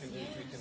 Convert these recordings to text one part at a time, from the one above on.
can do, we can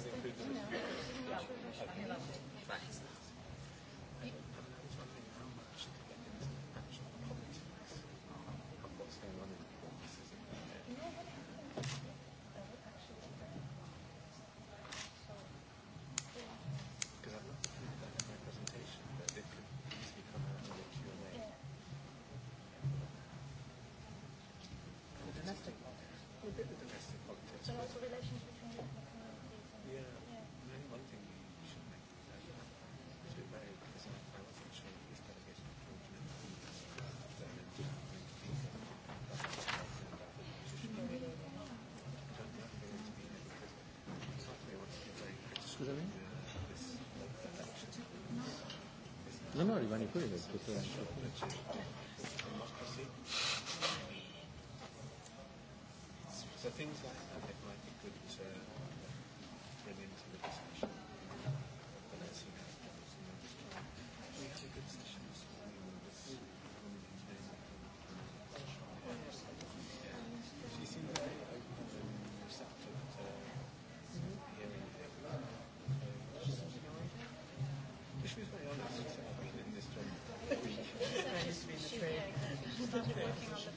No, no, rimani quello. So things like working on the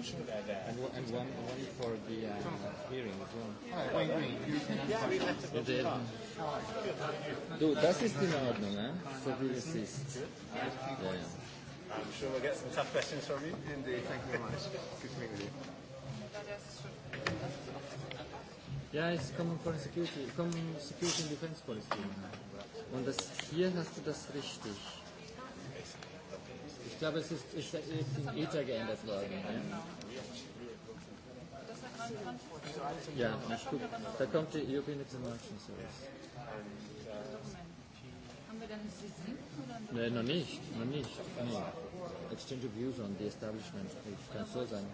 I'm that. Uh, and, and one, one for the uh, hearing as well. ist in Ordnung, eh? Yeah, yeah. I'm sure we'll get some tough questions from you. Indeed, thank you very much. Good to meet with you. Security, common Security and Defense Policy. Und das, hier hast du das richtig glaube, es ist, ist, ist in ETA geändert worden. Ja, gut. Da kommt die European Information Service. Nein, noch nicht, noch nicht. Nee. Exchange of views on the establishment, kann so sein.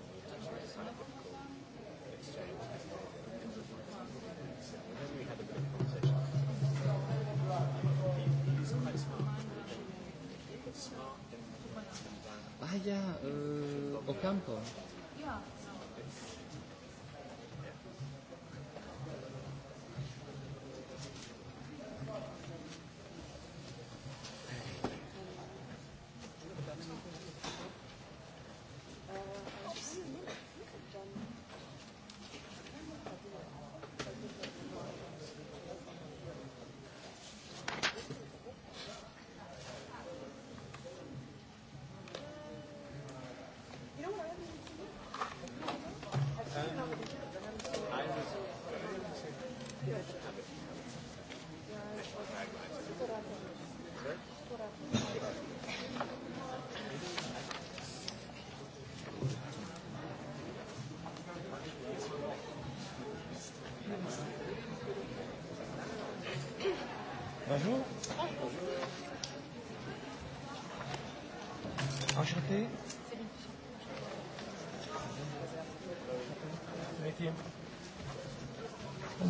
Ah ja, äh, Ocampo. Ja.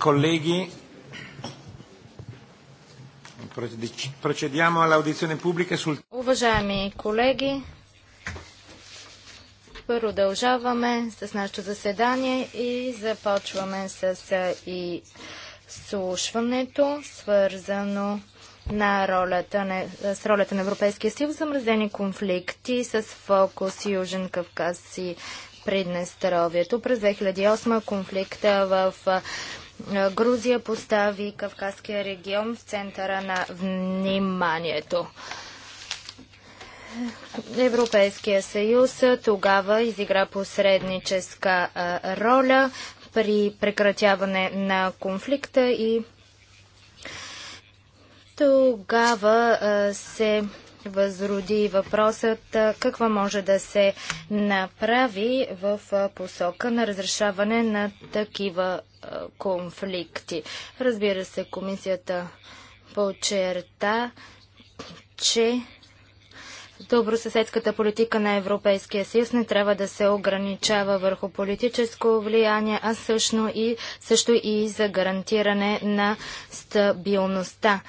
Colleghi, procediamo all'audizione pubblica sul... Уважаеми колеги, продължаваме с нашето заседание и започваме с и слушването, свързано на ролята с ролята на Европейския съюз в замразени конфликти с фокус Южен Кавказ и Приднестровието. През 2008 конфликта в е, Грузия постави Кавказския регион в центъра на вниманието. Европейския съюз тогава изигра посредническа е, роля при прекратяване на конфликта и тогава е, се възроди въпросът каква какво може да се направи в посока на разрешаване на такива конфликти. Разбира се, комисията подчерта, че добросъседската политика на Европейския съюз не трябва да се ограничава върху политическо влияние, а също и, също и за гарантиране на стабилността.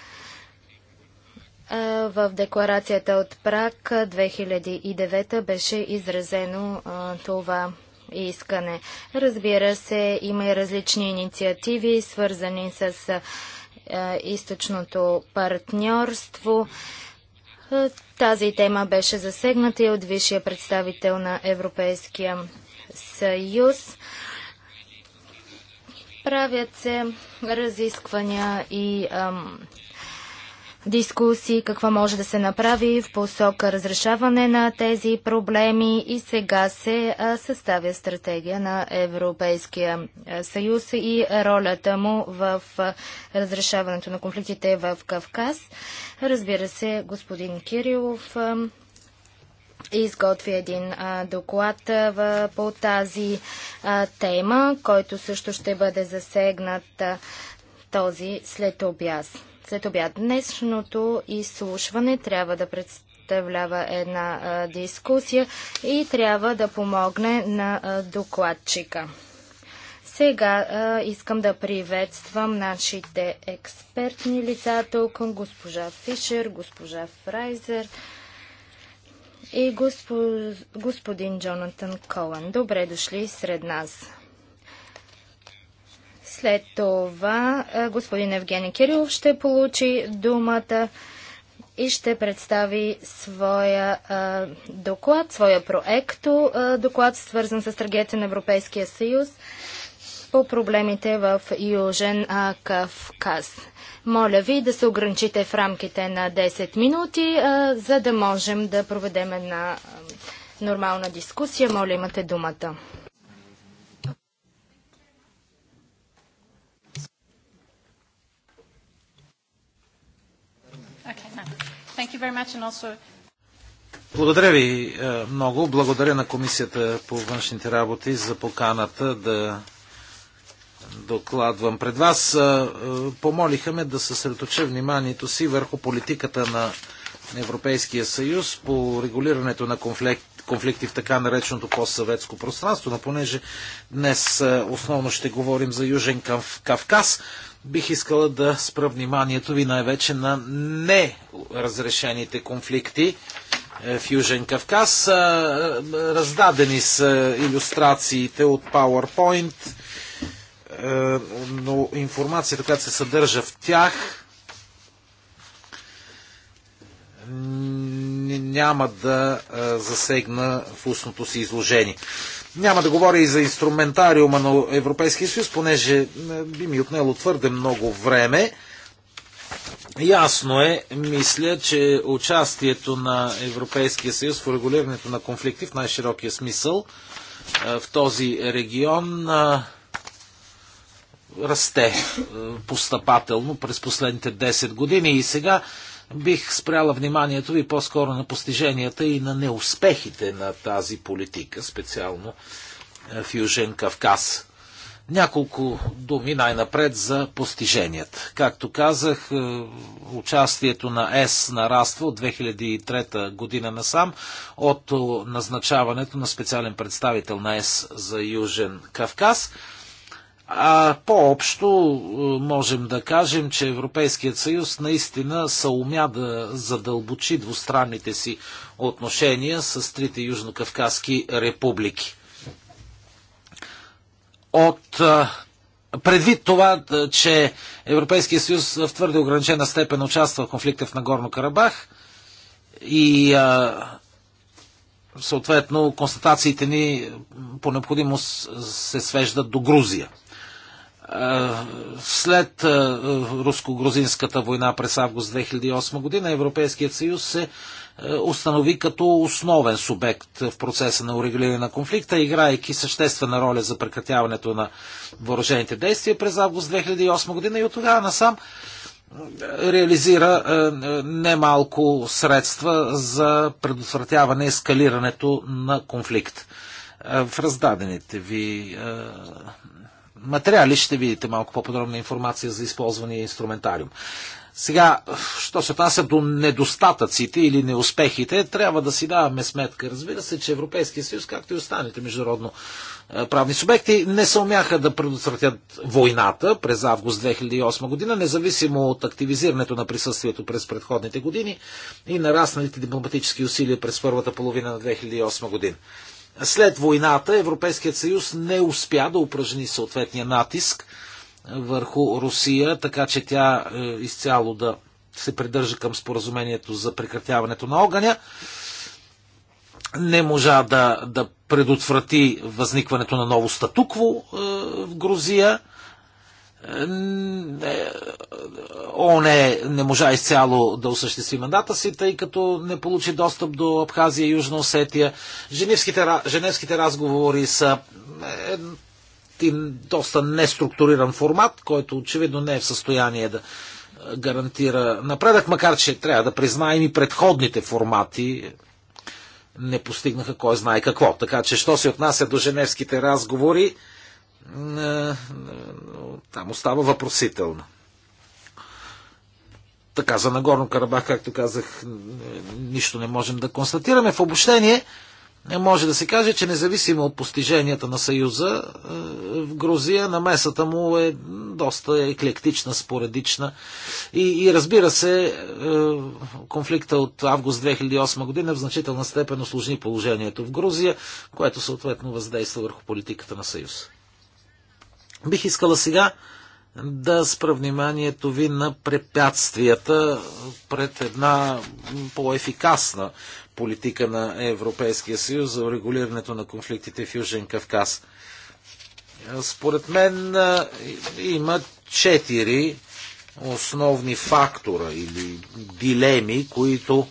В декларацията от Прак 2009 беше изразено това искане. Разбира се, има и различни инициативи, свързани с източното партньорство. Тази тема беше засегната и от висшия представител на Европейския съюз. Правят се разисквания и ам, дискусии какво може да се направи в посока разрешаване на тези проблеми и сега се съставя стратегия на Европейския съюз и ролята му в разрешаването на конфликтите в Кавказ. Разбира се, господин Кирилов изготви един доклад по тази тема, който също ще бъде засегнат този след обяз след обяд. Днешното изслушване трябва да представлява една а, дискусия и трябва да помогне на а, докладчика. Сега а, искам да приветствам нашите експертни лица тук, госпожа Фишер, госпожа Фрайзер и госпо... господин Джонатан Колан. Добре дошли сред нас. След това господин Евгений Кирилов ще получи думата и ще представи своя а, доклад, своя проекто а, доклад, свързан с трагедията на Европейския съюз по проблемите в Южен а, Кавказ. Моля ви да се ограничите в рамките на 10 минути, а, за да можем да проведем една а, нормална дискусия. Моля, имате думата. Thank you very much and also... Благодаря ви е, много. Благодаря на Комисията по външните работи за поканата да докладвам пред вас. Е, е, помолиха ме да съсредоточа вниманието си върху политиката на Европейския съюз по регулирането на конфликт, конфликти в така нареченото постсъветско пространство, но понеже днес основно ще говорим за Южен Кавказ, бих искала да спра вниманието ви най-вече на неразрешените конфликти е, в Южен Кавказ. Е, е, раздадени са иллюстрациите от PowerPoint, но информацията, която се съдържа в тях, няма да засегна в устното си изложение. Няма да говоря и за инструментариума на Европейския съюз, понеже е, би ми отнело твърде много време. Ясно е, мисля, че участието на Европейския съюз в регулирането на конфликти в най-широкия смисъл е, в този регион е, расте постъпателно през последните 10 години и сега бих спряла вниманието ви по-скоро на постиженията и на неуспехите на тази политика, специално в е, Южен Кавказ. Няколко думи най-напред за постиженията. Както казах, е, участието на ЕС нараства от 2003 година насам от назначаването на специален представител на ЕС за Южен Кавказ – а по-общо е, можем да кажем, че Европейският съюз наистина съумя да задълбочи двустранните си отношения с трите южнокавказски републики. От е, Предвид това, е, че Европейския съюз в твърде ограничена степен участва в конфликта в Нагорно Карабах и съответно констатациите ни по необходимост се свеждат до Грузия. Е, след е, руско-грузинската война през август 2008 година Европейският съюз се е, установи като основен субект в процеса на урегулиране на конфликта, играйки съществена роля за прекратяването на въоръжените действия през август 2008 година и от тогава насам реализира немалко средства за предотвратяване ескалирането на конфликт. В раздадените ви материали ще видите малко по-подробна информация за използвания инструментариум. Сега, що се отнася до недостатъците или неуспехите, трябва да си даваме сметка. Разбира се, че Европейския съюз, както и останалите международно е, правни субекти, не се умяха да предотвратят войната през август 2008 година, независимо от активизирането на присъствието през предходните години и нарасналите дипломатически усилия през първата половина на 2008 година. След войната Европейският съюз не успя да упражни съответния натиск върху Русия, така че тя е, изцяло да се придържа към споразумението за прекратяването на огъня. Не можа да, да предотврати възникването на ново статукво е, в Грузия е, ООН не, не можа изцяло да осъществи мандата си, тъй като не получи достъп до Абхазия и Южна Осетия. Женевските, женевските разговори са е, един доста неструктуриран формат, който очевидно не е в състояние да е, гарантира напредък, макар че трябва да признаем и предходните формати не постигнаха кой знае какво. Така че, що се отнася до женевските разговори, е, там остава въпросително. Така, за Нагорно Карабах, както казах, нищо не можем да констатираме. В обобщение може да се каже, че независимо от постиженията на Съюза, е, в Грузия намесата му е доста еклектична, споредична. И, и разбира се, е, конфликта от август 2008 година в значителна степен осложни положението в Грузия, което съответно въздейства върху политиката на Съюз. Бих искала сега да спра вниманието ви на препятствията пред една по-ефикасна политика на Европейския съюз за регулирането на конфликтите в Южен Кавказ. Според мен има четири основни фактора или дилеми, които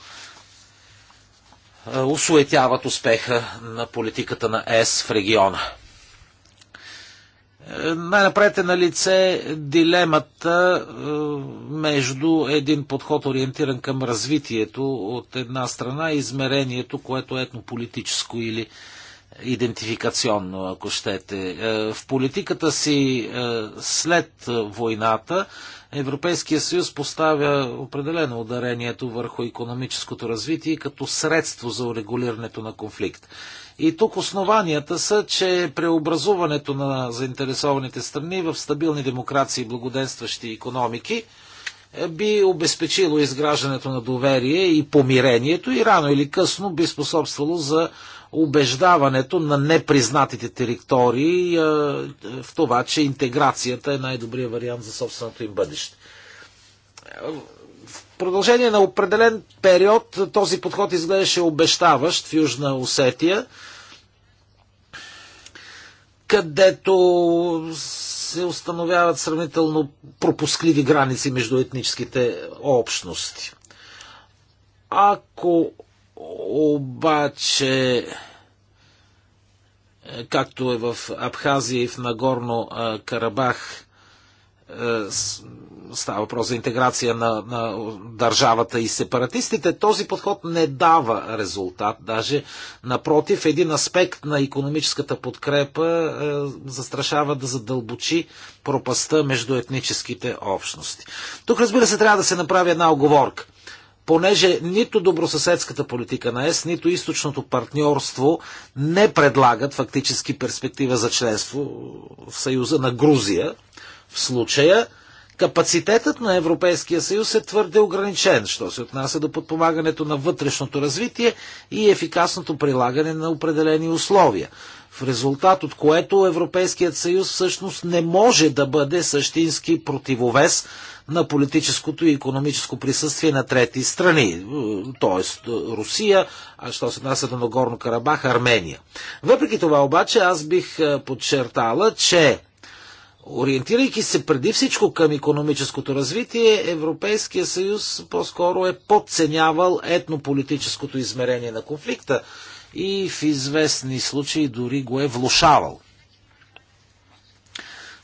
осуетяват успеха на политиката на ЕС в региона най напрете на лице дилемата е, между един подход ориентиран към развитието от една страна и измерението, което е етнополитическо или идентификационно, ако щете. Е, в политиката си е, след войната Европейския съюз поставя определено ударението върху економическото развитие като средство за урегулирането на конфликт. И тук основанията са, че преобразуването на заинтересованите страни в стабилни демокрации и благоденстващи економики е, би обезпечило изграждането на доверие и помирението и рано или късно би способствало за убеждаването на непризнатите територии е, е, в това, че интеграцията е най-добрия вариант за собственото им бъдеще. В продължение на определен период този подход изглеждаше обещаващ в Южна Осетия – където се установяват сравнително пропускливи граници между етническите общности. Ако обаче е, както е в Абхазия и в Нагорно е, Карабах, е, става въпрос за интеграция на, на държавата и сепаратистите, този подход не дава резултат. Даже напротив, един аспект на економическата подкрепа е, застрашава да задълбочи пропаста между етническите общности. Тук, разбира се, трябва да се направи една оговорка понеже нито добросъседската политика на ЕС, нито източното партньорство не предлагат фактически перспектива за членство в Съюза на Грузия в случая, Капацитетът на Европейския съюз е твърде ограничен, що се отнася до подпомагането на вътрешното развитие и ефикасното прилагане на определени условия, в резултат от което Европейският съюз всъщност не може да бъде същински противовес на политическото и економическо присъствие на трети страни, т.е. Русия, а що се отнася до Нагорно Карабах, Армения. Въпреки това обаче аз бих е, подчертала, че Ориентирайки се преди всичко към економическото развитие, Европейския съюз по-скоро е подценявал етнополитическото измерение на конфликта и в известни случаи дори го е влушавал.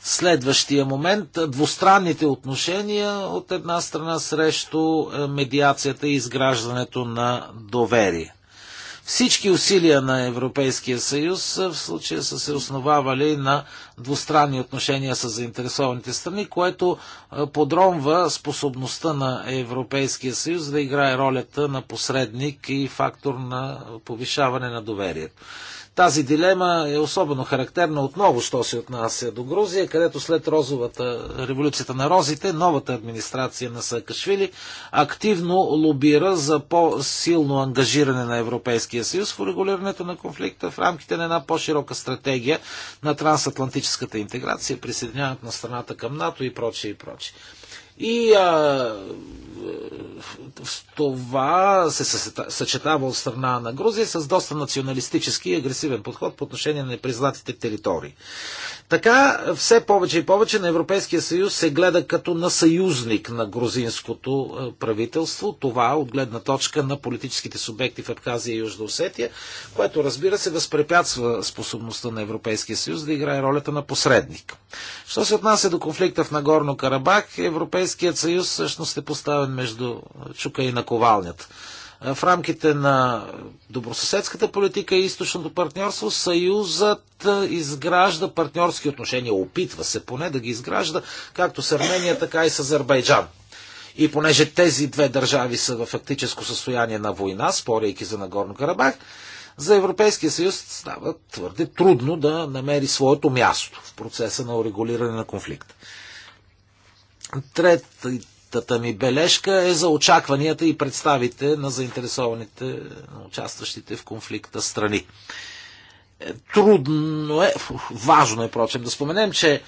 Следващия момент двустранните отношения от една страна срещу е, медиацията и изграждането на доверие. Всички усилия на Европейския съюз в случая са се основавали на двустранни отношения с заинтересованите страни, което подронва способността на Европейския съюз да играе ролята на посредник и фактор на повишаване на доверието. Тази дилема е особено характерна отново, що се отнася до Грузия, където след розовата революцията на розите, новата администрация на Саакашвили активно лобира за по-силно ангажиране на Европейския съюз в регулирането на конфликта в рамките на една по-широка стратегия на трансатлантическата интеграция, присъединяването на страната към НАТО и прочее и прочее. И а, е, това се съчетава от страна на Грузия с доста националистически и агресивен подход по отношение на непризнатите територии. Така, все повече и повече на Европейския съюз се гледа като на съюзник на грузинското е, правителство. Това от гледна точка на политическите субекти в Абхазия и Южна Осетия, което разбира се възпрепятства способността на Европейския съюз да играе ролята на посредник. Що се отнася до конфликта в Нагорно Карабах, Европейският съюз всъщност е поставен между чука и наковалнята. В рамките на добросъседската политика и източното партньорство Съюзът изгражда партньорски отношения, опитва се поне да ги изгражда, както с Армения, така и с Азербайджан. И понеже тези две държави са в фактическо състояние на война, спорейки за Нагорно Карабах, за Европейския съюз става твърде трудно да намери своето място в процеса на урегулиране на конфликта. Трет, Тата ми бележка е за очакванията и представите на заинтересованите, на участващите в конфликта страни. Е, трудно е, важно е, прочем, да споменем, че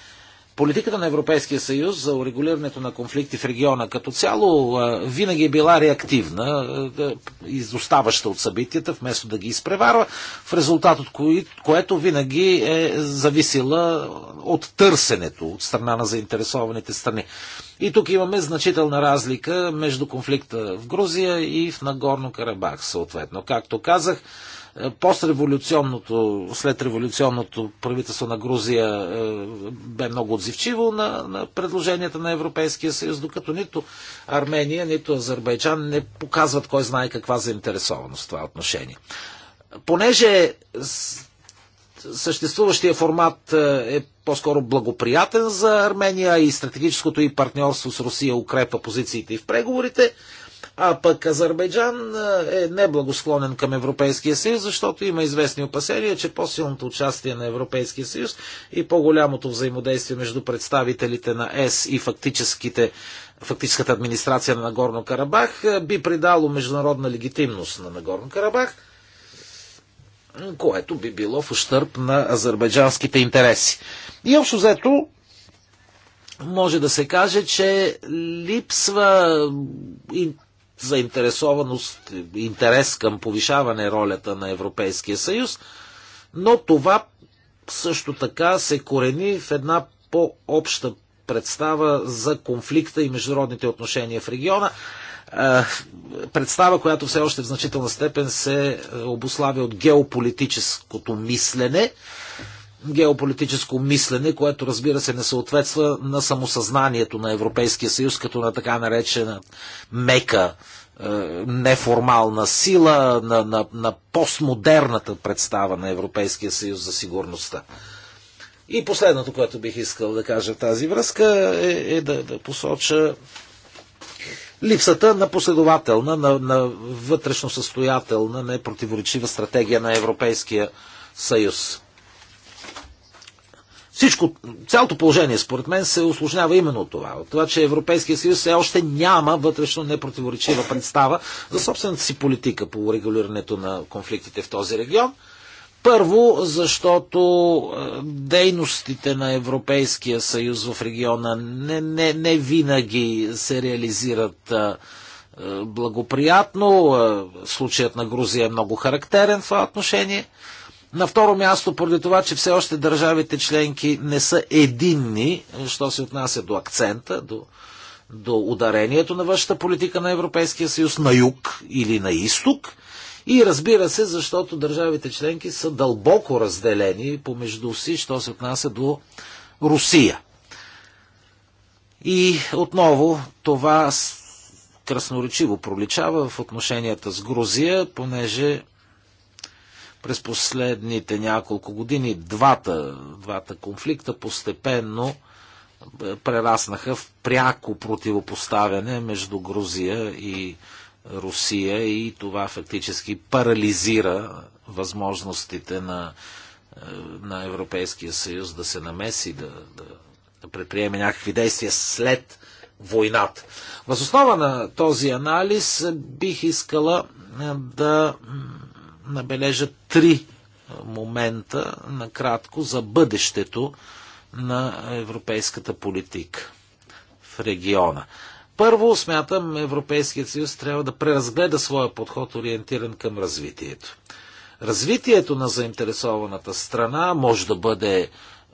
Политиката на Европейския съюз за урегулирането на конфликти в региона като цяло е, винаги е била реактивна, е, изоставаща от събитията, вместо да ги изпреварва, в резултат от което винаги е зависела от търсенето от страна на заинтересованите страни. И тук имаме значителна разлика между конфликта в Грузия и в Нагорно Карабах, съответно. Както казах, е, постреволюционното, след революционното правителство на Грузия е, бе много отзивчиво на, на предложенията на Европейския съюз, докато нито Армения, нито Азербайджан не показват кой знае каква заинтересованост в това отношение. Понеже съществуващия формат е, е по-скоро благоприятен за Армения и стратегическото и партньорство с Русия укрепа позициите и в преговорите. А пък Азербайджан е неблагосклонен към Европейския съюз, защото има известни опасения, че по-силното участие на Европейския съюз и по-голямото взаимодействие между представителите на ЕС и фактическите, фактическата администрация на Нагорно Карабах би придало международна легитимност на Нагорно Карабах – което би било в ущърп на азербайджанските интереси. И общо взето, може да се каже, че липсва заинтересованост, интерес към повишаване ролята на Европейския съюз, но това също така се корени в една по-обща представа за конфликта и международните отношения в региона, е, представа, която все още в значителна степен се е, обославя от геополитическото мислене. Геополитическо мислене, което разбира се не съответства на самосъзнанието на Европейския съюз като на така наречена мека е, неформална сила на, на, на постмодерната представа на Европейския съюз за сигурността. И последното, което бих искал да кажа в тази връзка е, е да, да посоча липсата на последователна, на, на вътрешно състоятелна, непротиворечива стратегия на Европейския съюз. Всичко, цялото положение, според мен, се осложнява именно от това. От това, че Европейския съюз все още няма вътрешно непротиворечива представа за собствената си политика по регулирането на конфликтите в този регион – първо, защото е, дейностите на Европейския съюз в региона не, не, не винаги се реализират е, е, благоприятно. Случаят на Грузия е много характерен в това отношение. На второ място, поради това, че все още държавите членки не са единни, що се отнася до акцента, до, до ударението на външната политика на Европейския съюз на юг или на изток – и разбира се, защото държавите членки са дълбоко разделени помежду си, що се отнася до Русия. И отново това красноречиво проличава в отношенията с Грузия, понеже през последните няколко години двата, двата конфликта постепенно е, прераснаха в пряко противопоставяне между Грузия и Русия Русия и това фактически парализира възможностите на, е, на Европейския съюз да се намеси, да, да, да предприеме някакви действия след войната. Възоснова на този анализ е, бих искала е, да набележа три момента накратко за бъдещето на европейската политика в региона. Първо, смятам, Европейският съюз трябва да преразгледа своя подход, ориентиран към развитието. Развитието на заинтересованата страна може да бъде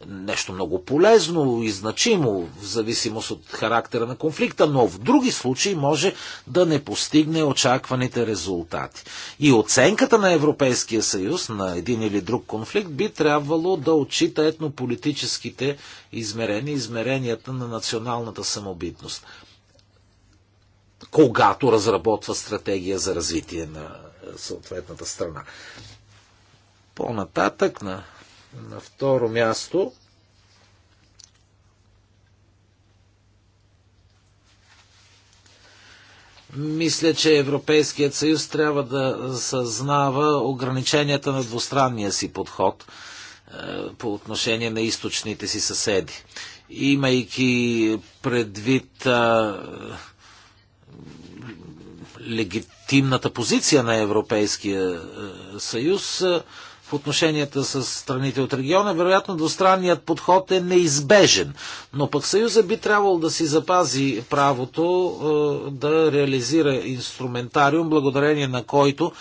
нещо много полезно и значимо в зависимост от характера на конфликта, но в други случаи може да не постигне очакваните резултати. И оценката на Европейския съюз на един или друг конфликт би трябвало да отчита етнополитическите измерения, измеренията на националната самобитност когато разработва стратегия за развитие на е, съответната страна. По-нататък на, на второ място мисля, че Европейският съюз трябва да съзнава ограниченията на двустранния си подход е, по отношение на източните си съседи. Имайки предвид а, е, легитимната позиция на Европейския е, съюз е, в отношенията с страните от региона, вероятно двустранният подход е неизбежен. Но пък Съюза би трябвало да си запази правото е, да реализира инструментариум, благодарение на който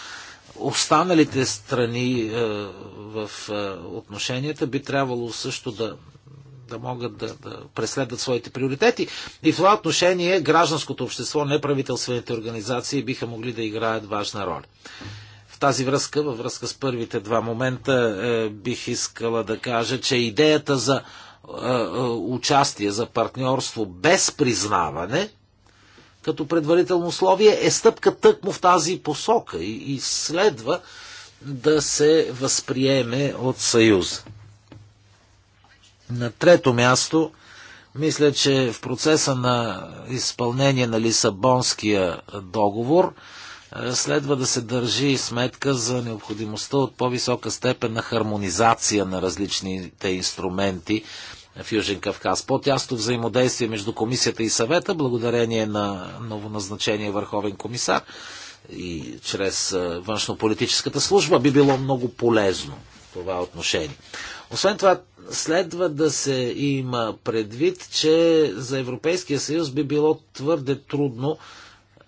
останалите страни в отношенията би трябвало също да да могат да, да преследват своите приоритети. И в това отношение гражданското общество, неправителствените организации биха могли да играят важна роля. В тази връзка, във връзка с първите два момента, е, бих искала да кажа, че идеята за е, е, участие, за партньорство без признаване, като предварително условие, е стъпка тъкмо в тази посока и, и следва да се възприеме от Съюза. На трето място, мисля, че в процеса на изпълнение на Лисабонския договор е, следва да се държи сметка за необходимостта от по-висока степен на хармонизация на различните инструменти в Южен Кавказ. По-тясно взаимодействие между комисията и съвета, благодарение на новоназначение върховен комисар и чрез е, външно политическата служба, би било много полезно това отношение. Освен това, Следва да се има предвид, че за Европейския съюз би било твърде трудно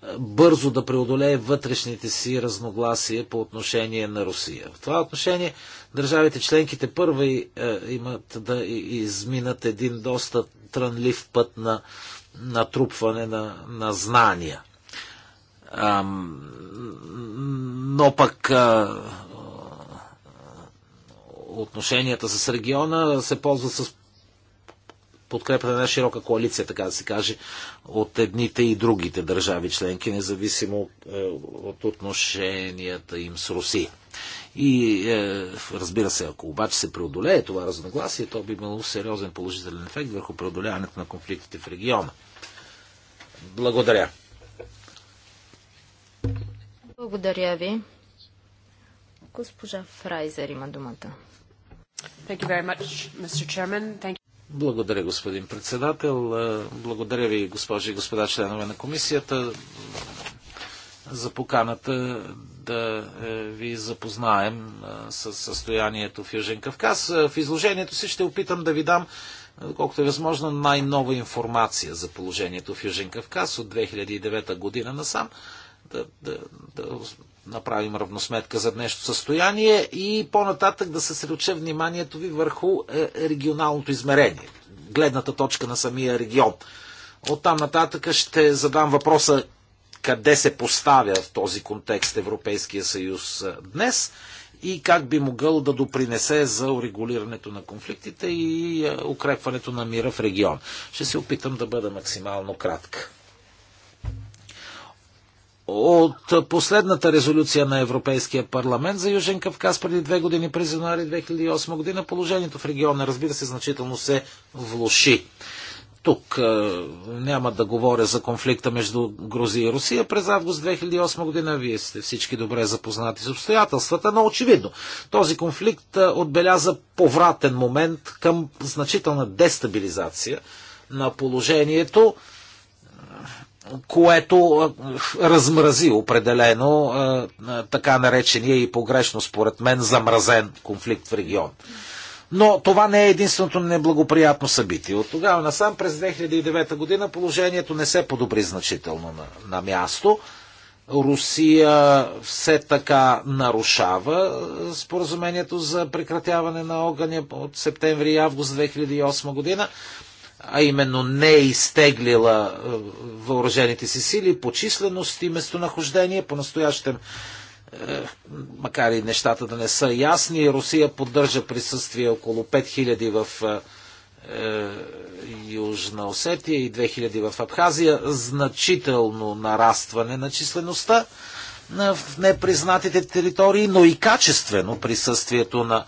е, бързо да преодолее вътрешните си разногласия по отношение на Русия. В това отношение държавите членките първа и, е, имат да изминат един доста трънлив път на натрупване на, на знания. Ам, но пък а, е, отношенията с региона се ползва с подкрепа на една широка коалиция, така да се каже, от едните и другите държави членки, независимо е, от отношенията им с Русия. И е, разбира се, ако обаче се преодолее това разногласие, то би имало сериозен положителен ефект върху преодоляването на конфликтите в региона. Благодаря. Благодаря ви. Госпожа Фрайзер има думата. Благодаря, господин председател. Е, благодаря ви, госпожи и господа членове на комисията, за поканата да е, ви запознаем е, с състоянието в Южен Кавказ. В изложението си ще опитам да ви дам колкото е възможно най-нова информация за положението в Южен Кавказ от 2009 година насам, да, да, да направим равносметка за днешното състояние и по-нататък да съсредоче вниманието ви върху е, регионалното измерение, гледната точка на самия регион. Оттам нататък ще задам въпроса къде се поставя в този контекст Европейския съюз е, днес и как би могъл да допринесе за урегулирането на конфликтите и е, укрепването на мира в регион. Ще се опитам да бъда максимално кратка от последната резолюция на Европейския парламент за Южен Кавказ преди две години през януари 2008 година положението в региона, разбира се, значително се влоши. Тук е, няма да говоря за конфликта между Грузия и Русия през август 2008 година. Вие сте всички добре запознати с обстоятелствата, но очевидно този конфликт е, отбеляза повратен момент към значителна дестабилизация на положението което размрази определено така наречения и погрешно според мен замразен конфликт в регион. Но това не е единственото неблагоприятно събитие. От тогава насам през 2009 година положението не се подобри значително на, на място. Русия все така нарушава споразумението за прекратяване на огъня от септември и август 2008 година а именно не е изтеглила е, въоръжените си сили по численост и местонахождение. По-настоящем, е, макар и нещата да не са ясни, Русия поддържа присъствие около 5000 в е, Южна Осетия и 2000 в Абхазия. Значително нарастване на числеността в непризнатите територии, но и качествено присъствието на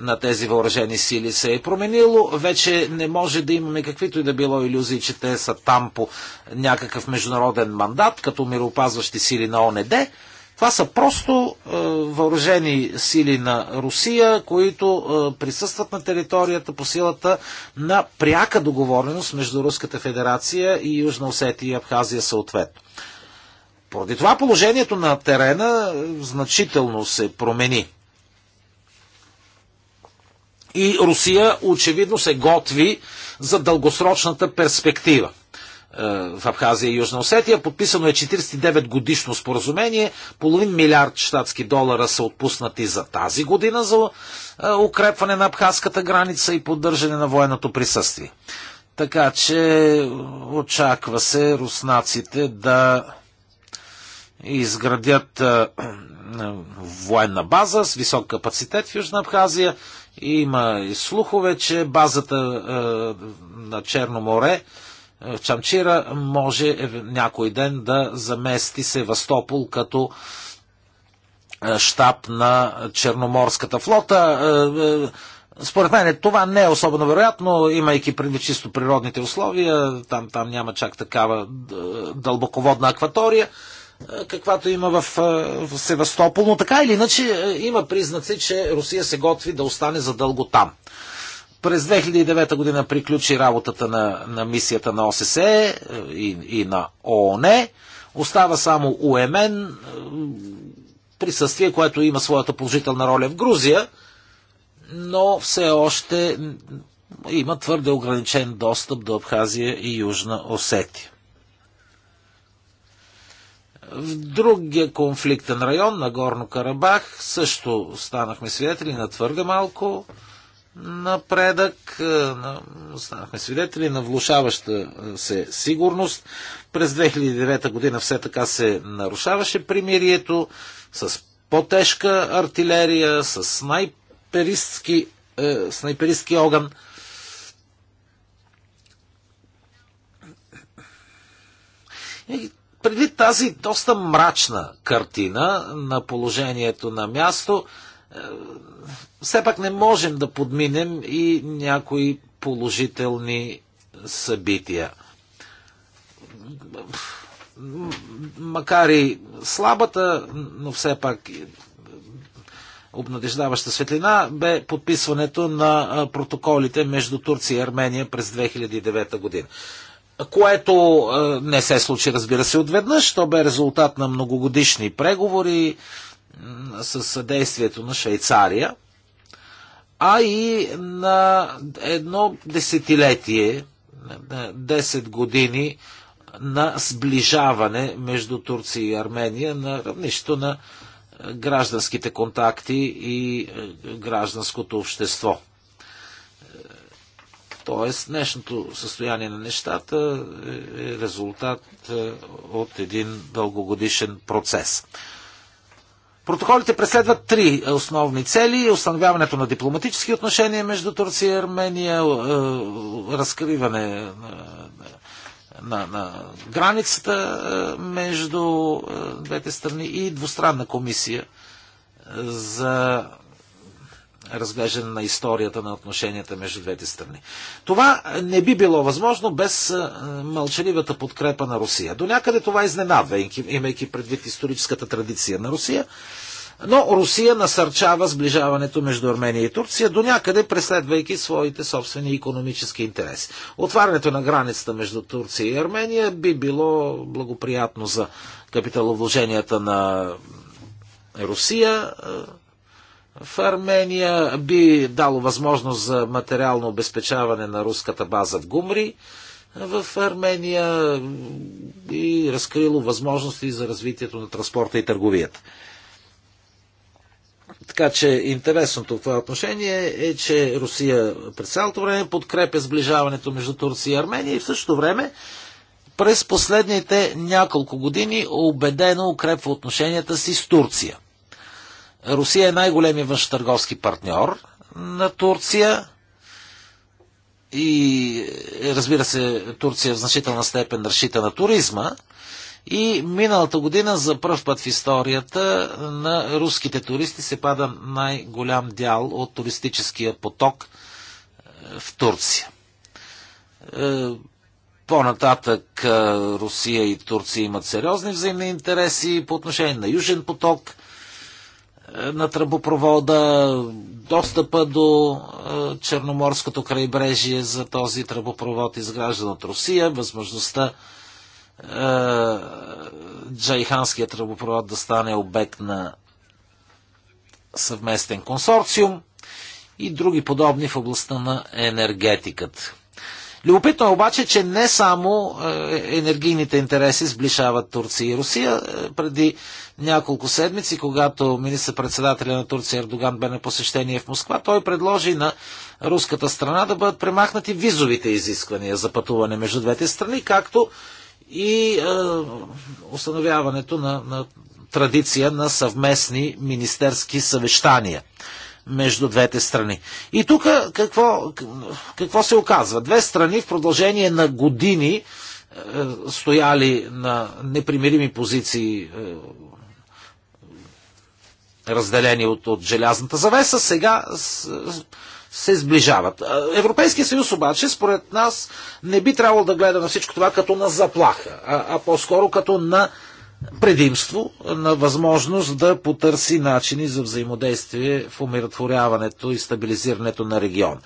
на тези въоръжени сили се е променило. Вече не може да имаме каквито и да било иллюзии, че те са там по някакъв международен мандат, като мироопазващи сили на ОНД. Това са просто е, въоръжени сили на Русия, които е, присъстват на територията по силата на пряка договореност между Руската федерация и Южна Осетия и Абхазия съответно. Поради това положението на терена е, значително се промени и Русия очевидно се готви за дългосрочната перспектива е, в Абхазия и Южна Осетия. Подписано е 49 годишно споразумение. Половин милиард щатски долара са отпуснати за тази година за е, укрепване на абхазската граница и поддържане на военното присъствие. Така че е, очаква се руснаците да изградят военна база с висок капацитет в Южна Абхазия има и слухове, че базата е, на Черно море е, в Чамчира може някой ден да замести Севастопол като штаб е, на Черноморската флота. Според мен това не е особено вероятно, имайки преди чисто природните условия, там, там няма чак такава дълбоководна акватория. Е, каквато има в, е, в Севастопол, но така или иначе е, има признаци, че Русия се готви да остане задълго там. През 2009 година приключи работата на, на мисията на ОССЕ и, и на ООН. Остава само УМН, присъствие, което има своята положителна роля в Грузия, но все още има твърде ограничен достъп до Абхазия и Южна Осетия. В другия конфликтен район, на Горно Карабах, също станахме свидетели на твърде малко напредък, е, станахме свидетели на влушаваща е, се сигурност. През 2009 година все така се нарушаваше примирието с по-тежка артилерия, с снайперистски, е, снайперистки огън. И преди тази доста мрачна картина на положението на място, е, все пак не можем да подминем и някои положителни събития. Макар и слабата, но все пак обнадеждаваща светлина бе подписването на протоколите между Турция и Армения през 2009 година което е, не се случи, разбира се, отведнъж. То бе резултат на многогодишни преговори с съдействието на Швейцария, а и на едно десетилетие, 10 години на сближаване между Турция и Армения на равнището на е, гражданските контакти и е, гражданското общество. Тоест, днешното състояние на нещата е, е резултат е, от един дългогодишен процес. Протоколите преследват три основни цели. Установяването на дипломатически отношения между Турция и Армения, е, разкриване на, на, на границата между двете страни и двустранна комисия за разглеждане на историята на отношенията между двете страни. Това не би било възможно без мълчаливата подкрепа на Русия. До някъде това изненадва, имайки предвид историческата традиция на Русия. Но Русия насърчава сближаването между Армения и Турция, до някъде преследвайки своите собствени економически интереси. Отварянето на границата между Турция и Армения би било благоприятно за капиталовложенията на Русия в Армения би дало възможност за материално обезпечаване на руската база в Гумри, в Армения би разкрило възможности за развитието на транспорта и търговията. Така че интересното в това отношение е, че Русия през цялото време подкрепя сближаването между Турция и Армения и в същото време през последните няколко години убедено укрепва отношенията си с Турция. Русия е най-големия външно-търговски партньор на Турция и разбира се, Турция е в значителна степен разчита на туризма. И миналата година за първ път в историята на руските туристи се пада най-голям дял от туристическия поток е, в Турция. Е, по-нататък Русия и Турция имат сериозни взаимни интереси по отношение на Южен поток – на тръбопровода, достъпа до е, Черноморското крайбрежие за този тръбопровод, изграждан от Русия, възможността е, Джайханския тръбопровод да стане обект на съвместен консорциум и други подобни в областта на енергетиката. Любопитно е обаче, че не само е, енергийните интереси сближават Турция и Русия. Е, преди няколко седмици, когато министър-председателя на Турция Ердоган бе на посещение в Москва, той предложи на руската страна да бъдат премахнати визовите изисквания за пътуване между двете страни, както и е, установяването на, на традиция на съвместни министерски съвещания между двете страни. И тук какво, какво се оказва? Две страни в продължение на години е, стояли на непримирими позиции е, разделени от, от желязната завеса, сега се сближават. Е, Европейския съюз обаче, според нас, не би трябвало да гледа на всичко това като на заплаха, а, а по-скоро като на предимство на възможност да потърси начини за взаимодействие в умиротворяването и стабилизирането на регион.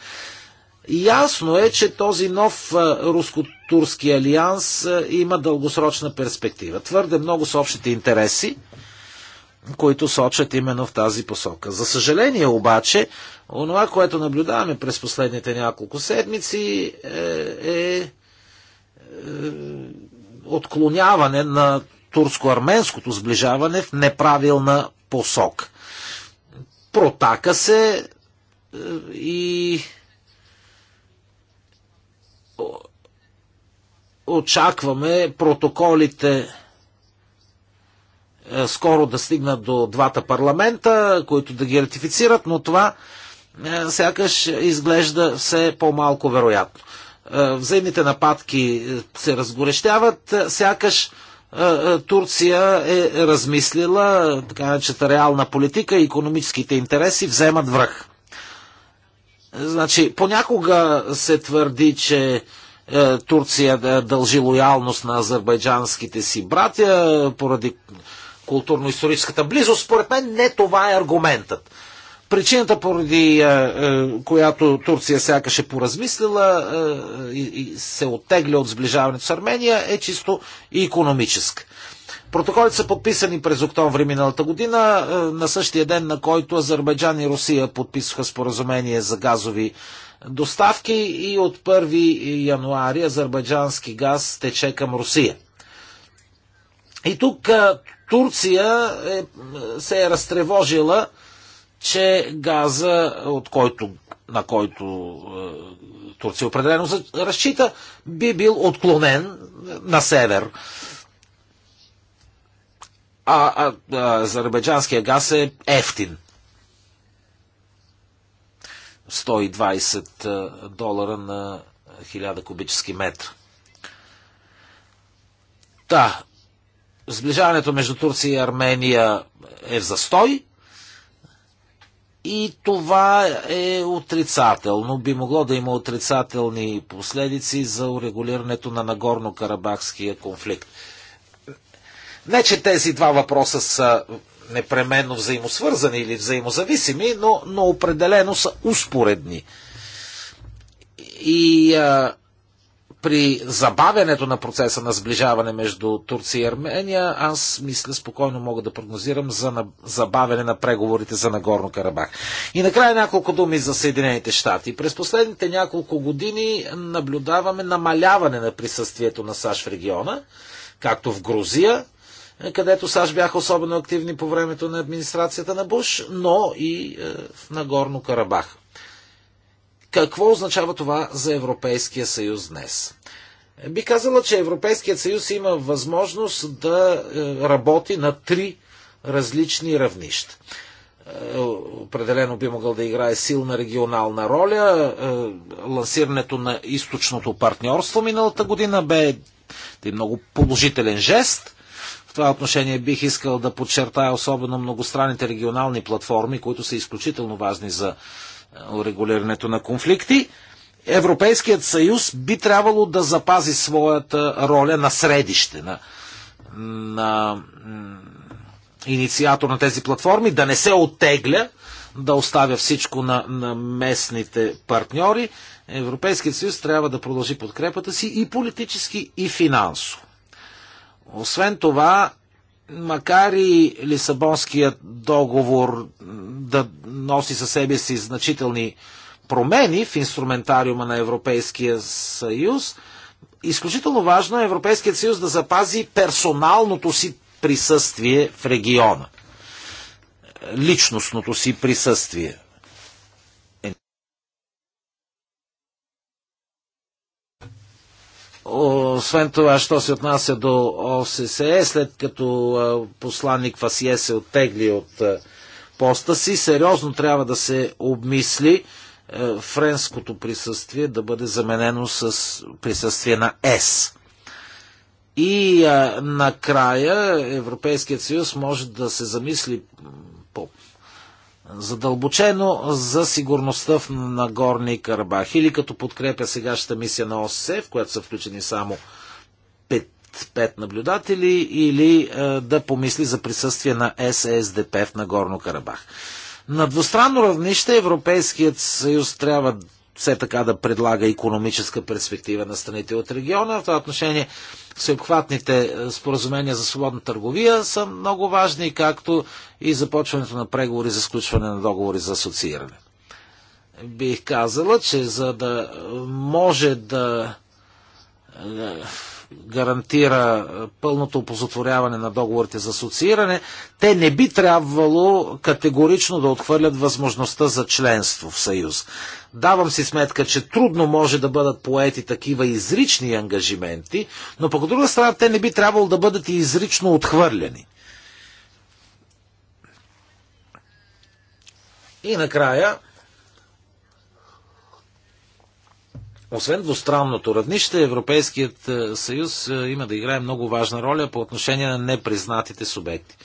Ясно е, че този нов руско-турски алианс има дългосрочна перспектива. Твърде много са общите интереси, които сочат именно в тази посока. За съжаление обаче, онова, което наблюдаваме през последните няколко седмици е, е, е отклоняване на турско-арменското сближаване в неправилна посок. Протака се е, и очакваме протоколите е, скоро да стигнат до двата парламента, които да ги ратифицират, но това е, сякаш изглежда все по-малко вероятно. Взаимните нападки се разгорещяват, сякаш е, е, Турция е размислила така начата реална политика и економическите интереси вземат връх. Значи, понякога се твърди, че е, Турция дължи лоялност на азербайджанските си братя поради културно-историческата близост. Според мен не това е аргументът. Причината, поради е, е, която Турция сякаш е поразмислила и се оттегля от сближаването с Армения, е чисто и економическа. Протоколите са подписани през октомври миналата година, е, на същия ден, на който Азербайджан и Русия подписаха споразумение за газови доставки и от 1 януари азербайджански газ тече към Русия. И тук Турция е, се е разтревожила че газа, от който, на който е, Турция определено разчита, би бил отклонен на север. А, а, а азербайджанския газ е ефтин. 120 е, долара на 1000 кубически метра. Да, сближаването между Турция и Армения е в застой, и това е отрицателно. Би могло да има отрицателни последици за урегулирането на Нагорно-Карабахския конфликт. Не, че тези два въпроса са непременно взаимосвързани или взаимозависими, но, но определено са успоредни. И а, при забавянето на процеса на сближаване между Турция и Армения, аз мисля спокойно мога да прогнозирам за забавяне на преговорите за Нагорно Карабах. И накрая няколко думи за Съединените щати. През последните няколко години наблюдаваме намаляване на присъствието на САЩ в региона, както в Грузия, където САЩ бяха особено активни по времето на администрацията на Буш, но и е, в Нагорно Карабах. Какво означава това за Европейския съюз днес? Е, би казала, че Европейският съюз има възможност да е, работи на три различни равнища. Е, определено би могъл да играе силна регионална роля. Лансирането на източното партньорство миналата година бе много положителен жест. В това отношение бих искал да подчертая особено многостранните регионални платформи, които са изключително важни за е, урегулирането на конфликти, Европейският съюз би трябвало да запази своята роля на средище, на, на инициатор на тези платформи, да не се оттегля, да оставя всичко на, на местните партньори. Европейският съюз трябва да продължи подкрепата си и политически, и финансово. Освен това, макар и Лисабонският договор да носи със себе си значителни промени в инструментариума на Европейския съюз, изключително важно е Европейският съюз да запази персоналното си присъствие в региона. Личностното си присъствие. Освен това, що се отнася до ОССЕ, след като посланник Фасие се оттегли от поста си, сериозно трябва да се обмисли френското присъствие да бъде заменено с присъствие на ЕС. И а, накрая Европейският съюз може да се замисли по задълбочено за сигурността в Нагорни Карабах. Или като подкрепя сегашната мисия на ОССЕ, в която са включени само пет, наблюдатели, или е, да помисли за присъствие на ССДП в Нагорно Карабах. На двустранно равнище Европейският съюз трябва все така да предлага економическа перспектива на страните от региона. В това отношение всеобхватните е, споразумения за свободна търговия са много важни, както и започването на преговори за сключване на договори за асоцииране. Бих казала, че за да може да е, гарантира пълното опозотворяване на договорите за асоцииране, те не би трябвало категорично да отхвърлят възможността за членство в Съюз. Давам си сметка, че трудно може да бъдат поети такива изрични ангажименти, но по друга страна те не би трябвало да бъдат и изрично отхвърляни. И накрая, освен двустранното равнище, Европейският е, съюз е, има да играе много важна роля по отношение на непризнатите субекти.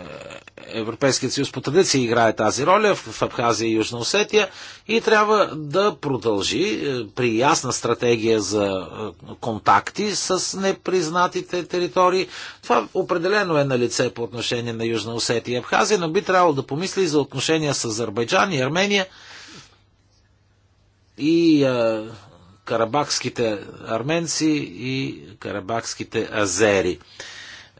Е, Европейският съюз по традиция играе тази роля в Абхазия и Южна Осетия и трябва да продължи е, при ясна стратегия за е, контакти с непризнатите територии. Това определено е на лице по отношение на Южна Осетия и Абхазия, но би трябвало да помисли и за отношения с Азербайджан и Армения и а, е, карабакските арменци и карабакските азери.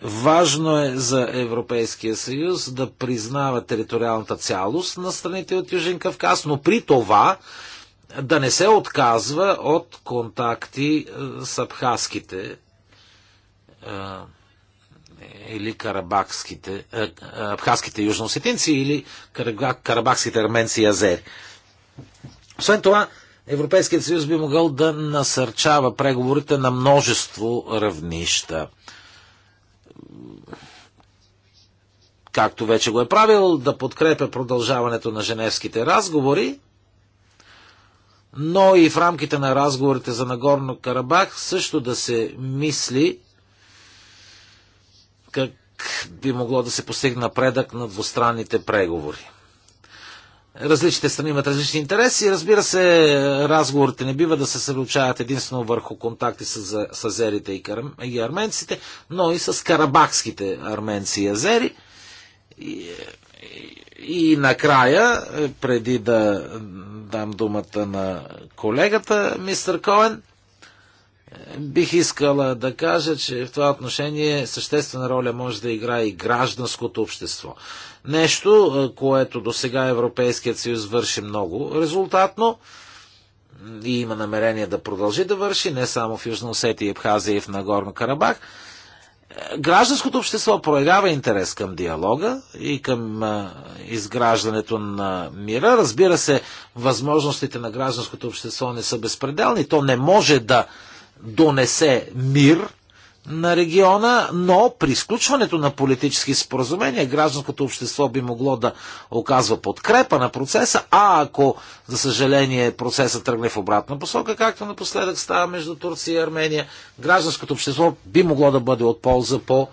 Важно е за Европейския съюз да признава териториалната цялост на страните от Южен Кавказ, но при това да не се отказва от контакти е, с абхазските е, или карабахските, е, абхазските южноситинци или карабакските арменци и азери. Освен това, Европейският съюз би могъл да насърчава преговорите на множество равнища както вече го е правил, да подкрепя продължаването на женевските разговори, но и в рамките на разговорите за Нагорно Карабах също да се мисли как би могло да се постигне напредък на двустранните преговори. Различните страни имат различни интереси. Разбира се, разговорите не бива да се съсредоточават единствено върху контакти с, с азерите и, карам, и арменците, но и с карабахските арменци и азери. И, и, и накрая, преди да дам думата на колегата, мистер Коен, Бих искала да кажа, че в това отношение съществена роля може да играе и гражданското общество. Нещо, което до сега Европейският съюз върши много резултатно и има намерение да продължи да върши, не само в Южна Осетия и Абхазия и в Нагорно Карабах. Е, гражданското общество проявява интерес към диалога и към изграждането на мира. Разбира се, възможностите на гражданското общество не са безпределни. То не може да донесе мир на региона, но при изключването на политически споразумения гражданското общество би могло да оказва подкрепа на процеса, а ако, за съжаление, процеса тръгне в обратна посока, както напоследък става между Турция и Армения, гражданското общество би могло да бъде от полза по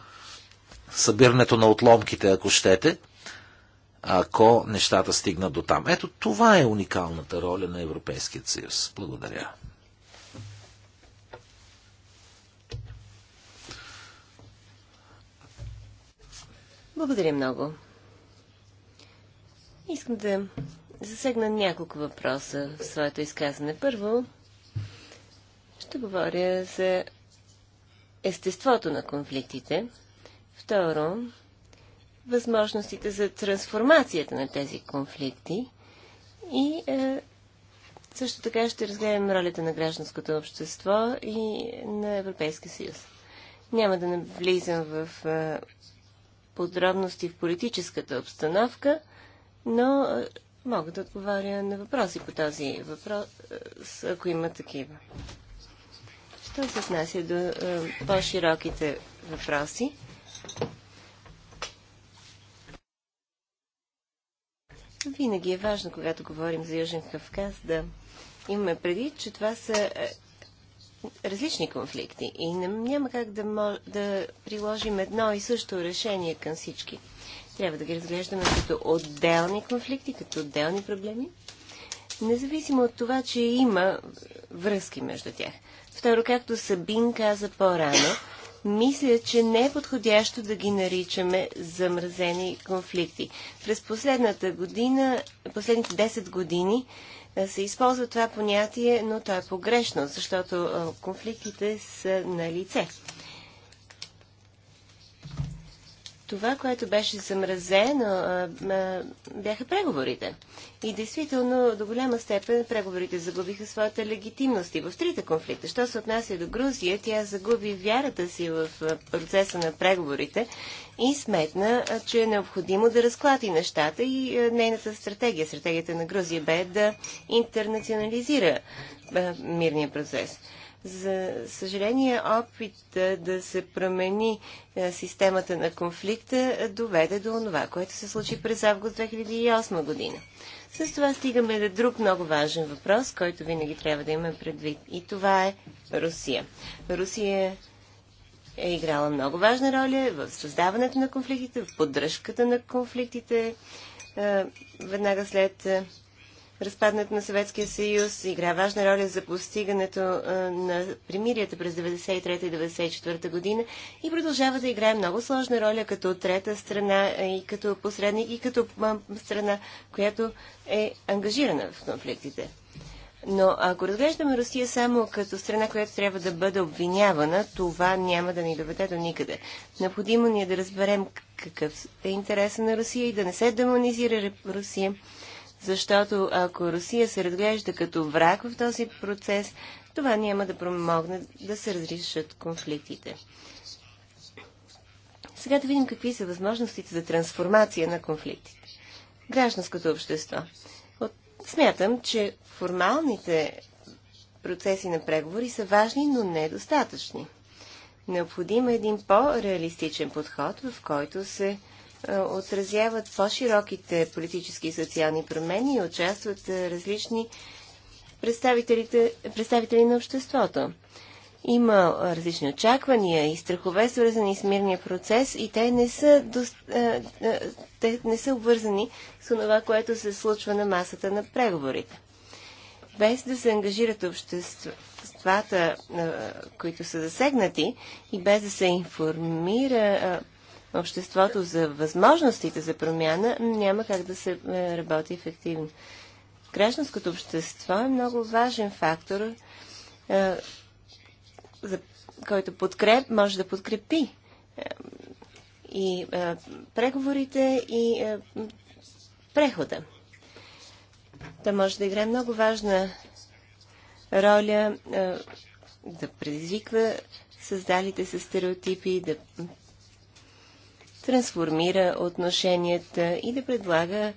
събирането на отломките, ако щете, ако нещата стигнат до там. Ето това е уникалната роля на Европейския съюз. Благодаря. Благодаря много. Искам да засегна няколко въпроса в своето изказване. Първо, ще говоря за естеството на конфликтите. Второ, възможностите за трансформацията на тези конфликти. И е, също така ще разгледам ролята на гражданското общество и на Европейския съюз. Няма да навлизам в е, подробности в политическата обстановка, но мога да отговаря на въпроси по този въпрос, ако има такива. Що се отнася до по-широките въпроси? Винаги е важно, когато говорим за Южен Кавказ, да имаме преди, че това са различни конфликти и няма как да, мож... да приложим едно и също решение към всички. Трябва да ги разглеждаме като отделни конфликти, като отделни проблеми, независимо от това, че има връзки между тях. Второ, както Сабин каза по-рано, мисля, че не е подходящо да ги наричаме замразени конфликти. През последната година, последните 10 години, се използва това понятие, но то е погрешно, защото конфликтите са на лице това, което беше замразено, бяха преговорите. И действително, до голяма степен преговорите загубиха своята легитимност и в трите конфликта. Що се отнася до Грузия, тя загуби вярата си в процеса на преговорите и сметна, че е необходимо да разклати нещата и нейната стратегия, стратегията на Грузия бе да интернационализира мирния процес. За съжаление, опит да се промени е, системата на конфликта е, доведе до това, което се случи през август 2008 година. С това стигаме до друг много важен въпрос, който винаги трябва да имаме предвид. И това е Русия. Русия е играла много важна роля в създаването на конфликтите, в поддръжката на конфликтите. Е, веднага след разпаднат на Съветския съюз игра важна роля за постигането на примирията през 1993 и 1994 година и продължава да играе много сложна роля като трета страна и като посредник и като страна, която е ангажирана в конфликтите. Но ако разглеждаме Русия само като страна, която трябва да бъде обвинявана, това няма да ни доведе до никъде. Необходимо ни е да разберем какъв е интереса на Русия и да не се демонизира Русия защото ако Русия се разглежда като враг в този процес, това няма да помогне да се разрешат конфликтите. Сега да видим какви са възможностите за трансформация на конфликтите. Гражданското общество. От... Смятам, че формалните процеси на преговори са важни, но недостатъчни. Необходим е един по-реалистичен подход, в който се отразяват по-широките политически и социални промени и участват различни представители на обществото. Има различни очаквания и страхове, свързани с мирния процес, и те не са, до... те не са обвързани с това, което се случва на масата на преговорите. Без да се ангажират обществата, които са засегнати, и без да се информира обществото за възможностите за промяна, няма как да се е, работи ефективно. Гражданското общество е много важен фактор, е, за който подкреп може да подкрепи е, и преговорите и прехода. Та може да играе много важна роля да предизвиква създалите се стереотипи, да трансформира отношенията и да предлага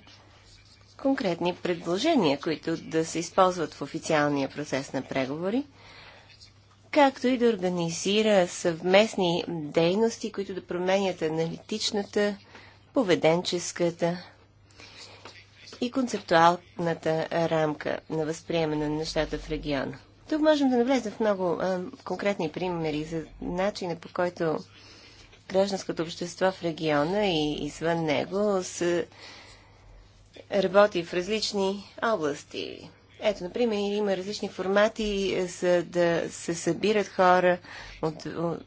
конкретни предложения, които да се използват в официалния процес на преговори, както и да организира съвместни дейности, които да променят аналитичната, поведенческата и концептуалната рамка на възприемане на нещата в региона. Тук можем да навлезем в много а, конкретни примери за начина по който гражданското общество в региона и извън него са, работи в различни области. Ето, например, има различни формати, е, за да се събират хора от, от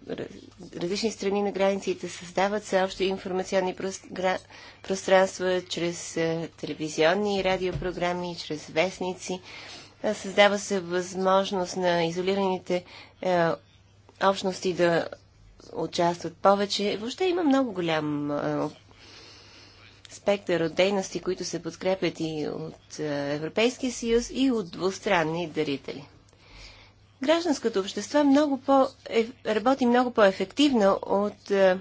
различни страни на границите, създават се общи информационни пространства чрез е, телевизионни и радиопрограми, чрез вестници. Е, създава се възможност на изолираните общности да участват повече. Въобще има много голям спектър от дейности, които се подкрепят и от Европейския съюз, и от двустранни дарители. Гражданското общество е много по, е, работи много по-ефективно от е,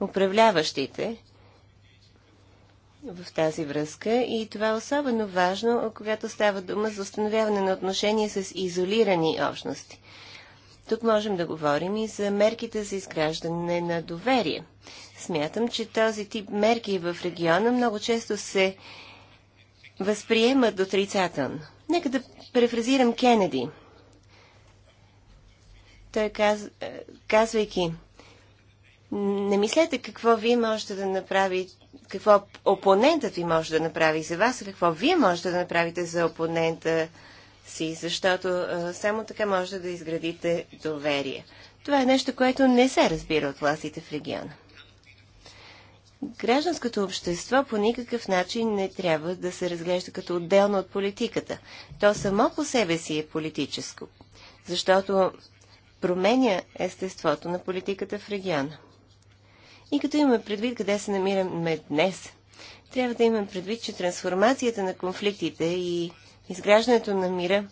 управляващите в тази връзка и това е особено важно, когато става дума за установяване на отношения с изолирани общности. Тук можем да говорим и за мерките за изграждане на доверие. Смятам, че този тип мерки в региона много често се възприемат отрицателно. Нека да префразирам Кенеди. Той каз... Е, казвайки, не мислете какво вие можете да направите, какво опонентът ви може да направи за вас, а какво вие можете да направите за опонента си, защото само така може да изградите доверие. Това е нещо, което не се разбира от властите в региона. Гражданското общество по никакъв начин не трябва да се разглежда като отделно от политиката. То само по себе си е политическо, защото променя естеството на политиката в региона. И като имаме предвид къде се намираме днес, трябва да имаме предвид, че трансформацията на конфликтите и изграждането на мира,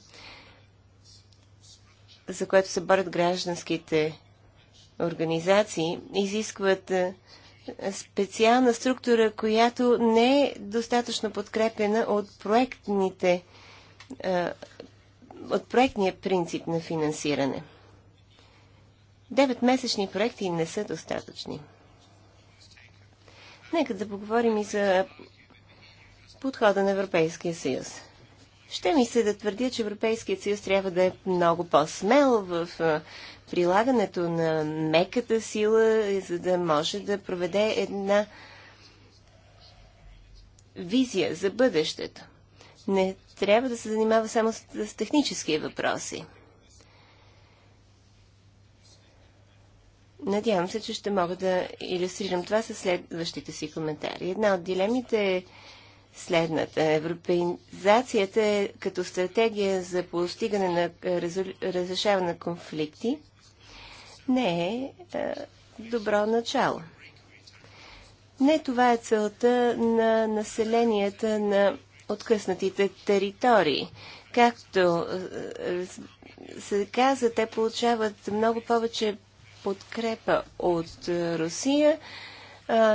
за което се борят гражданските организации, изискват е, специална структура, която не е достатъчно подкрепена от проектните е, от проектния принцип на финансиране. Деветмесечни проекти не са достатъчни. Нека да поговорим и за подхода на Европейския съюз. Ще ми се да твърдя, че Европейският съюз трябва да е много по-смел в прилагането на меката сила, за да може да проведе една визия за бъдещето. Не трябва да се занимава само с, технически въпроси. Надявам се, че ще мога да иллюстрирам това със следващите си коментари. Една от дилемите е следната. Европеизацията е като стратегия за постигане на разрешаване на конфликти не е добро начало. Не това е целта на населенията на откъснатите територии. Както се каза, те получават много повече подкрепа от Русия,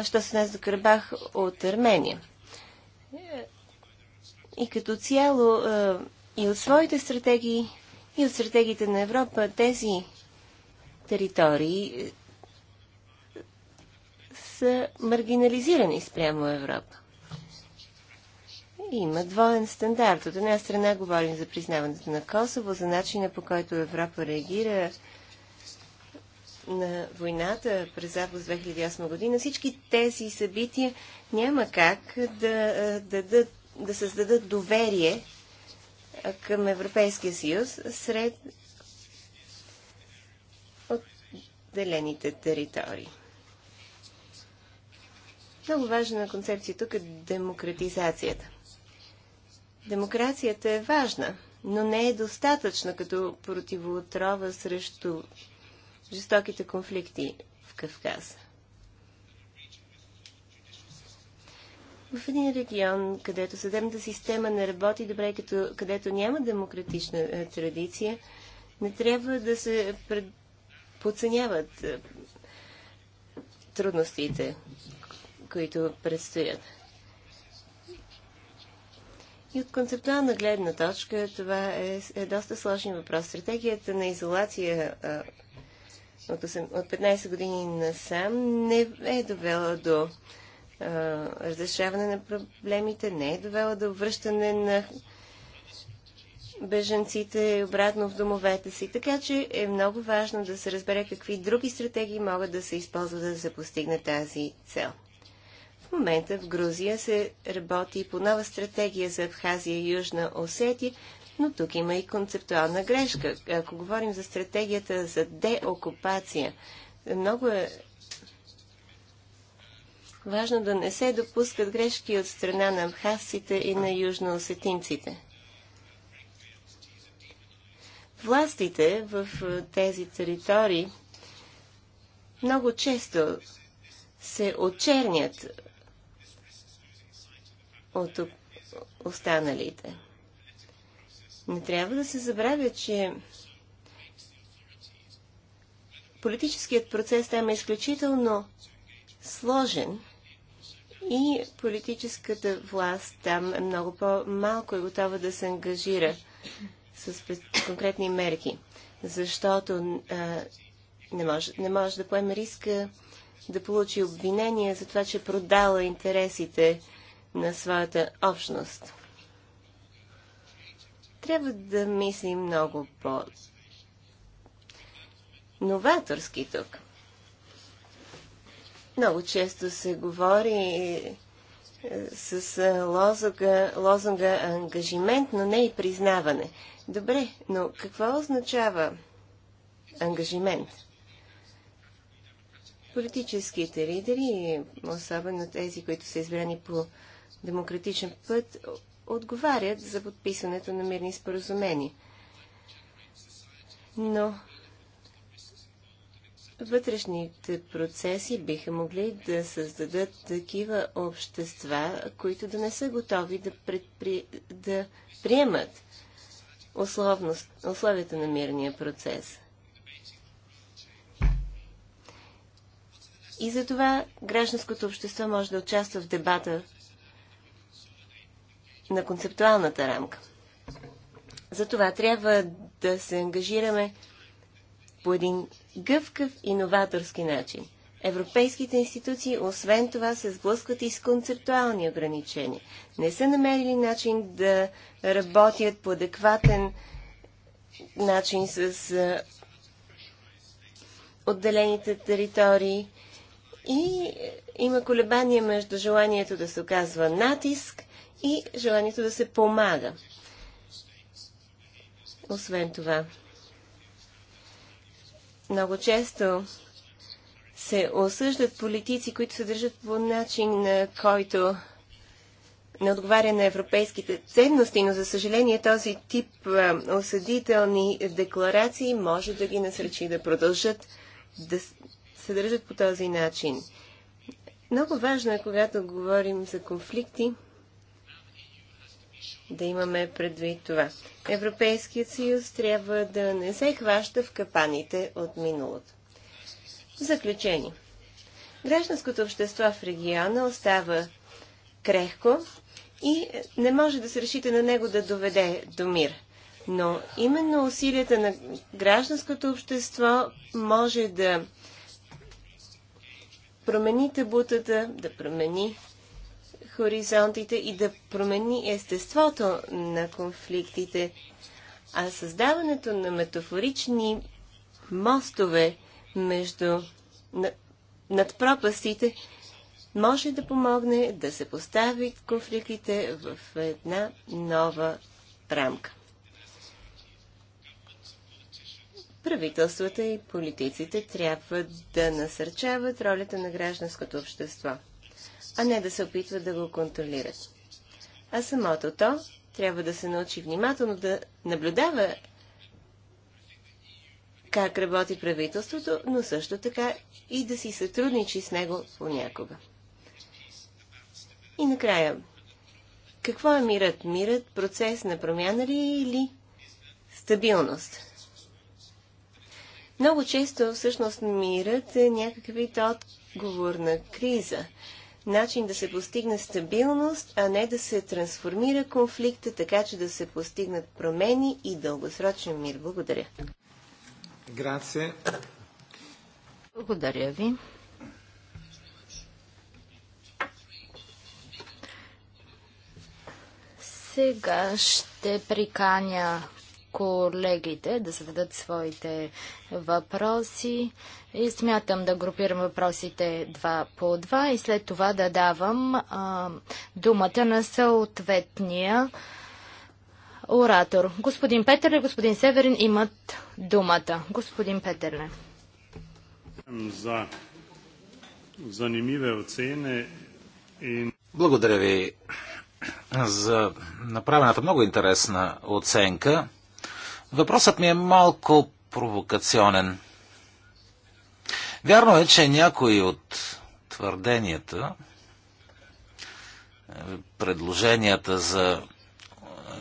що се нас до Карабах от Армения и като цяло е, и от своите стратегии, и от стратегиите на Европа тези територии е, са маргинализирани спрямо Европа. Има двоен стандарт. От една страна говорим за признаването на Косово, за начина по който Европа реагира на войната през август 2008 година, всички тези събития няма как да, да, да, да създадат доверие към Европейския съюз сред отделените територии. Много важна концепция тук е демократизацията. Демокрацията е важна, но не е достатъчна като противоотрова срещу жестоките конфликти в Кавказ. В един регион, където съдебната система не работи добре, като, където няма демократична е, традиция, не трябва да се пред... подценяват е, трудностите, които предстоят. И от концептуална гледна точка това е, е доста сложен въпрос. Стратегията на изолация е, от, 8, от 15 години насам не е довела до а, разрешаване на проблемите, не е довела до връщане на беженците обратно в домовете си. Така че е много важно да се разбере какви други стратегии могат да се използват да се постигне тази цел. В момента в Грузия се работи по нова стратегия за Абхазия и Южна Осетия, но тук има и концептуална грешка. Ако говорим за стратегията за деокупация, много е важно да не се допускат грешки от страна на абхазците и на южноосетинците. Властите в е, тези територии много често се очернят от останалите. Не трябва да се забравя, че политическият процес там е изключително сложен и политическата власт там е много по-малко и е готова да се ангажира с конкретни мерки, защото а, не, може, не може да поеме риска да получи обвинение за това, че продала интересите на своята общност. Трябва да мислим много по-новаторски тук. Много често се говори е, с е, лозунга, лозунга ангажимент, но не и признаване. Добре, но какво означава ангажимент? Политическите лидери, особено тези, които са избрани по демократичен път, отговарят за подписването на мирни споразумения. Но вътрешните процеси биха могли да създадат такива общества, които да не са готови да, предпри... да приемат условност, условията на мирния процес. И за това гражданското общество може да участва в дебата на концептуалната рамка. Затова трябва да се ангажираме по един гъвкав, иноваторски начин. Европейските институции, освен това, се сблъскват и с концептуални ограничения. Не са намерили начин да работят по адекватен начин с отделените територии и е, има колебания между желанието да се оказва натиск и желанието да се помага. Освен това, много често се осъждат политици, които се държат по начин, на който не отговаря на европейските ценности, но за съжаление този тип осъдителни декларации може да ги насречи да продължат да се държат по този начин. Много важно е, когато говорим за конфликти, да имаме предвид това. Европейският съюз трябва да не се хваща в капаните от миналото. заключение. Гражданското общество в региона остава крехко и не може да се решите на него да доведе до мир. Но именно усилията на гражданското общество може да промени табутата, да промени хоризонтите и да промени естеството на конфликтите. А създаването на метафорични мостове между над пропастите може да помогне да се постави конфликтите в една нова рамка. Правителствата и политиците трябва да насърчават ролята на гражданското общество – а не да се опитва да го контролират. А самото то трябва да се научи внимателно да наблюдава как работи правителството, но също така и да си сътрудничи с него понякога. И накрая, какво е мирът? Мирът процес на промяна ли или стабилност? Много често всъщност мирът е някакъв вид отговор на криза начин да се постигне стабилност, а не да се трансформира конфликта, така че да се постигнат промени и дългосрочен мир. Благодаря. Грация. Благодаря ви. Сега ще приканя колегите да зададат своите въпроси и смятам да групирам въпросите два по два и след това да давам а, думата на съответния оратор. Господин Петърле, господин Северин имат думата. Господин Петърле. За занимиве оцене и... Благодаря ви за направената много интересна оценка. Въпросът ми е малко провокационен. Вярно е, че някои от твърденията, е, предложенията за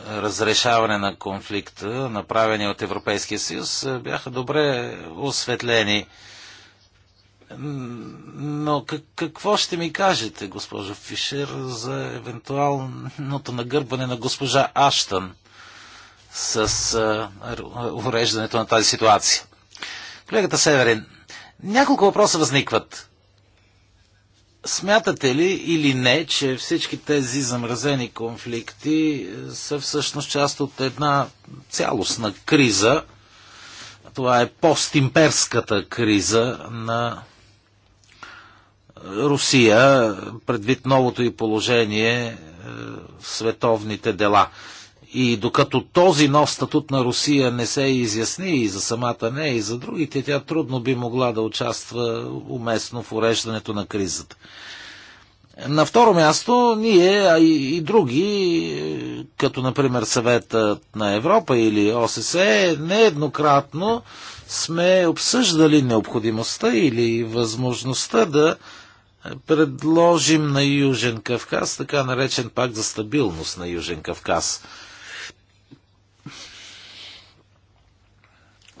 разрешаване на конфликта, направени от Европейския съюз, е, бяха добре осветлени. Но какво ще ми кажете, госпожо Фишер, за евентуалното нагърбване на госпожа Аштън? с уреждането на тази ситуация. Колегата Северин, няколко въпроса възникват. Смятате ли или не, че всички тези замразени конфликти е, са всъщност част от една цялостна криза? Това е постимперската криза на е, Русия, предвид новото и положение е, в световните дела. И докато този нов статут на Русия не се изясни и за самата нея, и за другите, тя трудно би могла да участва уместно в уреждането на кризата. На второ място, ние, а и, и други, като например Съветът на Европа или ОССЕ, нееднократно сме обсъждали необходимостта или възможността да предложим на Южен Кавказ така наречен пакт за стабилност на Южен Кавказ –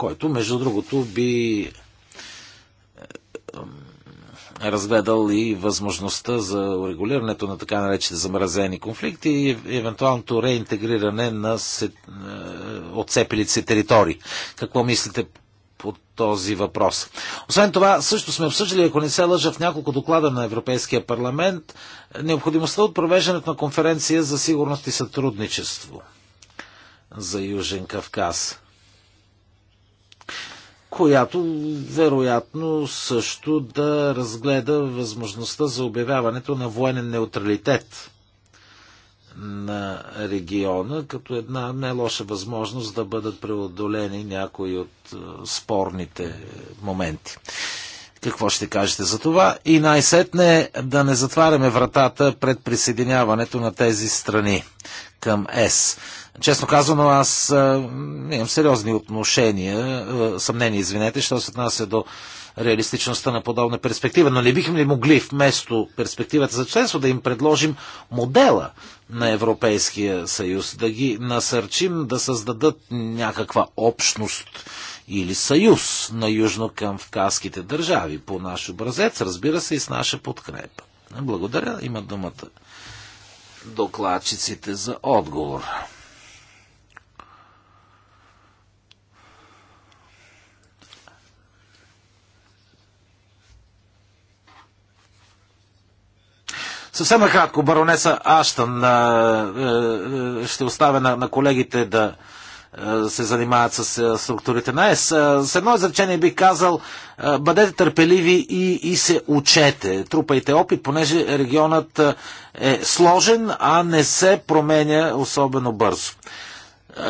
който, между другото, би разгледал и възможността за урегулирането на така наречените замразени конфликти и евентуалното реинтегриране на се... Е, отцепилите се територии. Какво мислите по този въпрос? Освен това, също сме обсъждали, ако не се лъжа в няколко доклада на Европейския парламент, необходимостта от провеждането на конференция за сигурност и сътрудничество за Южен Кавказ която вероятно също да разгледа възможността за обявяването на военен неутралитет на региона, като една не лоша възможност да бъдат преодолени някои от е, спорните моменти. Какво ще кажете за това? И най-сетне да не затваряме вратата пред присъединяването на тези страни към ЕС. Честно казано, аз имам сериозни отношения, съмнение, извинете, що се отнася до реалистичността на подобна перспектива, но не бихме ли могли вместо перспективата за членство да им предложим модела на Европейския съюз, да ги насърчим да създадат някаква общност или съюз на южно-камкавските държави по наш образец, разбира се и с наша подкрепа. Благодаря, има думата докладчиците за отговор. Съвсем накратко, баронеса Аштън, е, е, ще оставя на, на колегите да е, се занимават с структурите на ЕС. С едно изречение бих казал, бъдете търпеливи и, и се учете. Трупайте опит, понеже регионът е сложен, а не се променя особено бързо.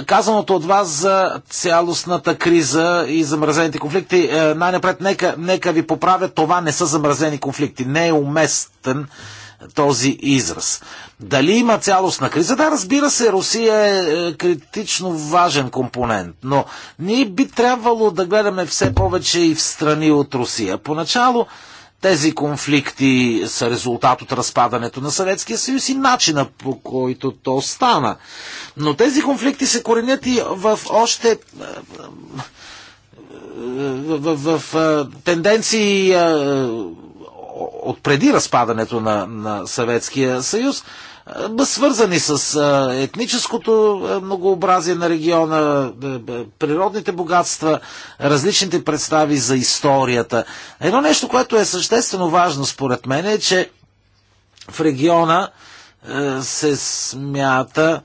Казаното от вас за цялостната криза и замразените конфликти, най-напред нека, нека ви поправя, това не са замразени конфликти. Не е уместен този израз. Дали има цялостна криза? Да, разбира се, Русия е, е критично важен компонент, но ние би трябвало да гледаме все повече и в страни от Русия. Поначало тези конфликти са резултат от разпадането на Съветския съюз и начина по който то стана. Но тези конфликти се коренят и в още е, е, в, в, в, в тенденции от преди разпадането на, на Съветския съюз, е, свързани с е, етническото е, многообразие на региона, природните богатства, различните представи за историята. Едно нещо, което е съществено важно според мен е, че в региона се смята,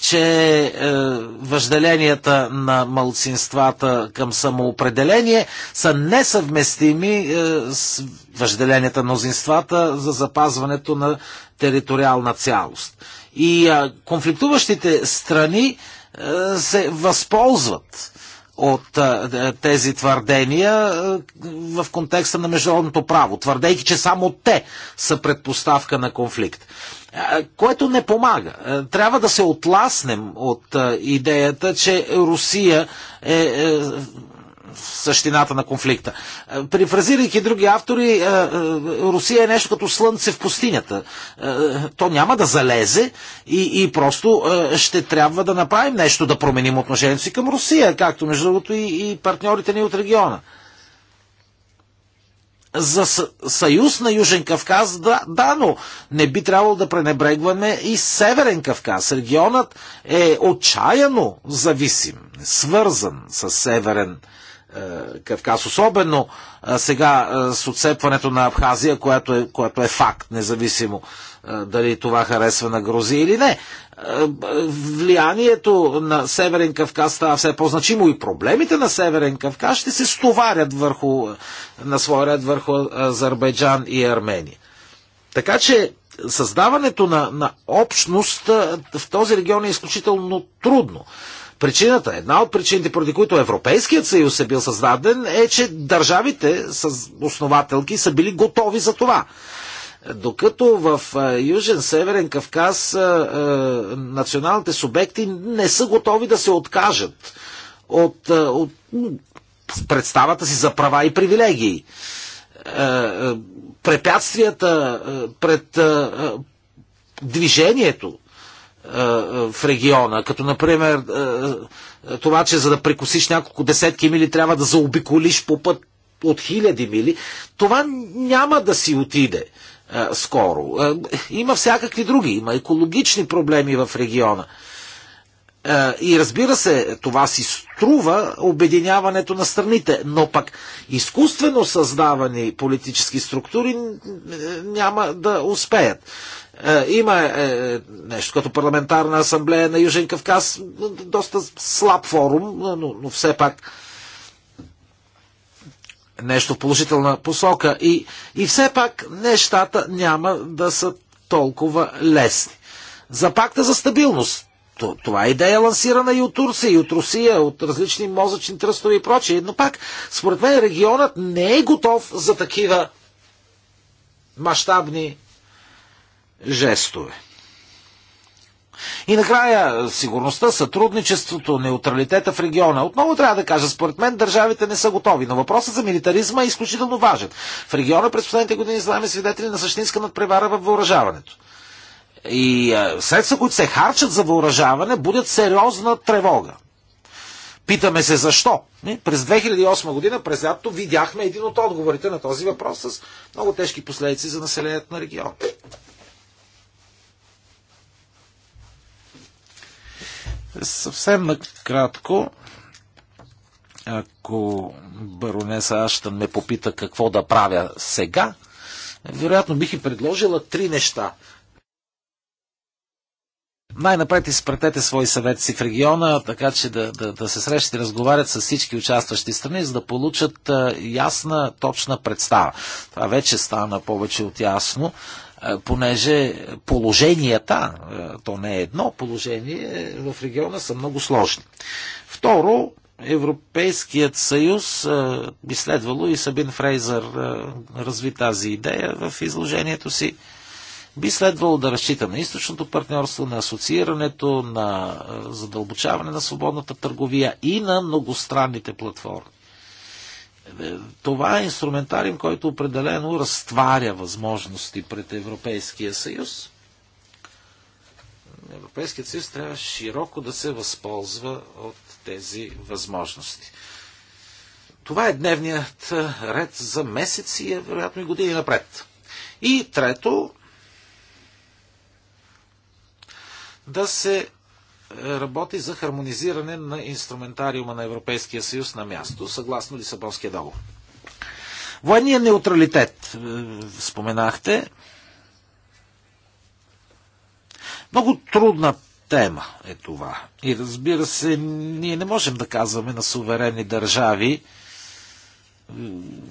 че е, въжделенията на малцинствата към самоопределение са несъвместими е, с въжделенията на мнозинствата за запазването на териториална цялост. И е, конфликтуващите страни е, се възползват от е, тези твърдения е, в контекста на международното право, твърдейки, че само те са предпоставка на конфликт което не помага. Трябва да се отласнем от идеята, че Русия е, е същината на конфликта. Прифразирайки други автори, Русия е нещо като слънце в пустинята. То няма да залезе и, и просто ще трябва да направим нещо, да променим отношението си към Русия, както между другото и, и партньорите ни от региона за съюз на Южен Кавказ, да, да, но не би трябвало да пренебрегваме и Северен Кавказ. Регионът е отчаяно зависим, свързан с Северен е, Кавказ, особено е, сега е, с отцепването на Абхазия, което е, което е факт, независимо дали това харесва на Грузия или не. Влиянието на Северен Кавказ става все по-значимо и проблемите на Северен Кавказ ще се стоварят върху, на своя ред върху Азербайджан и Армения. Така че създаването на, на общност в този регион е изключително трудно. Причината, една от причините, поради които Европейският съюз е бил създаден, е, че държавите с основателки са били готови за това. Докато в Южен Северен Кавказ националните субекти не са готови да се откажат от, от представата си за права и привилегии. Препятствията пред движението в региона, като например това, че за да прекусиш няколко десетки мили трябва да заобиколиш по път от хиляди мили, това няма да си отиде. Е, скоро. Е, има всякакви други, има екологични проблеми в региона. Е, и разбира се, това си струва обединяването на страните, но пък изкуствено създавани политически структури няма да успеят. Има нещо като парламентарна асамблея на Южен Кавказ, доста слаб форум, но все пак нещо в положителна посока. И, и все пак нещата няма да са толкова лесни. За пакта за стабилност. Това е идея е лансирана и от Турция, и от Русия, от различни мозъчни тръстове и прочее. Но пак, според мен, регионът не е готов за такива мащабни жестове. И накрая сигурността, сътрудничеството, неутралитета в региона. Отново трябва да кажа, според мен държавите не са готови, но въпросът за милитаризма е изключително важен. В региона през последните години знаем свидетели на същинска надпревара във въоръжаването. И е, средства, които се харчат за въоръжаване, будят сериозна тревога. Питаме се защо. През 2008 година, през лятото, видяхме един от отговорите на този въпрос с много тежки последици за населението на региона. Съвсем накратко, ако баронеса Аштън ме попита какво да правя сега, вероятно бих и предложила три неща. Най-напред изпратете свои съвет си в региона, така че да, да, да се срещат и разговарят с всички участващи страни, за да получат а, ясна, точна представа. Това вече стана повече от ясно понеже положенията, то не е едно положение, в региона са много сложни. Второ, Европейският съюз би следвало и Сабин Фрейзър разви тази идея в изложението си. Би следвало да разчита на източното партньорство, на асоциирането, на задълбочаване на свободната търговия и на многостранните платформи. Е, това е инструментариум, който определено разтваря възможности пред Европейския съюз. Европейският съюз трябва широко да се възползва от тези възможности. Това е дневният е, ред за месеци, и е, вероятно и години напред. И трето, да се работи за хармонизиране на инструментариума на Европейския съюз на място, съгласно Лисабонския договор. Военния неутралитет, е, споменахте, много трудна тема е това. И разбира се, ние не можем да казваме на суверени държави е,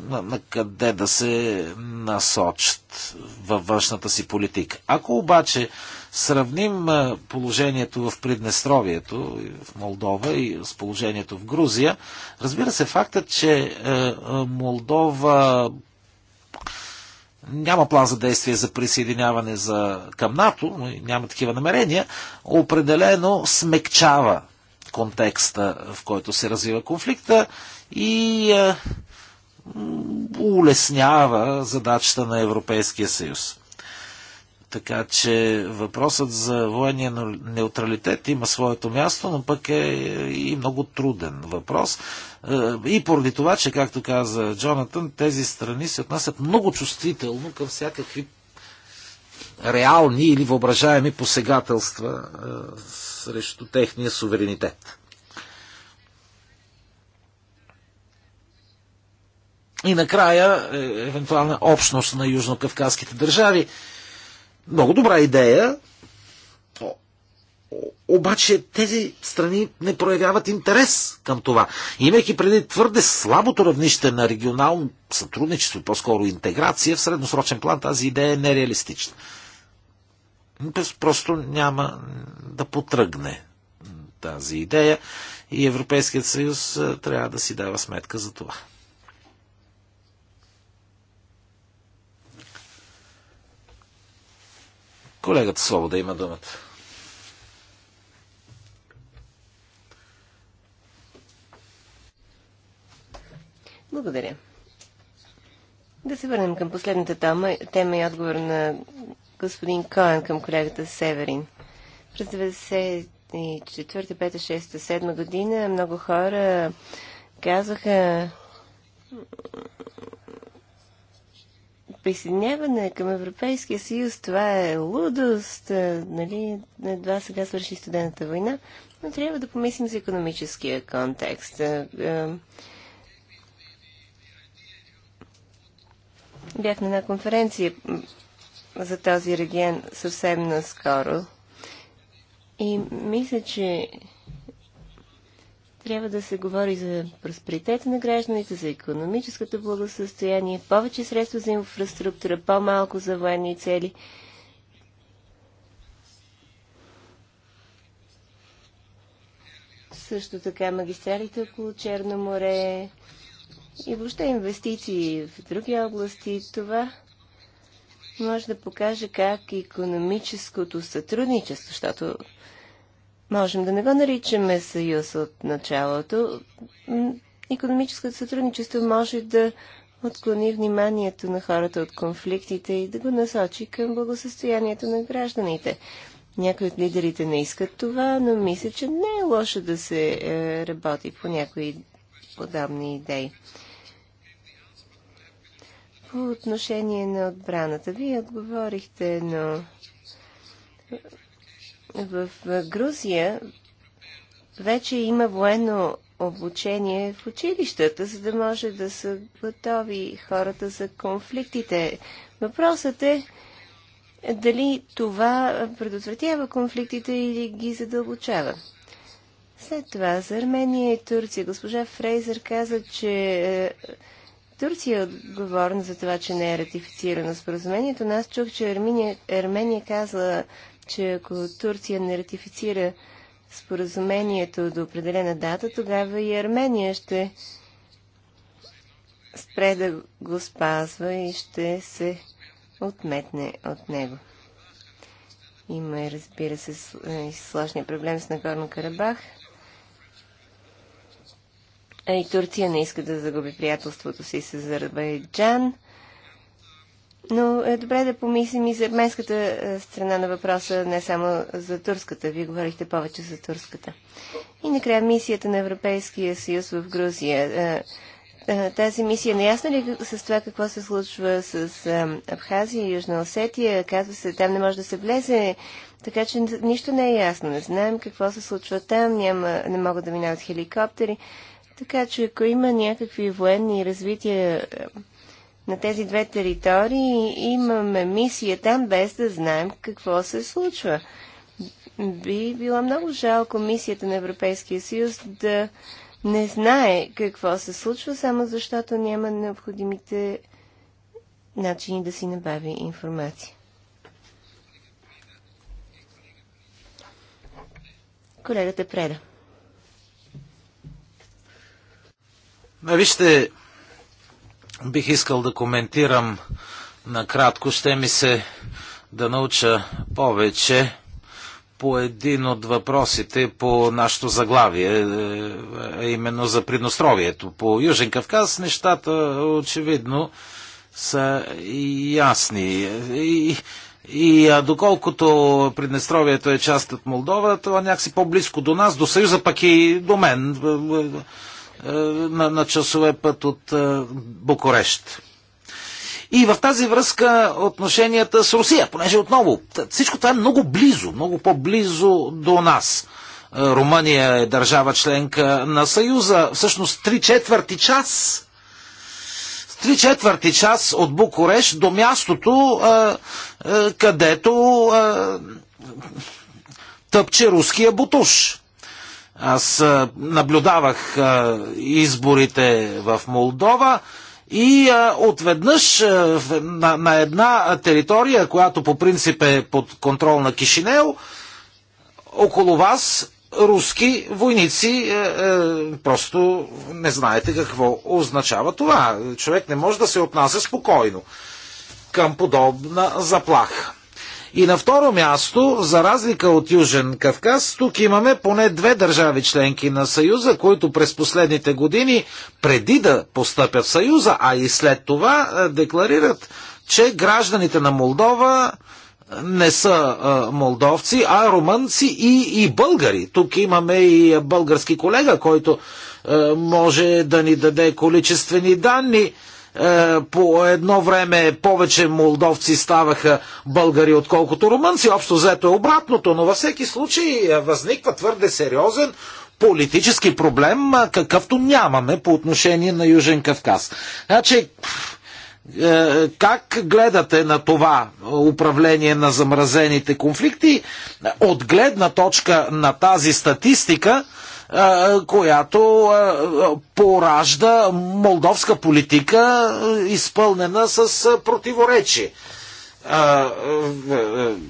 на, на къде да се насочат във външната си политика. Ако обаче сравним положението в Приднестровието, в Молдова и с положението в Грузия, разбира се фактът, че е, е, Молдова няма план за действие за присъединяване за, към НАТО, няма такива намерения, определено смекчава контекста, в който се развива конфликта и е, улеснява задачата на Европейския съюз. Така че въпросът за военния неутралитет има своето място, но пък е и много труден въпрос. Е, и поради това, че, както каза Джонатан, тези страни се отнасят много чувствително към всякакви реални или въображаеми посегателства е, срещу техния суверенитет. И накрая, е, евентуална общност на южно-кавказските държави. Много добра идея, обаче тези страни не проявяват интерес към това. Имайки преди твърде слабото равнище на регионално сътрудничество, по-скоро интеграция, в средносрочен план тази идея е нереалистична. Просто няма да потръгне тази идея и Европейският съюз е, трябва да си дава сметка за това. Колегата Свобода има думата. Благодаря. Да се върнем към последната тема, тема и отговор на господин Коен към колегата Северин. През 94, 5, 6, 7 година много хора казаха присъединяване към Европейския съюз, това е лудост, е, нали, едва сега свърши студената война, но трябва да помислим за економическия контекст. Е, е, бях на една конференция за този регион съвсем наскоро и мисля, че трябва да се говори за просперитета на гражданите, за економическото благосъстояние, повече средства за инфраструктура, по-малко за военни цели. Също така магистралите около Черно море и въобще инвестиции в други области. Това може да покаже как економическото сътрудничество, защото Можем да не го наричаме съюз от началото. Економическото сътрудничество може да отклони вниманието на хората от конфликтите и да го насочи към благосъстоянието на гражданите. Някои от лидерите не искат това, но мисля, че не е лошо да се е, работи по някои подобни идеи. По отношение на отбраната, вие отговорихте, но в Грузия вече има военно обучение в училищата, за да може да са готови хората за конфликтите. Въпросът е дали това предотвратява конфликтите или ги задълбочава. След това за Армения и Турция. Госпожа Фрейзер каза, че е, Турция е отговорна за това, че не е ратифицирано споразумението. Аз чух, че Армения, Армения казала че ако Турция не ратифицира споразумението до определена дата, тогава и Армения ще спре да го спазва и ще се отметне от него. Има и, разбира се, е, и сложния проблем с Нагорно Карабах. А и Турция не иска да загуби приятелството си с Азербайджан – но е добре да помислим и за арменската е, страна на въпроса, не само за турската. Вие говорихте повече за турската. И накрая мисията на Европейския съюз в Грузия. Е, е, тази мисия неясна ли с това какво се случва с Абхазия и Южна Осетия? Казва се, там не може да се влезе, така че нищо не е ясно. Не знаем какво се случва там, няма, не могат да минават хеликоптери. Така че ако има някакви военни развития на тези две територии имаме мисия там, без да знаем какво се случва. Би било много жалко мисията на Европейския съюз да не знае какво се случва, само защото няма необходимите начини да си набави информация. Колегата Преда. Вижте, Бих искал да коментирам накратко. Ще ми се да науча повече по един от въпросите по нашето заглавие, а е, е именно за Придностровието. По Южен Кавказ нещата очевидно са ясни. И, и а, доколкото Приднестровието е част от Молдова, това някакси по-близко до нас, до Съюза, пък и до мен. Е, на, на часове път от е, Букурещ. И в тази връзка отношенията с Русия, понеже отново всичко това е много близо, много по-близо до нас. Е, Румъния е държава членка на Съюза. Всъщност три четвърти час три четвърти час от Букуреш до мястото, а, а, където а, тъпче руския бутуш. Аз наблюдавах изборите в Молдова и отведнъж на, една територия, която по принцип е под контрол на Кишинел, около вас руски войници е, е, просто не знаете какво означава това. Човек не може да се отнася спокойно към подобна заплаха. И на второ място, за разлика от Южен Кавказ, тук имаме поне две държави членки на Съюза, които през последните години, преди да постъпят в Съюза, а и след това, е, декларират, че гражданите на Молдова е, не са а, е, молдовци, а румънци и, и българи. Тук имаме и български колега, който а, може да ни даде количествени данни. Е, по едно време повече молдовци ставаха българи, отколкото румънци. Общо взето е обратното, но във всеки случай е, възниква твърде сериозен политически проблем, какъвто нямаме по отношение на Южен Кавказ. Значи, е, как гледате на това управление на замразените конфликти от гледна точка на тази статистика, която поражда молдовска политика, изпълнена с противоречие.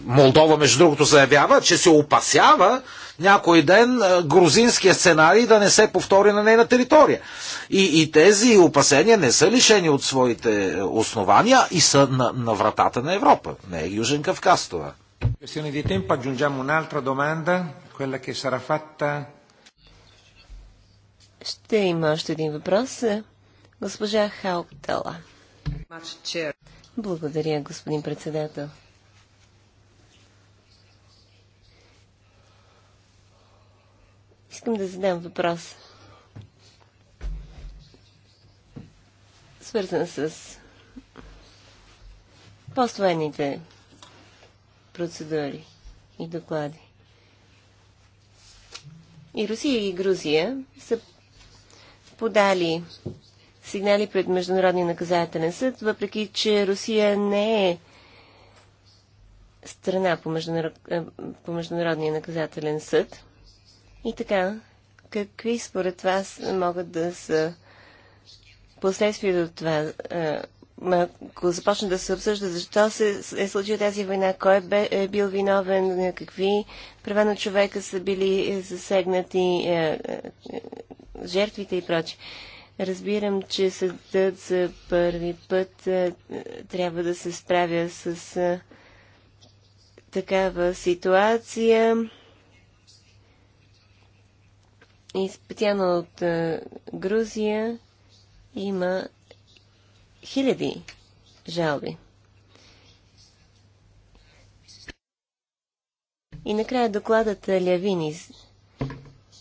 Молдова, между другото, заявява, че се опасява някой ден грузинския сценарий да не се повтори на нейна територия. И, и тези опасения не са лишени от своите основания и са на, на вратата на Европа. Не е Южен Кавказ това. Questione di tempo aggiungiamo un'altra domanda, quella che sarà fatta ще има още един въпрос. Госпожа Хауптела. Благодаря, господин председател. Искам да задам въпрос. Свързан с поствоените процедури и доклади. И Русия и Грузия са подали сигнали пред Международния наказателен съд, въпреки че Русия не е страна по, междунар... Е, по Международния наказателен съд. И така, какви според вас могат да са последствията от това? Е, ако започне да се обсъжда защо се е случила тази война, кой е бе, е бил виновен, какви права на човека са били е, засегнати, е, е, е, жертвите и прочи. Разбирам, че съдът за първи път е, трябва да се справя с е, такава ситуация. И специално от е, Грузия има хиляди жалби. И накрая докладът Лявини.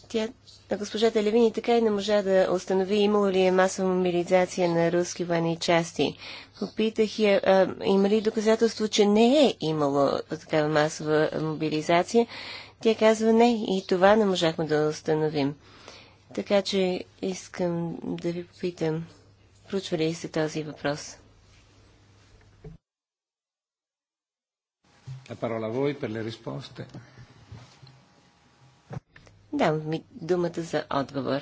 Тя, на госпожата Лявини така и не можа да установи имало ли е масова мобилизация на руски военни части. Попитах я, а, има ли доказателство, че не е имало такава масова мобилизация. Тя казва не и това не можахме да установим. Така че искам да ви попитам. Проучва ли се този въпрос? Дам ми думата за отговор.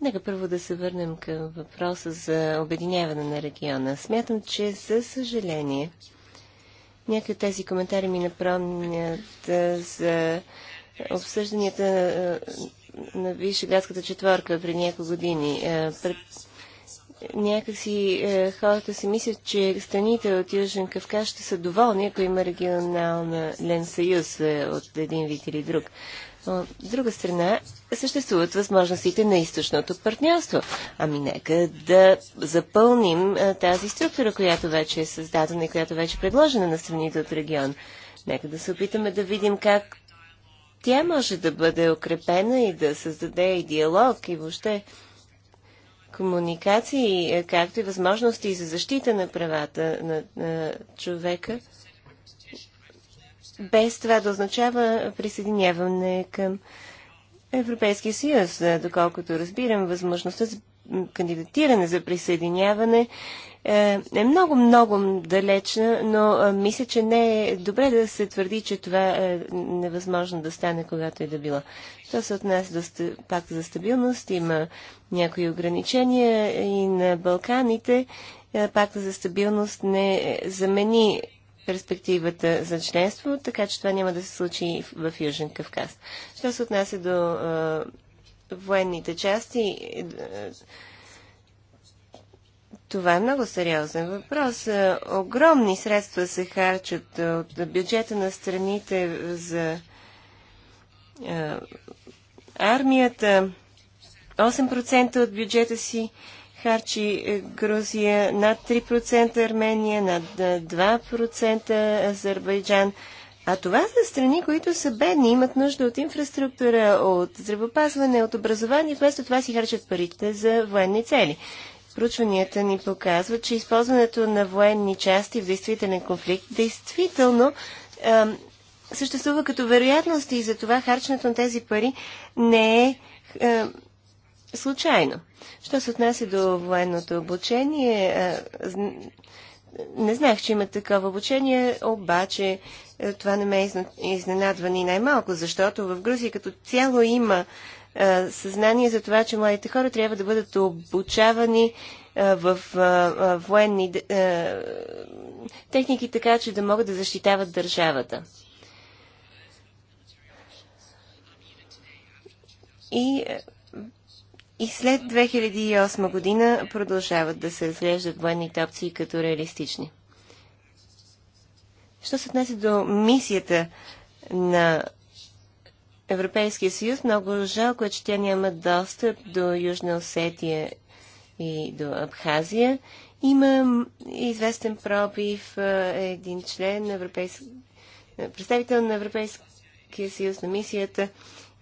Нека първо да се върнем към въпроса за обединяване на региона. Смятам, че за съжаление някои от тези коментари ми напомнят за обсъжданията е, на Вишеградската четворка при няколко години. Е, пред... Някакси е, хората си мислят, че страните от Южен Кавказ ще са доволни, ако има лен съюз от един вид или друг. От друга страна, съществуват възможностите на източното партньорство. Ами нека да запълним тази структура, която вече е създадена и която вече е предложена на страните от регион. Нека да се опитаме да видим как тя може да бъде укрепена и да създаде и диалог и въобще комуникации, както и възможности за защита на правата на, на човека, без това да означава присъединяване към Европейския съюз. Доколкото разбирам, възможността за кандидатиране за присъединяване е, е много, много далечна, но е, мисля, че не е добре да се твърди, че това е невъзможно да стане когато и е да било. Що се отнася до пак пакта за стабилност, има някои ограничения и на Балканите е, пакта за стабилност не замени перспективата за членство, така че това няма да се случи в Южен Кавказ. Що се отнася до военните части. Това е много сериозен въпрос. Огромни средства се харчат от бюджета на страните за армията. 8% от бюджета си харчи е, Грузия, над 3% Армения, над 2% Азербайджан. А това са страни, които са бедни, имат нужда от инфраструктура, от здравопазване, от образование, вместо това си харчат парите за военни цели. Проучванията ни показват, че използването на военни части в действителен конфликт действително а, съществува като вероятност и за това харченето на тези пари не е а, случайно. Що се отнася до военното обучение, не знаех, че има такова обучение, обаче е, това не ме изненадва ни най-малко, защото в Грузия като цяло има е, съзнание за това, че младите хора трябва да бъдат обучавани е, в военни техники, така че да могат да защитават държавата. И и след 2008 година продължават да се разглеждат военните опции като реалистични. Що се отнесе до мисията на Европейския съюз, много жалко е, че тя няма достъп до Южна Осетия и до Абхазия. Има известен пробив е, един член на Европейския представител на Европейския съюз на мисията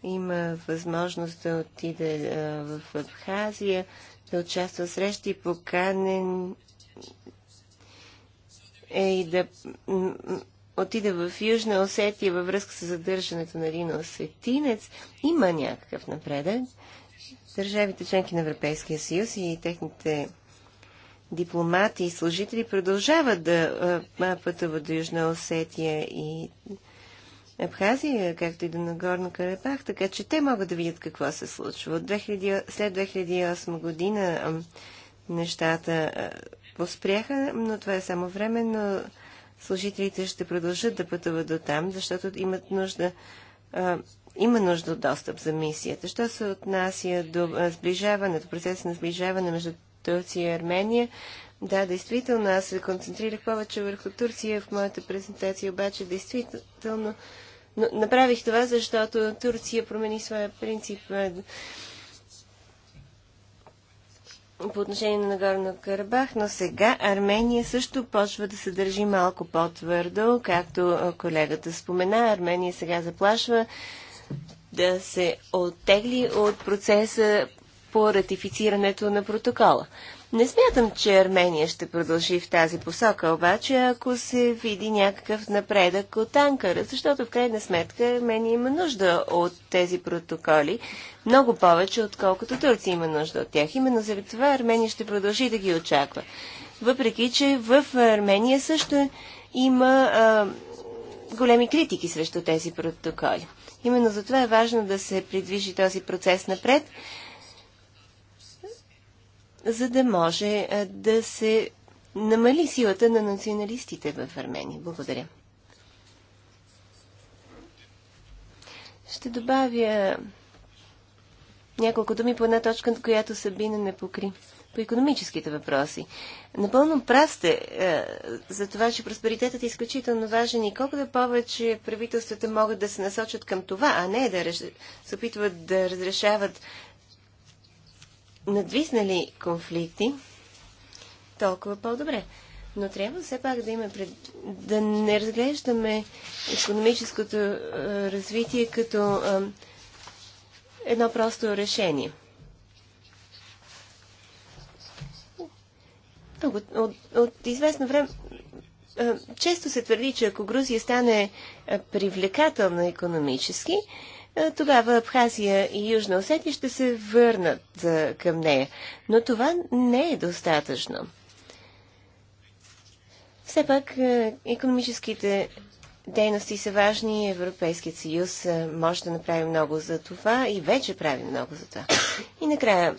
има възможност да отиде в Абхазия, да участва в срещи, поканен е и да отиде в Южна Осетия във връзка с задържането на Рина Осетинец. Има някакъв напредък. Държавите членки на Европейския съюз и техните дипломати и служители продължават да пътуват до Южна Осетия и Абхазия, както и до Нагорно Карапах, така че те могат да видят какво се случва. От 2000, след 2008 година нещата поспряха, но това е само временно. Служителите ще продължат да пътуват до там, защото имат нужда, има нужда от достъп за мисията. Що се отнася до сближаването, процеса на сближаване между Турция и Армения, да, действително, аз се концентрирах повече върху Турция в моята презентация, обаче действително но направих това, защото Турция промени своя принцип е, по отношение на Нагорно Карабах, но сега Армения също почва да се държи малко по-твърдо, както е, колегата спомена. Армения сега заплашва да се оттегли от процеса по ратифицирането на протокола. Не смятам, че Армения ще продължи в тази посока, обаче ако се види някакъв напредък от Анкара, защото в крайна сметка Армения има нужда от тези протоколи, много повече, отколкото Турция има нужда от тях. Именно заради това Армения ще продължи да ги очаква. Въпреки, че в Армения също има а, големи критики срещу тези протоколи. Именно затова е важно да се придвижи този процес напред за да може да се намали силата на националистите в Армения. Благодаря. Ще добавя няколко думи по една точка, която Сабина не покри. По економическите въпроси. Напълно прав сте е, за това, че просперитетът е изключително важен и колкото да повече правителствата могат да се насочат към това, а не да реш... се опитват да разрешават надвиснали конфликти, толкова по-добре. Но трябва все пак да има пред... да не разглеждаме економическото а, развитие като а, едно просто решение. От, от, от известно време често се твърди, че ако Грузия стане привлекателна економически, е, тогава Абхазия и Южна Осетия ще се върнат е, към нея. Но това не е достатъчно. Все пак е, економическите дейности са важни. Европейският съюз може да направи много за това и вече прави много за това. И накрая,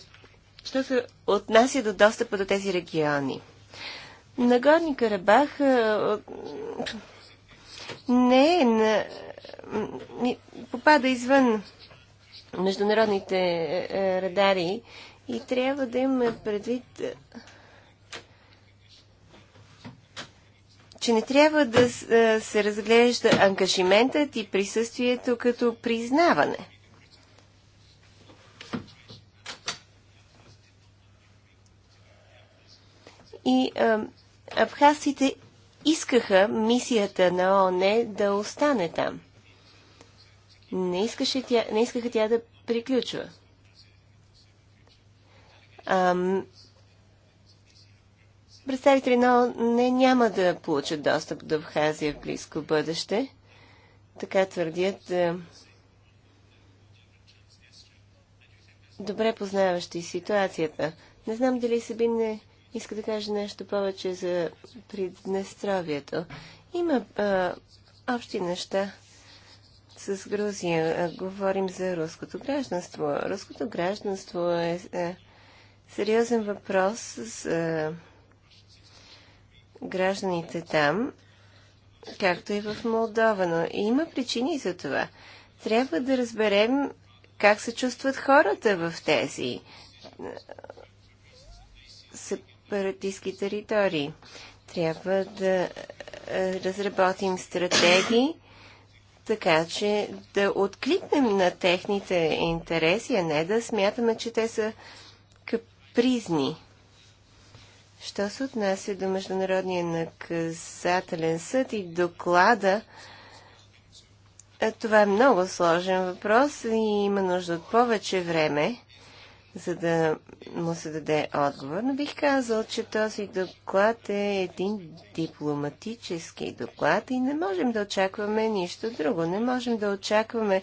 що се отнася до достъпа до тези региони? Нагорни Карабах не е на попада извън международните е, радари и трябва да имаме предвид, е, че не трябва да е, се разглежда ангажиментът и присъствието като признаване. И а, абхазците искаха мисията на ООН да остане там не, искаше тя, не искаха тя да приключва. Ам, представители но е не няма да получат достъп до Абхазия в близко бъдеще. Така твърдят а, е, добре познаващи ситуацията. Не знам дали Сабин не иска да каже нещо повече за Приднестровието. Има а, общи неща, с Грузия. Е, говорим за руското гражданство. Руското гражданство е, е сериозен въпрос с е, гражданите там, както и в Молдова, но има причини за това. Трябва да разберем как се чувстват хората в тези е, сепаратистски територии. Трябва да разработим стратегии, така че да откликнем на техните интереси, а не да смятаме, че те са капризни. Що се отнася до Международния наказателен съд и доклада, това е много сложен въпрос и има нужда от повече време за да му се даде отговор, но бих казал, че този доклад е един дипломатически доклад и не можем да очакваме нищо друго. Не можем да очакваме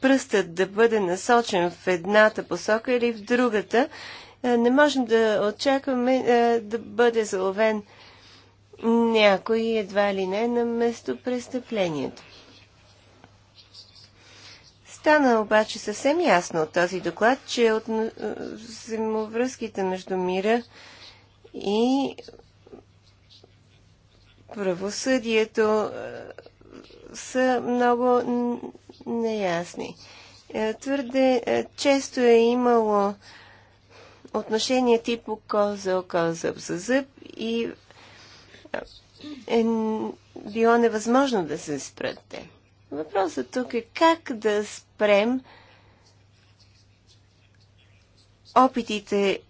пръстът да бъде насочен в едната посока или в другата. Е, не можем да очакваме е, да бъде заловен някой едва ли не на местопрестъплението. Стана обаче съвсем ясно от този доклад, че от взаимовръзките между мира и правосъдието е, са много неясни. Е, твърде е, често е имало отношения тип око за око, зъб за зъб и е било невъзможно да се спрат те. Въпросът тук е как да спрем опитите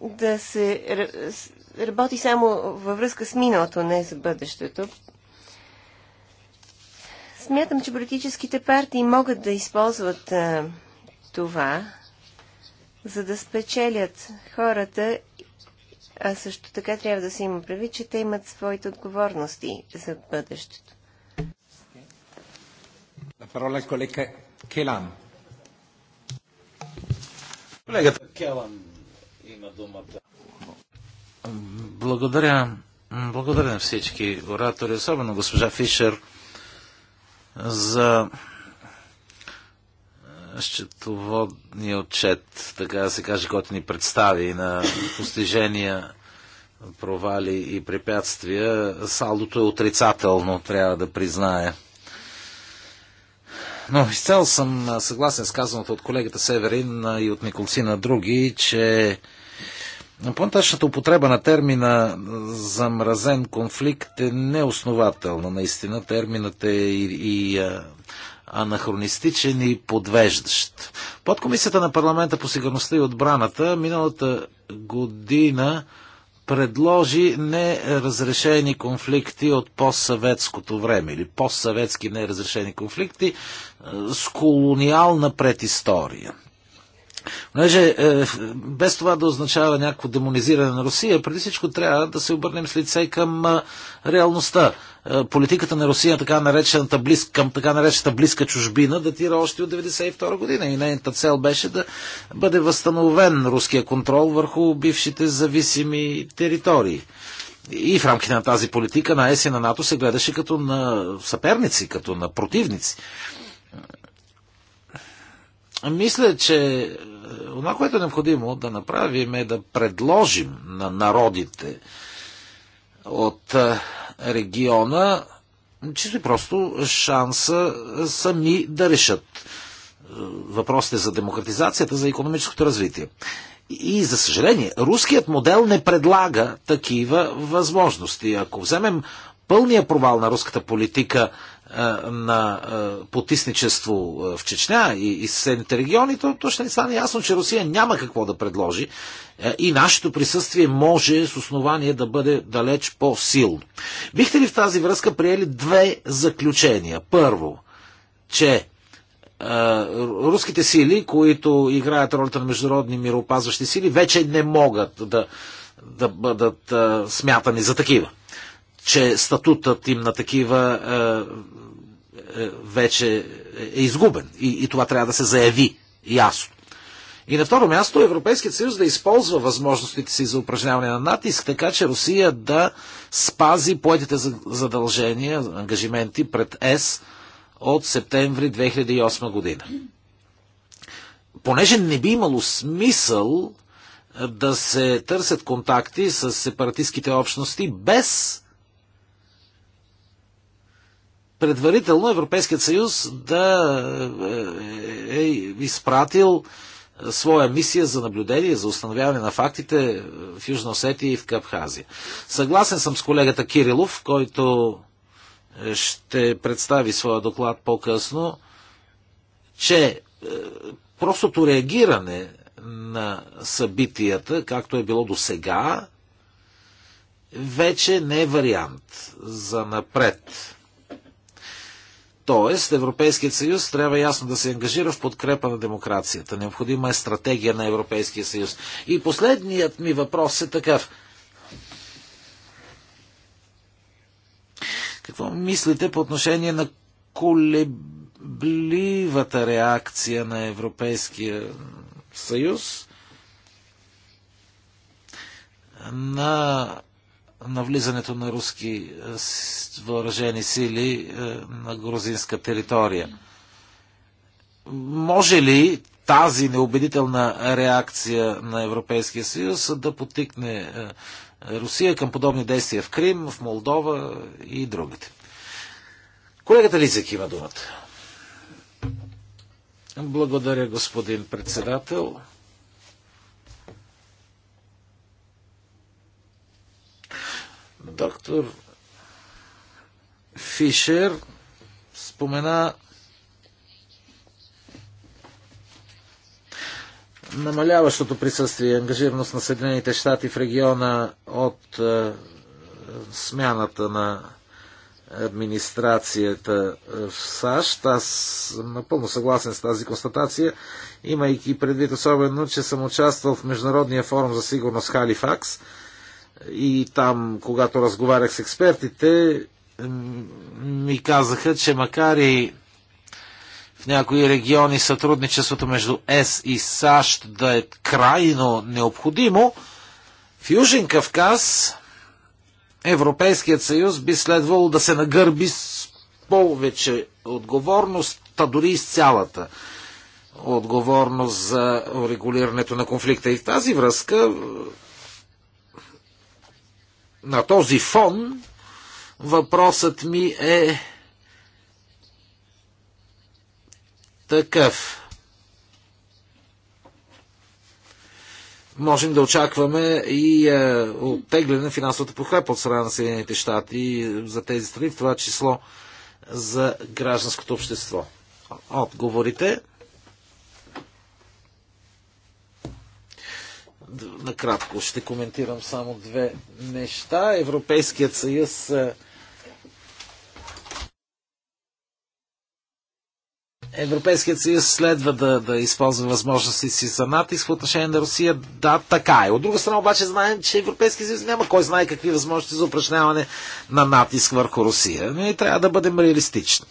да се работи само във връзка с миналото, не за бъдещето. Смятам, че политическите партии могат да използват а, това, за да спечелят хората а също така трябва да се има прави, че те имат своите отговорности за бъдещето. La parola al collega Kelam. Колегата Келан има думата. Благодаря. Благодаря на всички оратори, особено госпожа Фишер, за счетоводния отчет, така да се каже, който ни представи на постижения, провали и препятствия, салдото е отрицателно, трябва да призная. Но изцяло съм съгласен с казаното от колегата Северин и от Николси на други, че по-нататъчната употреба на термина замразен конфликт е неоснователна. Наистина терминът е и, и анахронистичен и подвеждащ. Под комисията на парламента по сигурността и отбраната миналата година предложи неразрешени конфликти от постсъветското време или постсъветски неразрешени конфликти с колониална предистория. Понеже е, без това да означава някакво демонизиране на Русия, преди всичко трябва да се обърнем с лице към е, реалността. Е, политиката на Русия, така наречената близка, към така наречената близка чужбина, датира още от 1992 година и нейната цел беше да бъде възстановен руския контрол върху бившите зависими територии. И в рамките на тази политика на ЕСИ на НАТО се гледаше като на съперници, като на противници. Мисля, че това, е, което е необходимо да направим е да предложим на народите от е, региона чисто и просто шанса е, сами да решат въпросите за демократизацията, за економическото развитие. И, за съжаление, руският модел не предлага такива възможности. Ако вземем пълния провал на руската политика на потисничество в Чечня и, и съседните региони, то, то ще ни стане ясно, че Русия няма какво да предложи и нашето присъствие може с основание да бъде далеч по-силно. Бихте ли в тази връзка приели две заключения? Първо, че руските сили, които играят ролята на международни мироопазващи сили, вече не могат да, да бъдат смятани за такива че статутът им на такива е, е, вече е изгубен и, и това трябва да се заяви ясно. И на второ място Европейският съюз да използва възможностите си за упражняване на натиск, така че Русия да спази поетите задължения, ангажименти пред ЕС от септември 2008 година. Понеже не би имало смисъл е, да се търсят контакти с сепаратистските общности без предварително Европейският съюз да е, е, е, е изпратил своя мисия за наблюдение, за установяване на фактите в Южна Осетия и в Капхазия. Съгласен съм с колегата Кирилов, който ще представи своя доклад по-късно, че простото реагиране на събитията, както е било до сега, вече не е вариант за напред. Тоест, Европейският съюз трябва ясно да се ангажира в подкрепа на демокрацията. Необходима е стратегия на Европейския съюз. И последният ми въпрос е такъв. Какво мислите по отношение на колебливата реакция на Европейския съюз на навлизането на руски е, въоръжени сили е, на грузинска територия. Може ли тази неубедителна реакция на Европейския съюз да потикне е, Русия към подобни действия в Крим, в Молдова и другите? Колегата Лизък има думата. Благодаря, господин председател. Доктор Фишер спомена намаляващото присъствие и ангажираност на Съединените щати в региона от е, смяната на администрацията в САЩ. Аз съм напълно съгласен с тази констатация, имайки предвид особено, че съм участвал в Международния форум за сигурност Халифакс – и там, когато разговарях с експертите, ми казаха, че макар и в някои региони сътрудничеството между ЕС и САЩ да е крайно необходимо, в Южен Кавказ Европейският съюз би следвало да се нагърби с повече отговорност, та дори и с цялата отговорност за регулирането на конфликта. И в тази връзка на този фон въпросът ми е такъв. можем да очакваме и е, оттегляне на финансовата подкрепа от страна на Съединените щати за тези страни, в това число за гражданското общество. Отговорите. накратко ще коментирам само две неща. Европейският съюз е, Европейският съюз следва да, да използва възможности си за натиск в отношение на Русия. Да, така е. От друга страна обаче знаем, че Европейският съюз няма кой знае какви възможности за упражняване на натиск върху Русия. Ние трябва да бъдем реалистични.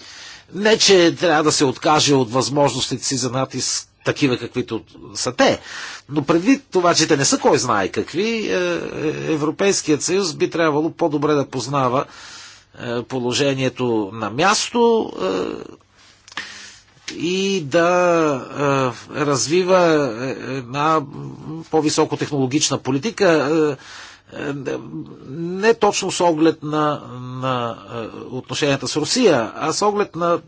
Не, че трябва да се откаже от възможностите си за натиск такива каквито са те. Но предвид това, че те не са кой знае какви, е, е, Европейският съюз би трябвало по-добре да познава е, положението на място и да развива една по-високо технологична политика не точно с оглед на, на отношенията с Русия, а с оглед на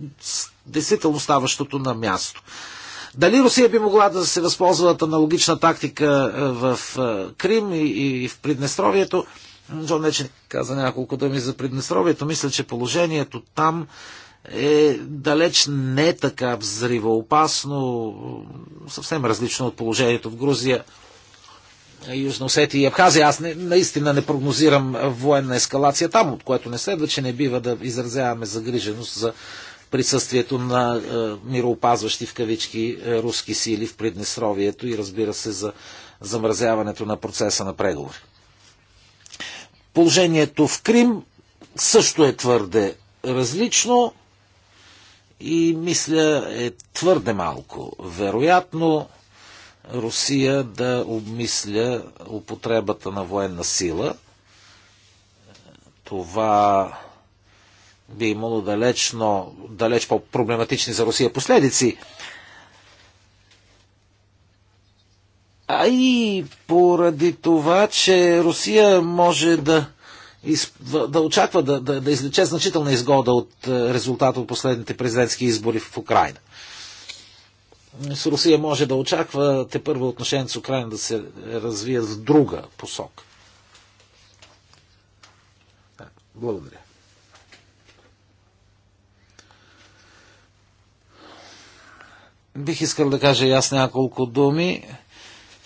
действително ставащото на място. Дали Русия би могла да се възползва от аналогична тактика е, в е, Крим и в Приднестровието? Джон вече каза няколко думи за Приднестровието. Мисля, че положението там е далеч не така взривоопасно, съвсем различно от положението в Грузия, Южна Осетия и Абхазия. Аз не, наистина не прогнозирам военна ескалация там, от което не следва, че не бива да изразяваме загриженост за присъствието на е, мироопазващи в кавички е, руски сили в Приднестровието и разбира се за замразяването на процеса на преговори. Положението в Крим също е твърде различно и мисля е твърде малко. Вероятно Русия да обмисля употребата на военна сила. Това би имало далечно, далеч по-проблематични за Русия последици. А и поради това, че Русия може да, из, да очаква да, да, да излече значителна изгода от е, резултата от последните президентски избори в Украина. С Русия може да очаква те първо отношението с Украина да се развият в друга посока. Благодаря. Бих искал да кажа и аз няколко думи.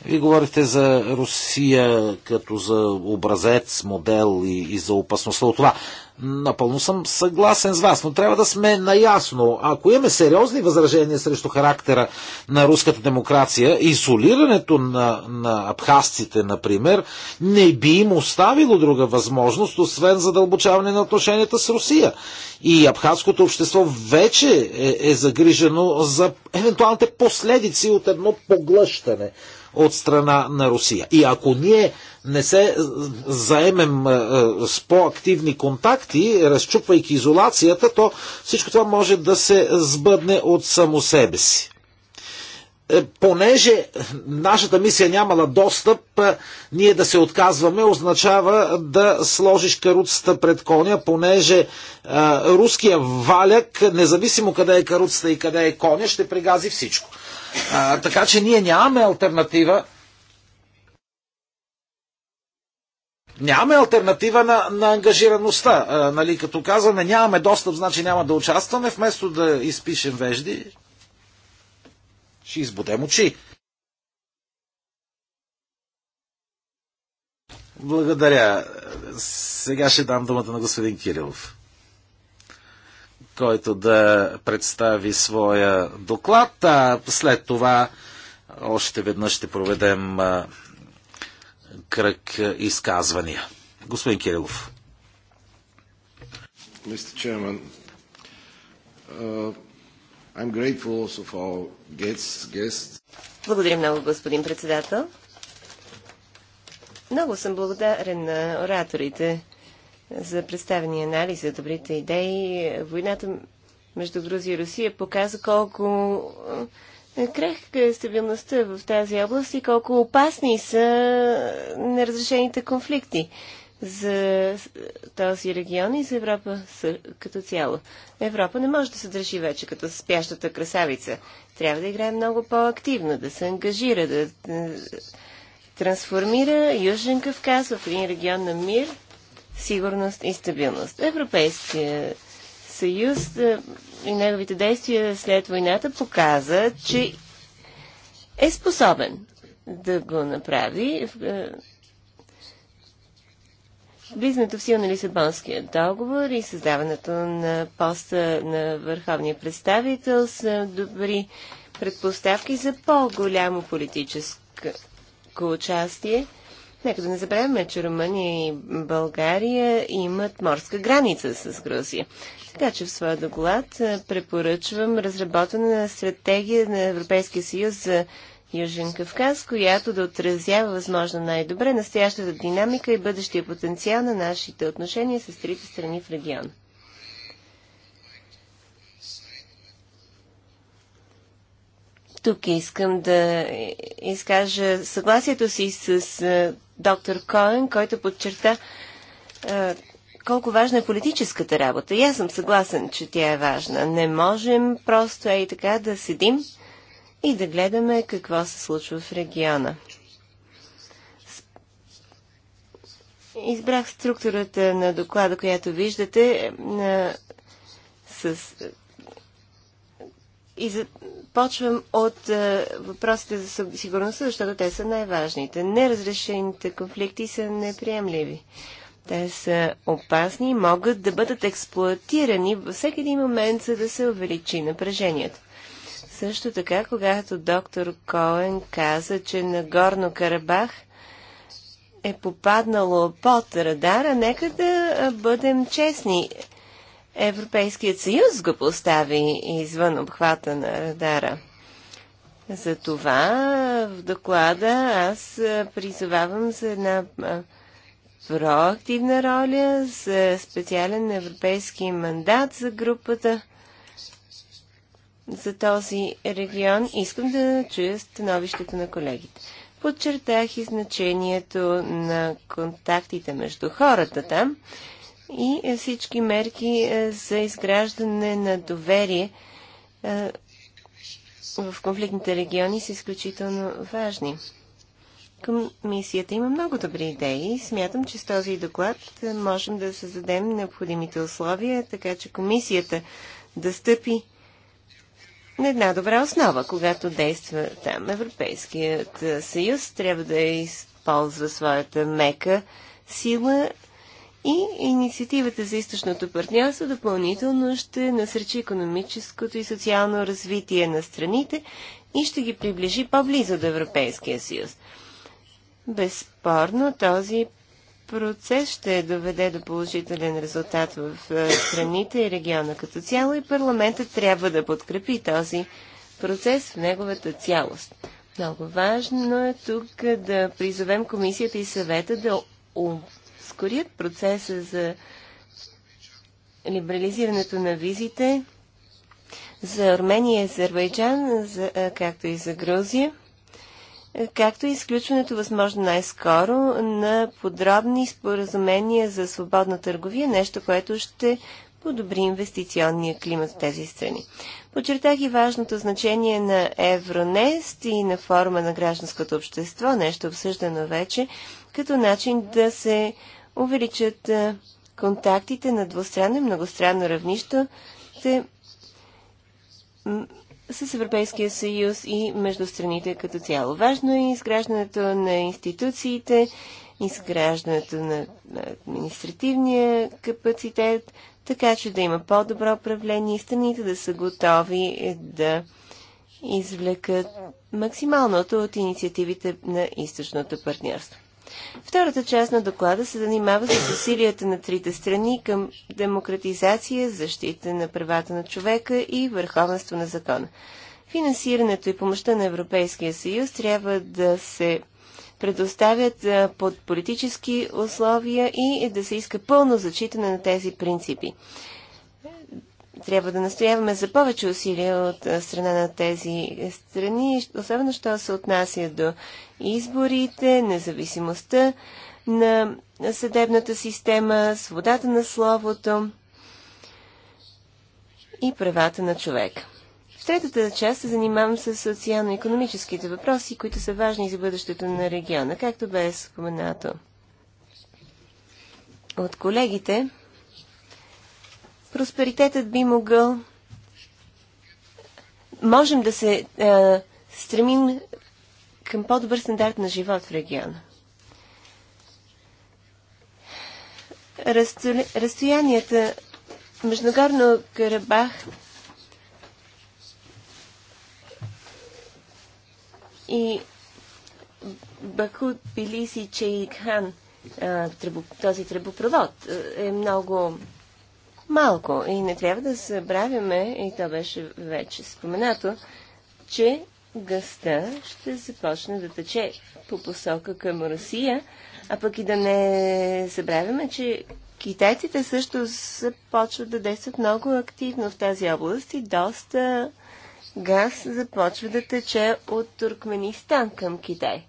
Вие говорите за Русия като за образец, модел и, и за опасността от това. Напълно съм съгласен с вас, но трябва да сме наясно. Ако имаме сериозни възражения срещу характера на руската демокрация, изолирането на, на абхазците, например, не би им оставило друга възможност, освен задълбочаване на отношенията с Русия. И абхазското общество вече е, е загрижено за евентуалните последици от едно поглъщане от страна на Русия. И ако ние не се е, заемем е, е, с по-активни контакти, разчупвайки изолацията, то всичко това може да се сбъдне от само себе си понеже нашата мисия нямала достъп, ние да се отказваме означава да сложиш каруцата пред коня, понеже руският валяк, независимо къде е каруцата и къде е коня, ще прегази всичко. А, така че ние нямаме альтернатива. Нямаме альтернатива на, на ангажираността. А, нали, като казваме нямаме достъп, значи няма да участваме, вместо да изпишем вежди, ще избудем очи. Благодаря. Сега ще дам думата на господин Кирилов който да представи своя доклад, а след това още веднъж ще проведем кръг изказвания. Господин Кирилов. Мистер Chairman, I'm grateful also for our guests, guests. Благодаря много, господин председател. Много съм благодарен на ораторите, за представени анализ, за добрите идеи. Войната между Грузия и Русия показа колко е, е, крехка е стабилността в тази област и колко опасни са неразрешените конфликти за този регион и за Европа като цяло. Европа не може да се държи вече като спящата красавица. Трябва да играе много по-активно, да се ангажира, да трансформира Южен Кавказ в един регион на мир сигурност и стабилност. Европейския съюз е, и неговите действия след войната показа, че е способен да го направи. Е, влизането в сила на Лисабонския договор и създаването на поста на върховния представител са добри предпоставки за по-голямо политическо участие Нека да не забравяме, че Румъния и България имат морска граница с Грузия. Така че в своя доклад препоръчвам разработване на стратегия на Европейския съюз за Южен Кавказ, която да отразява възможно най-добре настоящата динамика и бъдещия потенциал на нашите отношения с трите страни в региона. Тук искам да изкажа съгласието си с е, доктор Коен, който подчерта а, е, колко важна е политическата работа. И аз съм съгласен, че тя е важна. Не можем просто е и така да седим и да гледаме какво се случва в региона. Избрах структурата на доклада, която виждате, на, е, с и започвам от а, е, въпросите за сигурността, защото те са най-важните. Неразрешените конфликти са неприемливи. Те са опасни и могат да бъдат експлуатирани във всеки един момент, за да се увеличи напрежението. Също така, когато доктор Коен каза, че Нагорно Карабах е попаднало под радара, нека да бъдем честни. Европейският съюз го постави извън обхвата на радара. За това в доклада аз призовавам за една проактивна роля, за специален европейски мандат за групата за този регион. Искам да чуя становището на колегите. Подчертах и значението на контактите между хората там. Да? и е, всички мерки е, за изграждане на доверие е, в конфликтните региони са изключително важни. Комисията има много добри идеи смятам, че с този доклад можем да създадем необходимите условия, така че комисията да стъпи на една добра основа, когато действа там. Европейският съюз трябва да използва своята мека сила и инициативата за източното партньорство допълнително ще насречи економическото и социално развитие на страните и ще ги приближи по-близо до Европейския съюз. Безспорно този процес ще доведе до положителен резултат в е, страните и региона като цяло и парламентът трябва да подкрепи този процес в неговата цялост. Много важно е тук да призовем комисията и съвета да ускорят процеса за либерализирането на визите за Армения и Азербайджан, за, както и за Грузия, както и изключването възможно най-скоро на подробни споразумения за свободна търговия, нещо, което ще подобри инвестиционния климат в тези страни. Почертах и важното значение на Евронест и на форма на гражданското общество, нещо обсъждано вече като начин да се увеличат контактите на двустранно и многостранно равнище с Европейския съюз и между страните като цяло. Важно е изграждането на институциите, изграждането на административния капацитет, така че да има по-добро управление и страните да са готови е, да извлекат максималното от инициативите на източното партньорство. Втората част на доклада се занимава с усилията на трите страни към демократизация, защита на правата на човека и върховенство на закона. Финансирането и помощта на Европейския съюз трябва да се предоставят под политически условия и да се иска пълно зачитане на тези принципи трябва да настояваме за повече усилия от страна на тези страни, особено що се отнася до изборите, независимостта на съдебната система, свободата на словото и правата на човек. В третата част се занимавам с социално-економическите въпроси, които са важни за бъдещето на региона, както бе споменато от колегите просперитетът би могъл. Можем да се а, стремим към по-добър стандарт на живот в региона. Разто... Разстоянията Междугорно Карабах и Баку, Билиси, Чейхан, този тръбопровод е много малко. И не трябва да забравяме, и то беше вече споменато, че гъста ще започне да тече по посока към Русия, а пък и да не забравяме, че китайците също започват да действат много активно в тази област и доста газ започва да тече от Туркменистан към Китай.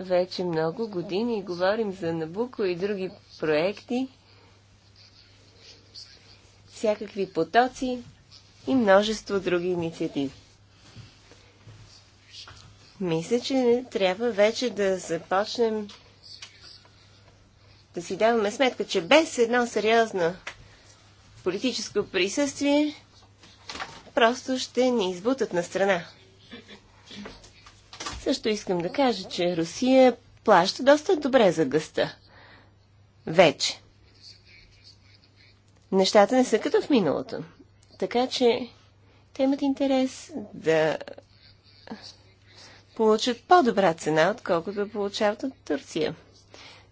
Вече много години говорим за Набуко и други проекти, всякакви потоци и множество други инициативи. Мисля, че трябва вече да започнем да си даваме сметка, че без едно сериозно политическо присъствие просто ще ни избутат на страна. Също искам да кажа, че Русия плаща доста добре за гъста. Вече нещата не са като в миналото. Така че те имат интерес да получат по-добра цена, отколкото получават от Турция.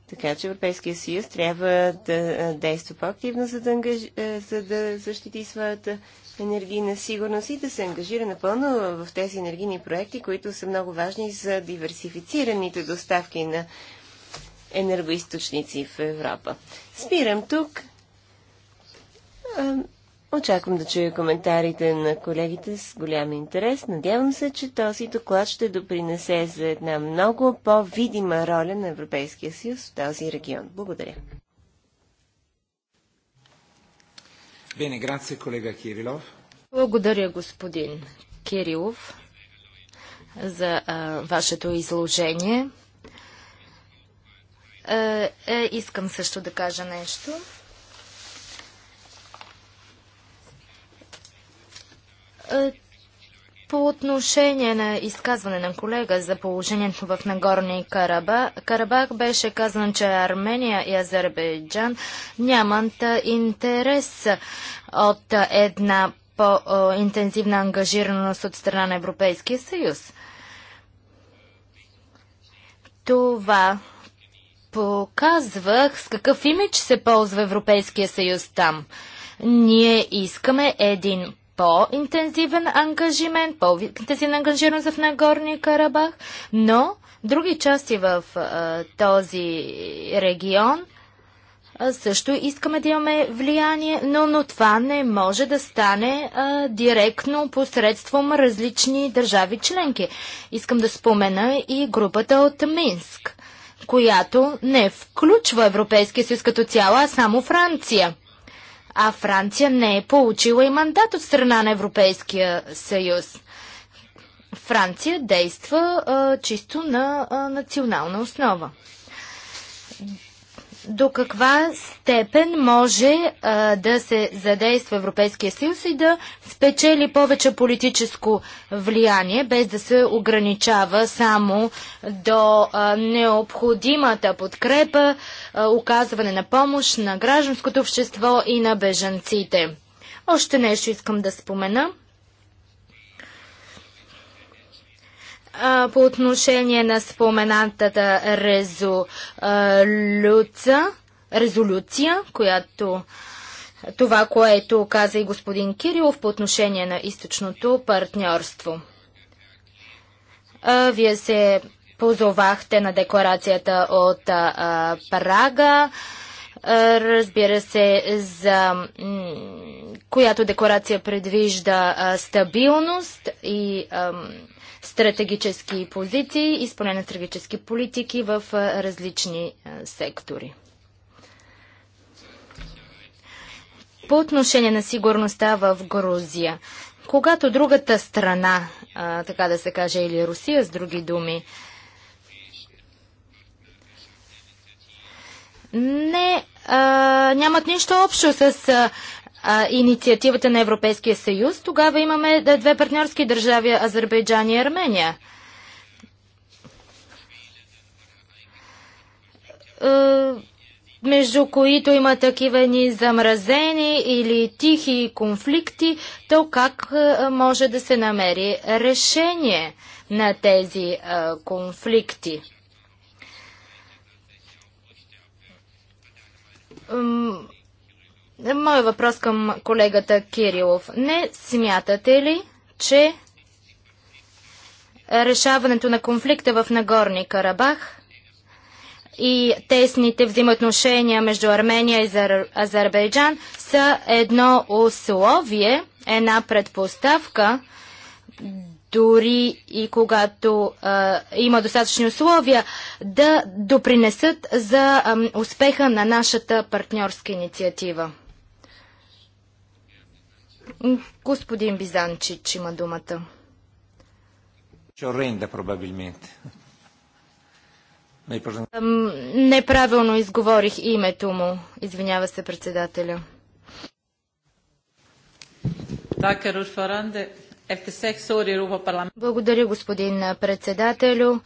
Така че Европейския съюз трябва да действа по-активно, за, да ангаж... Е, за да защити своята енергийна сигурност и да се ангажира напълно в тези енергийни проекти, които са много важни за диверсифицираните доставки на енергоисточници в Европа. Спирам тук. Очаквам да чуя коментарите на колегите с голям интерес. Надявам се, че този доклад ще допринесе за една много по-видима роля на Европейския съюз в този регион. Благодаря. Бене, грация, колега Кирилов. Благодаря, господин Кирилов, за а, вашето изложение. А, е, е, искам също да кажа нещо. Е, по отношение на изказване на колега за положението в Нагорни Карабах, Карабах беше казано, че Армения и Азербайджан нямат е, интерес от една по-интензивна е, ангажираност от страна на Европейския съюз. Това показвах с какъв имидж се ползва Европейския съюз там. Ние искаме един по-интензивен ангажимент, по-интензивна ангажираност в Нагорния Карабах, но други части в а, този регион а, също искаме да имаме влияние, но, но това не може да стане а, директно посредством различни държави членки. Искам да спомена и групата от Минск, която не включва Европейския съюз като цяло, а само Франция а Франция не е получила и мандат от страна на Европейския съюз. Франция действа а, чисто на а, национална основа до каква степен може а, да се задейства Европейския съюз и да спечели повече политическо влияние, без да се ограничава само до а, необходимата подкрепа, а, оказване на помощ на гражданското общество и на бежанците. Още нещо искам да спомена – А, по отношение на споменатата резолюция, резолюция, която това, което каза и господин Кирилов по отношение на източното партньорство. А, вие се позовахте на декларацията от а, Прага. разбира се, за която декларация предвижда а, стабилност и стратегически позиции, изпълнение на стратегически политики в различни сектори. По отношение на сигурността в Грузия, когато другата страна, така да се каже, или Русия с други думи, не, а, нямат нищо общо с а, а, инициативата на Европейския съюз, тогава имаме две партньорски държави Азербайджан и Армения. между които има такива ни замразени или тихи конфликти, то как може да се намери решение на тези конфликти? Моят въпрос към колегата Кирилов. Не смятате ли, че решаването на конфликта в Нагорни Карабах и тесните взаимоотношения между Армения и Азербайджан са едно условие, една предпоставка, дори и когато а, има достатъчни условия, да допринесат за а, успеха на нашата партньорска инициатива. Господин Бизанчич има думата. Чоренда, пробабилменте. Неправилно изговорих името му. Извинява се председателя. Благодаря, господин председателю.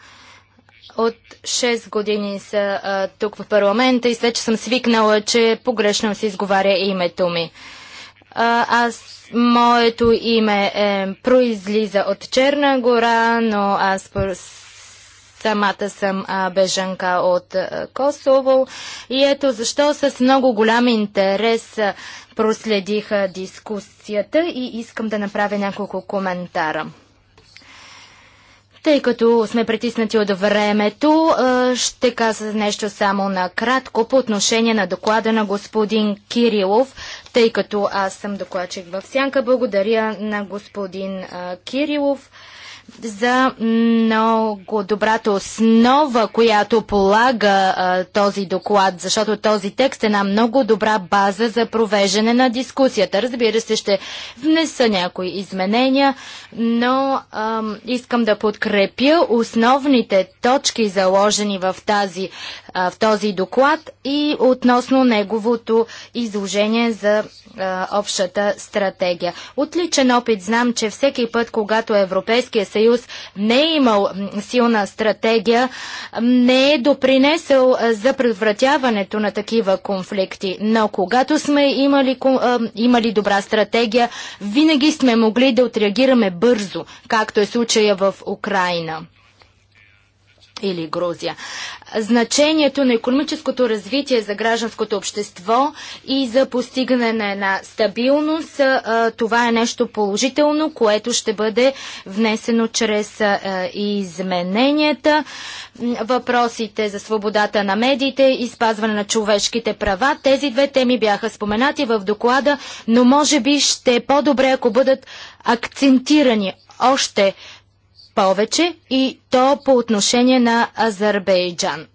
От 6 години са а, тук в парламента и след, че съм свикнала, че погрешно се изговаря името ми. Аз, моето име е, произлиза от Черна гора, но аз самата съм а, бежанка от а, Косово. И ето защо с много голям интерес а, проследиха дискусията и искам да направя няколко коментара. Тъй като сме притиснати от времето, ще каза нещо само накратко по отношение на доклада на господин Кирилов, тъй като аз съм докладчик в Сянка. Благодаря на господин Кирилов за много добрата основа, която полага а, този доклад, защото този текст е една много добра база за провеждане на дискусията. Разбира се, ще внеса някои изменения, но а, искам да подкрепя основните точки, заложени в тази а, в този доклад и относно неговото изложение за а, общата стратегия. Отличен опит знам, че всеки път, когато Европейския съюз не е имал силна стратегия, не е допринесъл за предотвратяването на такива конфликти. Но когато сме имали, а, имали добра стратегия, винаги сме могли да отреагираме бързо, както е случая в Украина или Грузия. Значението на економическото развитие за гражданското общество и за постигане на една стабилност, това е нещо положително, което ще бъде внесено чрез измененията. Въпросите за свободата на медиите и спазване на човешките права, тези две теми бяха споменати в доклада, но може би ще е по-добре, ако бъдат акцентирани още повече и то по отношение на Азербайджан.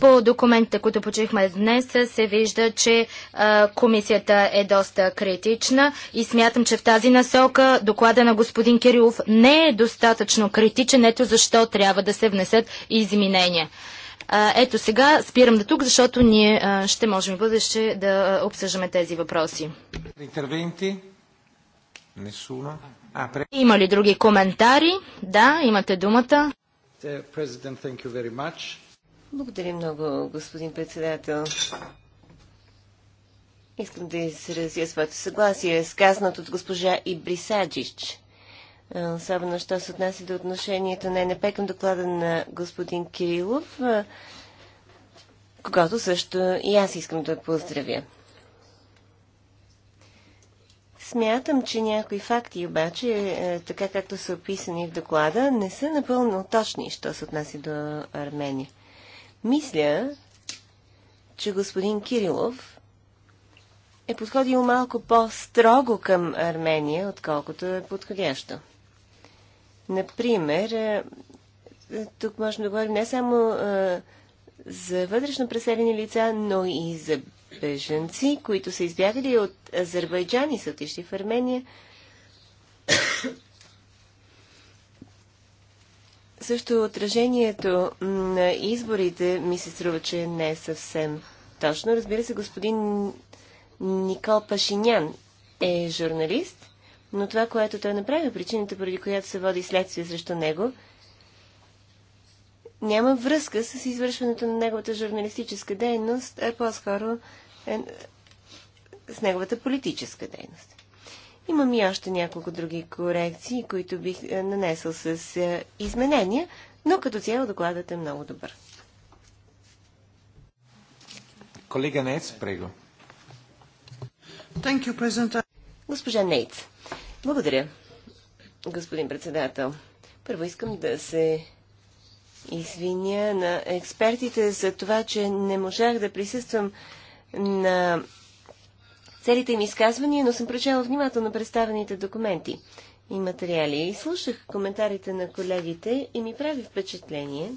По документите, които почихме днес, се вижда, че а, комисията е доста критична и смятам, че в тази насока доклада на господин Кирилов не е достатъчно критичен, ето защо трябва да се внесат изменения. А, ето сега спирам до да тук, защото ние а, ще можем в бъдеще да обсъждаме тези въпроси. Ah, Има ли други коментари? Да, имате думата. Е, Благодаря много, господин председател. Искам да изразя своето съгласие с от госпожа Ибрисаджич. Е, особено, що се отнася до отношението на НП към доклада на господин Кирилов, е, когато също и аз искам да поздравя. Смятам, че някои факти обаче, е, така както са описани в доклада, не са напълно точни, що се отнася до Армения. Мисля, че господин Кирилов е подходил малко по-строго към Армения, отколкото е подходящо. Например, е, тук можем да говорим не само е, за вътрешно преселени лица, но и за бежанци, които са избягали от Азербайджан и са отишли в Армения. Също отражението на изборите ми се струва, че не е съвсем точно. Разбира се, господин Никол Пашинян е журналист, но това, което той направи, причината, поради която се води следствие срещу него – няма връзка с извършването на неговата журналистическа дейност, а по-скоро е, с неговата политическа дейност. Имам и още няколко други корекции, които бих е, нанесъл с е, изменения, но като цяло докладът е много добър. Колега Нейц, прего. Госпожа Нейц, благодаря, господин председател. Първо искам да се извиня на експертите за това, че не можах да присъствам на целите им изказвания, но съм прочела внимателно представените документи и материали. И слушах коментарите на колегите и ми прави впечатление,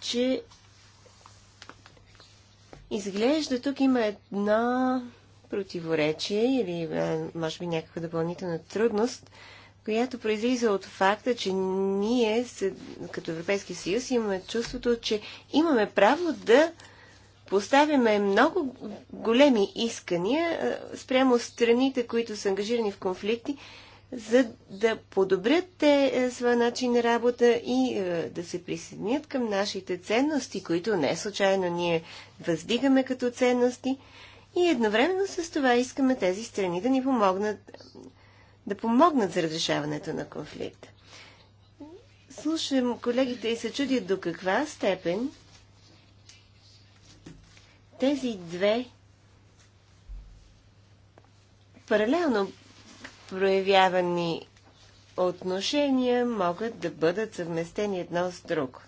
че изглежда тук има едно противоречие или може би някаква допълнителна трудност – която произлиза от факта, че ние като Европейски съюз имаме чувството, че имаме право да поставяме много големи искания спрямо страните, които са ангажирани в конфликти, за да подобрят те своя начин на работа и да се присъединят към нашите ценности, които не случайно ние въздигаме като ценности. И едновременно с това искаме тези страни да ни помогнат да помогнат за разрешаването на конфликта. Слушам колегите и се чудят до каква степен тези две паралелно проявявани отношения могат да бъдат съвместени едно с друго.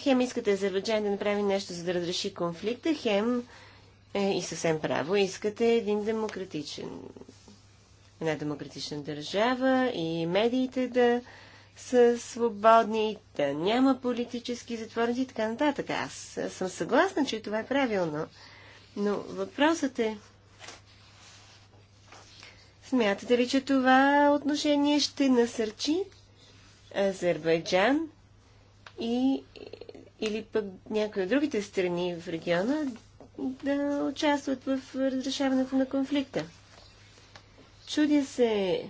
Хем искате Азербайджан да направи нещо, за да разреши конфликта, хем е, и съвсем право искате един демократичен една демократична държава и медиите да са свободни, да няма политически затворници и така нататък. Аз съм съгласна, че това е правилно. Но въпросът е, смятате ли, че това отношение ще насърчи Азербайджан и, или пък някои от другите страни в региона да участват в разрешаването на конфликта? Чудя се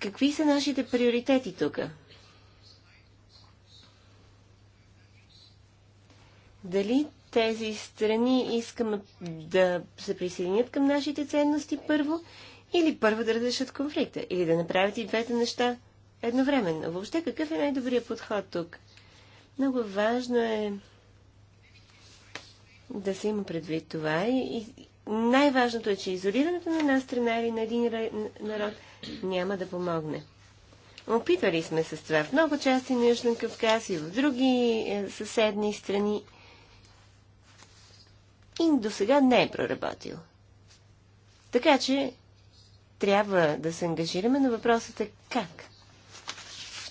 какви са нашите приоритети тук. Дали тези страни искаме да се присъединят към нашите ценности първо, или първо да разрешат конфликта, или да направят и двете неща едновременно. Въобще какъв е най-добрият подход тук? Много важно е да се има предвид това и, и, най-важното е, че изолирането на една страна или на един народ няма да помогне. Опитвали сме с това в много части на Южен Кавказ и в други е, съседни страни. И до сега не е проработил. Така че трябва да се ангажираме, на въпросът е как.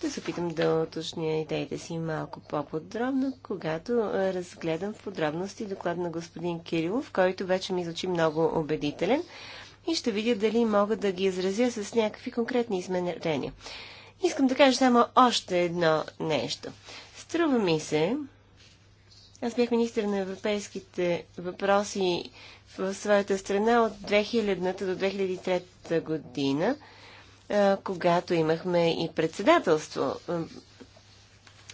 Ще се опитам да уточня идеите си малко по-подробно, когато разгледам в подробности доклад на господин Кирилов, който вече ми звучи много убедителен и ще видя дали мога да ги изразя с някакви конкретни изменения. Искам да кажа само още едно нещо. Струва ми се, аз бях министър на европейските въпроси в своята страна от 2000 до 2003 година когато имахме и председателство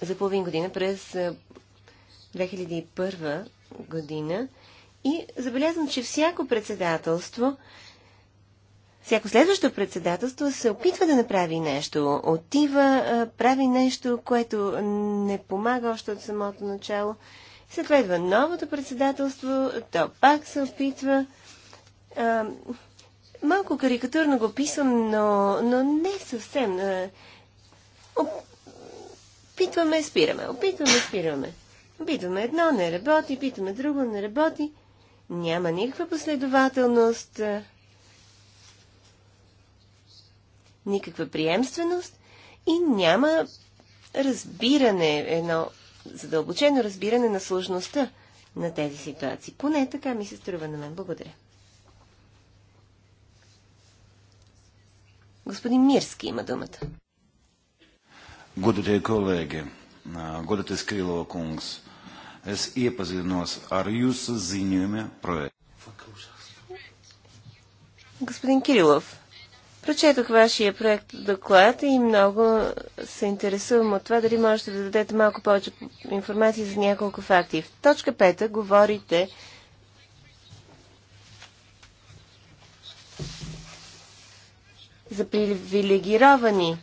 за половин година през 2001 година. И забелязвам, че всяко председателство, всяко следващо председателство се опитва да направи нещо. Отива, прави нещо, което не помага още от самото начало. следва новото председателство, то пак се опитва. Малко карикатурно го писвам, но, но не съвсем. Е, опитваме, спираме, опитваме, спираме. Опитваме едно, не работи, питаме друго, не работи. Няма никаква последователност, е, никаква приемственост и няма разбиране, едно задълбочено разбиране на сложността на тези ситуации. Поне така ми се струва на мен. Благодаря. Господин Мирски има думата. Годите, колеги, Годите, скрилова godate Skrilova kungs, es iepazinos ar jūsu ziņojuma проект. Господин Кирилов, прочетох вашия проект доклад и много се интересувам от това дали можете да дадете малко повече информация за няколко факти. В точка 5 говорите за привилегировани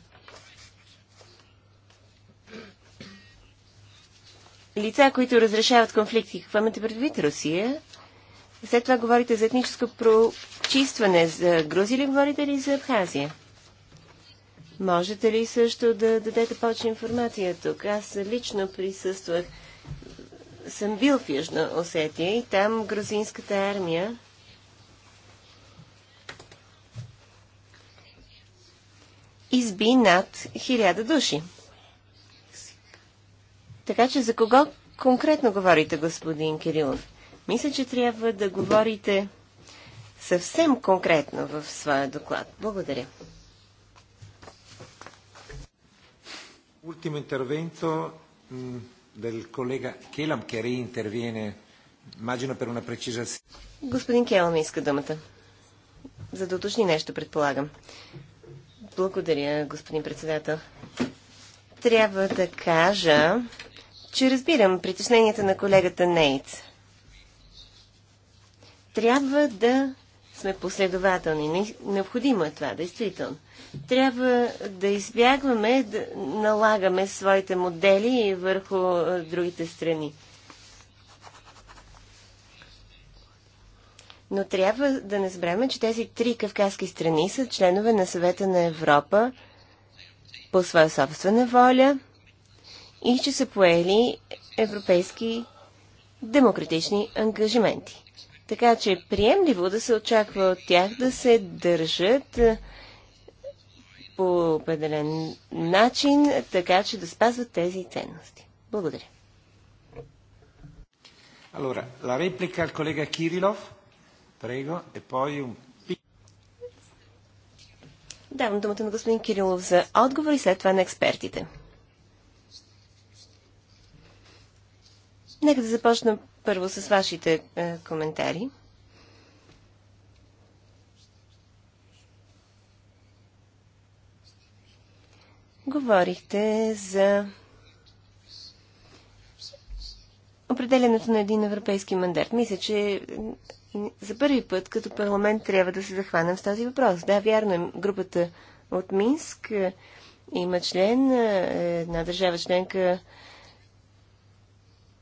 лица, които разрешават конфликти. Какво имате предвид? Русия? След това говорите за етническо прочистване. За Грузия ли говорите ли за Абхазия? Можете ли също да дадете повече информация тук? Аз лично присъствах, съм бил в Южна Осетия и там грузинската армия изби над хиляда души. Така че за кого конкретно говорите, господин Кирилов? Мисля, че трябва да говорите съвсем конкретно в своя доклад. Благодаря. Ultimo intervento del collega Kelam, che reinterviene, immagino per una precisazione. Господин Келам иска думата. За да уточни нещо, предполагам. Благодаря, господин председател. Трябва да кажа, че разбирам притесненията на колегата Нейт. Трябва да сме последователни. Необходимо е това, действително. Трябва да избягваме да налагаме своите модели върху другите страни. Но трябва да не забравяме, че тези три кавказски страни са членове на съвета на Европа по своя собствена воля и че са поели европейски демократични ангажименти. Така че е приемливо да се очаква от тях да се държат по определен начин, така че да спазват тези ценности. Благодаря. Алора, ла реплика al collega Прего e Давам думата на господин Кирилов за отговор и след това на експертите. Нека да започна първо с вашите е, коментари. Говорихте за определенето на един европейски мандат. Мисля, че за първи път като парламент трябва да се захванем с този въпрос. Да, вярно е, групата от Минск е, има член, е, една държава членка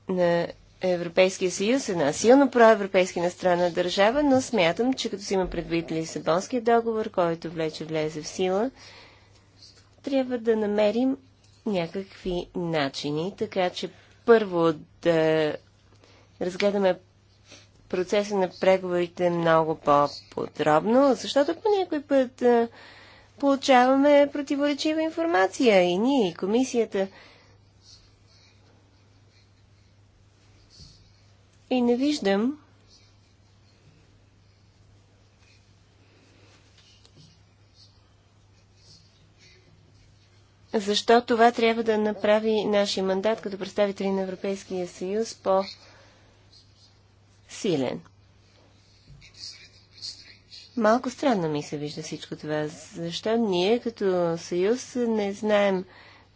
на Европейския съюз, една силно проевропейски настроена държава, но смятам, че като си има предвид Лисабонския договор, който влече влезе в сила, трябва да намерим някакви начини, така че първо да разгледаме процеса на преговорите много по-подробно, защото по някой път а, получаваме противоречива информация и ние, и комисията. И не виждам защо това трябва да направи нашия мандат като представители на Европейския съюз по- силен. Малко странно ми се вижда всичко това. Защо ние като съюз не знаем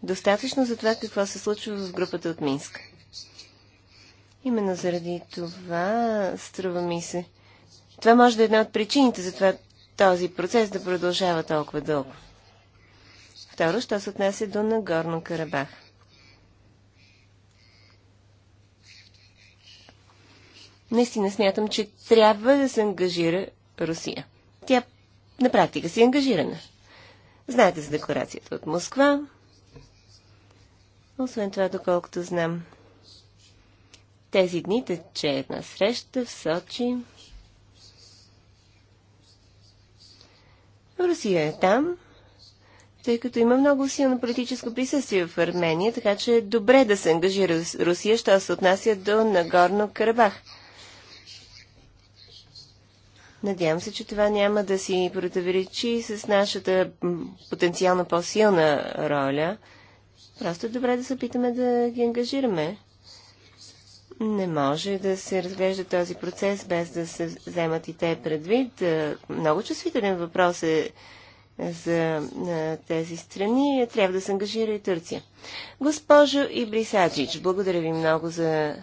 достатъчно за това какво се случва в групата от Минск? Именно заради това струва ми се. Това може да е една от причините за това този процес да продължава толкова дълго. Второ, що се отнася до Нагорно Карабах. наистина смятам, че трябва да се ангажира Русия. Тя на практика си е ангажирана. Знаете за декларацията от Москва. Освен това, доколкото знам, тези дни тече една среща в Сочи. Русия е там, тъй като има много силно политическо присъствие в Армения, така че е добре да се ангажира Русия, що се отнася до Нагорно Карабах. Надявам се, че това няма да си противоречи с нашата потенциално по-силна роля. Просто е добре да се опитаме да ги ангажираме. Не може да се разглежда този процес без да се вземат и те предвид. Е, много чувствителен въпрос е за е, тези страни. Трябва да се ангажира и Турция. Госпожо Ибрисаджич, благодаря ви много за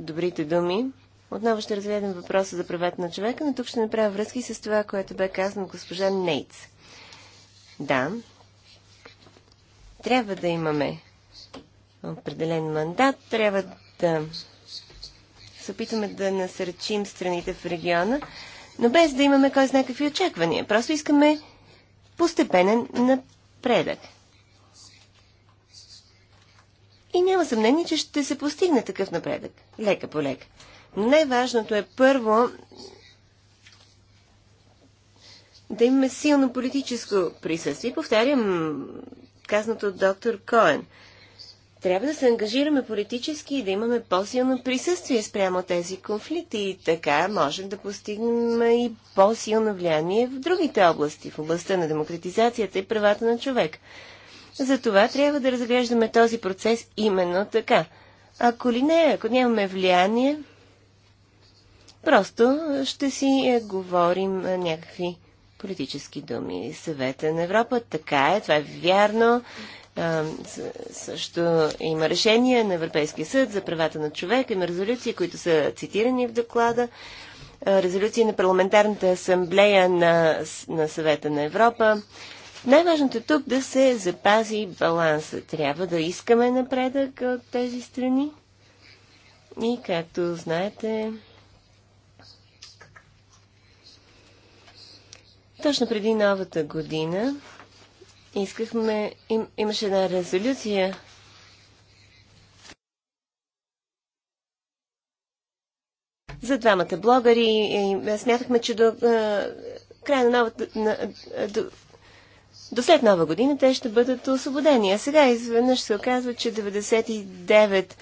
добрите думи. Отново ще разгледам въпроса за правата на човека, но тук ще направя връзки с това, което бе казано госпожа Нейц. Да, трябва да имаме определен мандат, трябва да се опитаме да насърчим страните в региона, но без да имаме кой знае какви очаквания. Просто искаме постепенен напредък. И няма съмнение, че ще се постигне такъв напредък. Лека по лека. Най-важното е първо да имаме силно политическо присъствие. Повтарям казаното от доктор Коен. Трябва да се ангажираме политически и да имаме по-силно присъствие спрямо тези конфликти и така можем да постигнем и по-силно влияние в другите области, в областта на демократизацията и правата на човек. Затова трябва да разглеждаме този процес именно така. Ако ли не, ако нямаме влияние, Просто ще си е, говорим е, някакви политически думи. Съвета на Европа, така е, това е вярно. Също има решения на Европейския съд за правата на човека, има резолюции, които са цитирани в доклада резолюции на Парламентарната асамблея на, на съвета на Европа. Най-важното е тук да се запази баланса. Трябва да искаме напредък от тези страни. И както знаете, Точно преди новата година искахме, им, имаше една резолюция за двамата блогъри и е, смятахме, че до е, края на новата... На, е, до, до след нова година те ще бъдат освободени. А сега изведнъж се оказва, че 99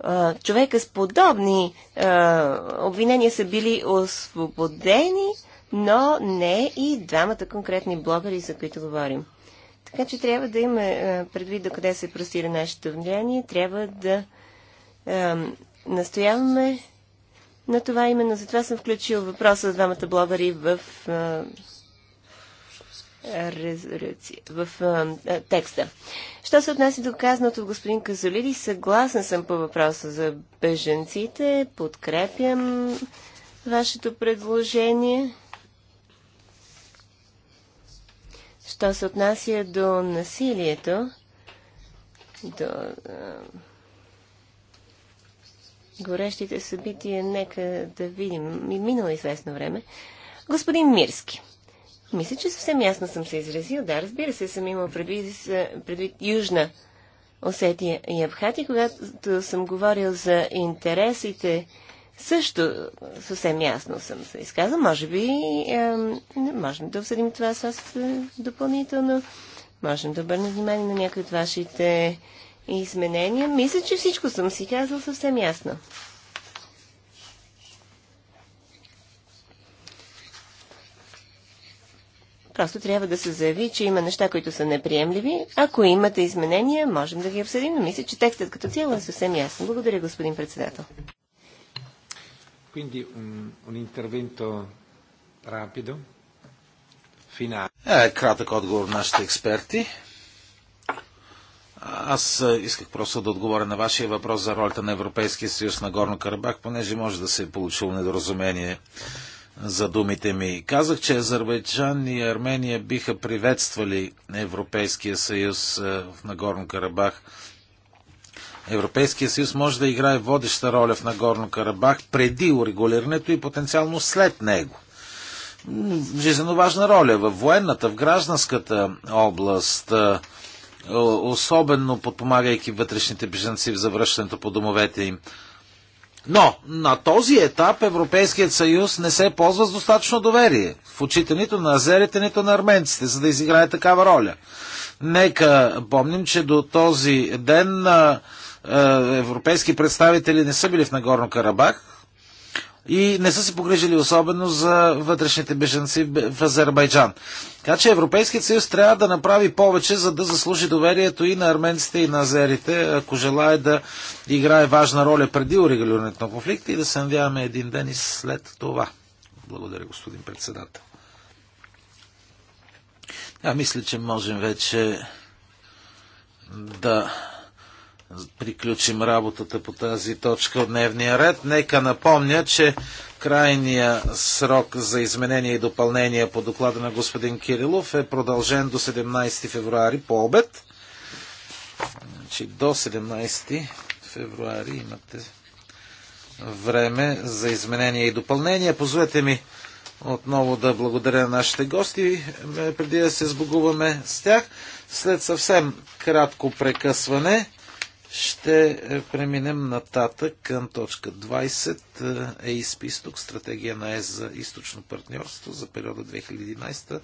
а, е, човека с подобни а, обвинения са били освободени но не и двамата конкретни блогъри, за които говорим. Така че трябва да има е, предвид до къде се простира нашето влияние. Трябва да ем, настояваме на това именно. Затова съм включил въпроса за двамата блогъри в е, резолюция, в е, е текста. Що се отнася до казаното господин Казолиди, съгласен съм по въпроса за беженците, подкрепям вашето предложение. Що се отнася до насилието, до а, горещите събития, нека да видим. Минало известно време. Господин Мирски. Мисля, че съвсем ясно съм се изразил. Да, разбира се, съм имал предвид, предвид Южна Осетия и Абхати, когато съм говорил за интересите също съвсем ясно съм се изказал. Може би е, можем да обсъдим това с вас допълнително. Можем да обърнем внимание на някои от вашите изменения. Мисля, че всичко съм си казал съвсем ясно. Просто трябва да се заяви, че има неща, които са неприемливи. Ако имате изменения, можем да ги обсъдим, но мисля, че текстът като цяло е съвсем ясен. Благодаря, господин председател. Quindi un, un intervento rapido, finale. Е, кратък отговор на нашите експерти. Аз е, исках просто да отговоря на вашия въпрос за ролята на Европейския съюз на Горно Карабах, понеже може да се е получило недоразумение за думите ми. Казах, че Азербайджан и Армения биха приветствали Европейския съюз е, в Нагорно Карабах Европейския съюз може да играе водеща роля в Нагорно Карабах преди урегулирането и потенциално след него. Жизненно важна роля в военната, в гражданската област, е, особено подпомагайки вътрешните беженци в завръщането по домовете им. Но на този етап Европейският съюз не се ползва с достатъчно доверие в очите нито на азерите, нито на арменците, за да изиграе такава роля. Нека помним, че до този ден а, е, е, европейски представители не са били в Нагорно Карабах и не са се погрижили особено за вътрешните беженци в Азербайджан. Така че Европейският съюз трябва да направи повече, за да заслужи доверието и на арменците, и на азерите, ако желая да играе важна роля преди урегулирането на конфликта и да се надяваме един ден и след това. Благодаря, господин председател. А мисля, че можем вече да приключим работата по тази точка от дневния ред. Нека напомня, че крайния срок за изменение и допълнение по доклада на господин Кирилов е продължен до 17 февруари по обед. Значи до 17 февруари имате време за изменение и допълнение. Позвете ми отново да благодаря на нашите гости, преди да се сбогуваме с тях. След съвсем кратко прекъсване ще е, преминем нататък към точка 20 е, е Писток, стратегия на ЕС за източно партньорство за периода 2011-2013.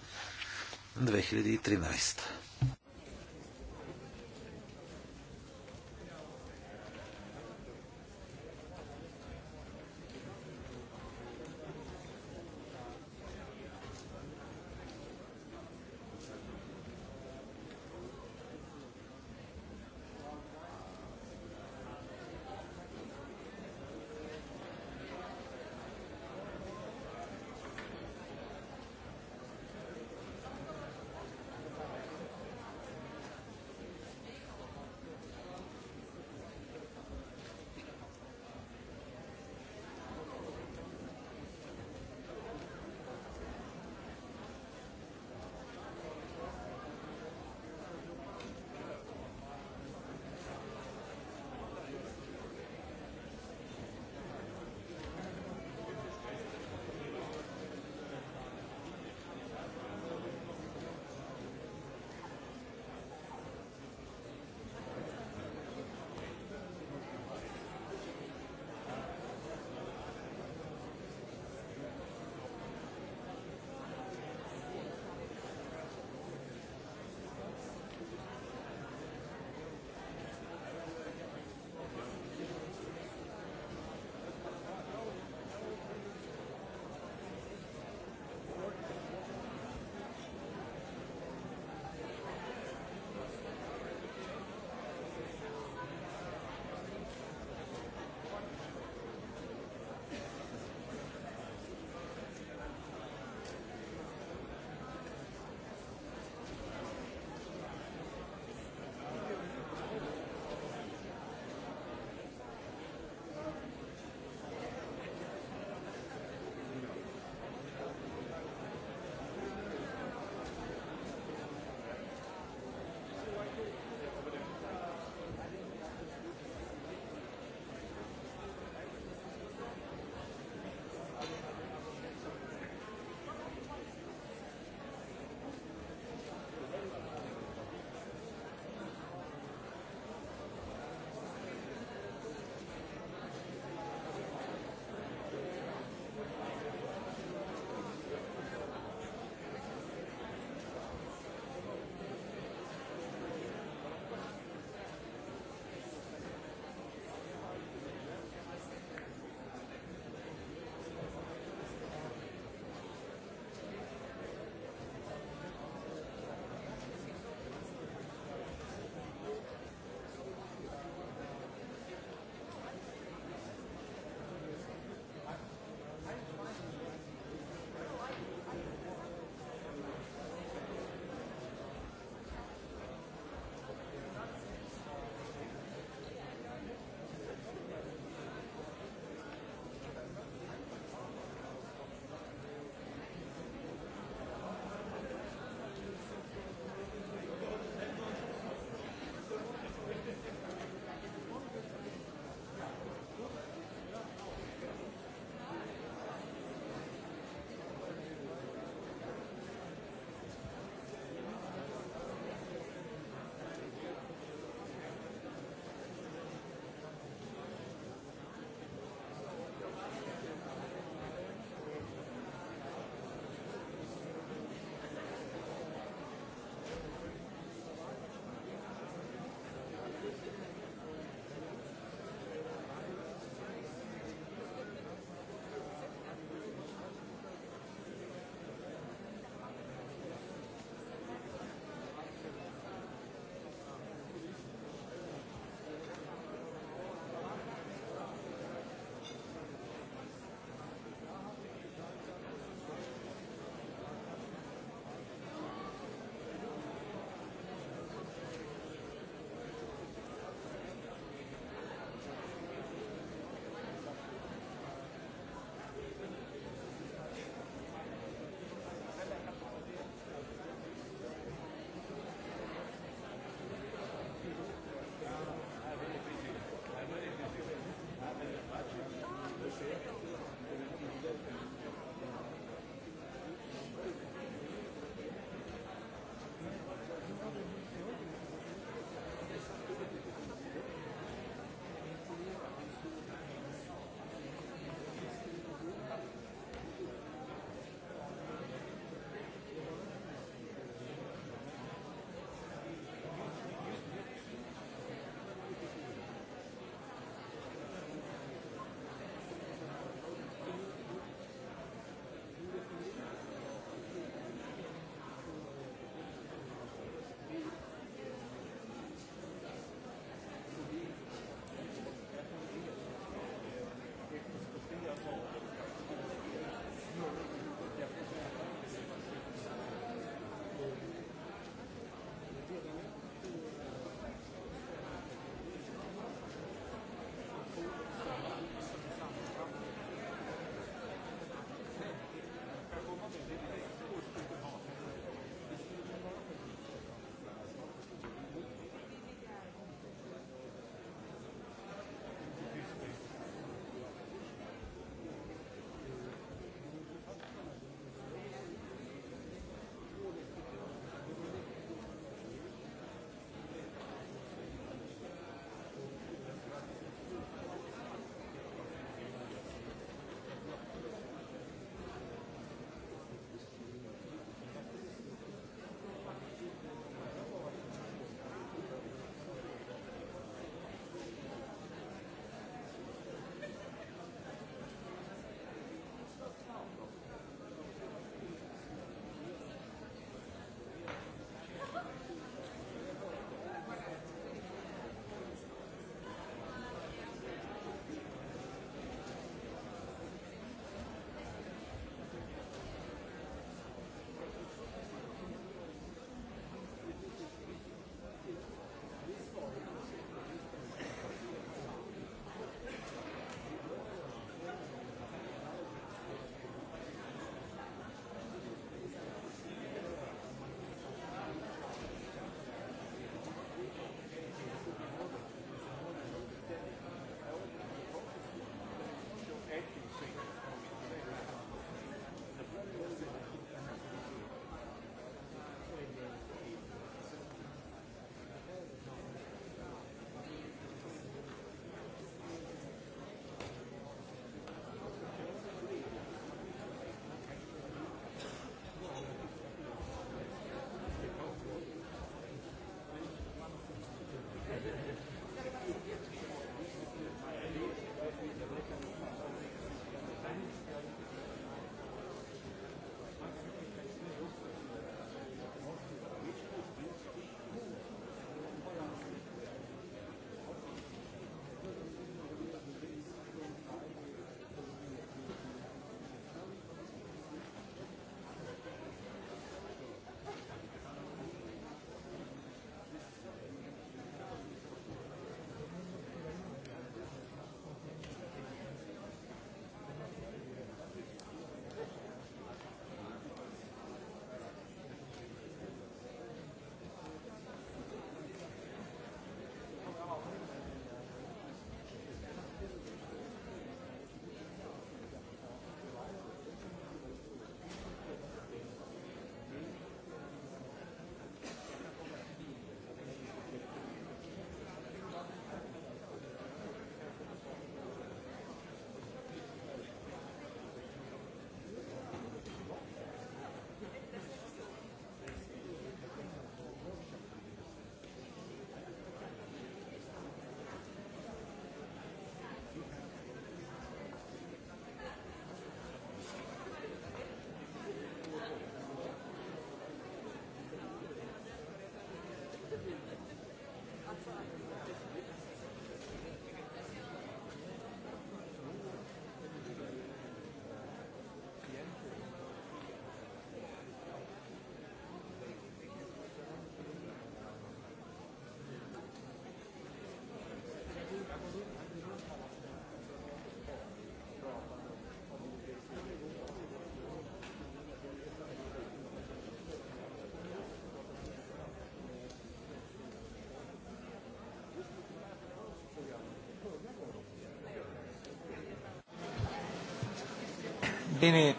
Bene,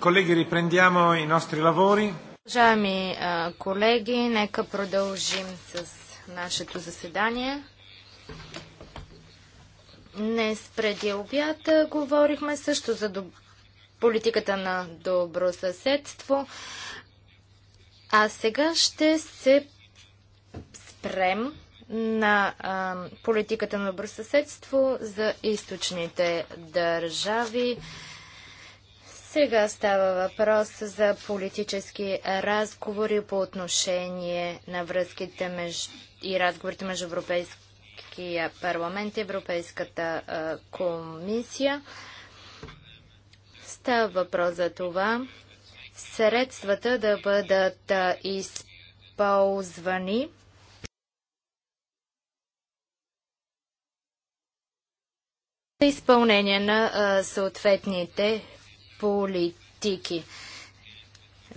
колеги, riprendiamo i nostri lavori. Уважаеми колеги, нека продължим с нашето заседание. Днес преди обяд говорихме също за политиката на добро съседство. А сега ще се спрем на политиката на добросъседство за източните държави. Сега става въпрос за политически разговори по отношение на връзките между и разговорите между Европейския парламент и Европейската комисия. Става въпрос за това средствата да бъдат използвани за изпълнение на а, съответните политики.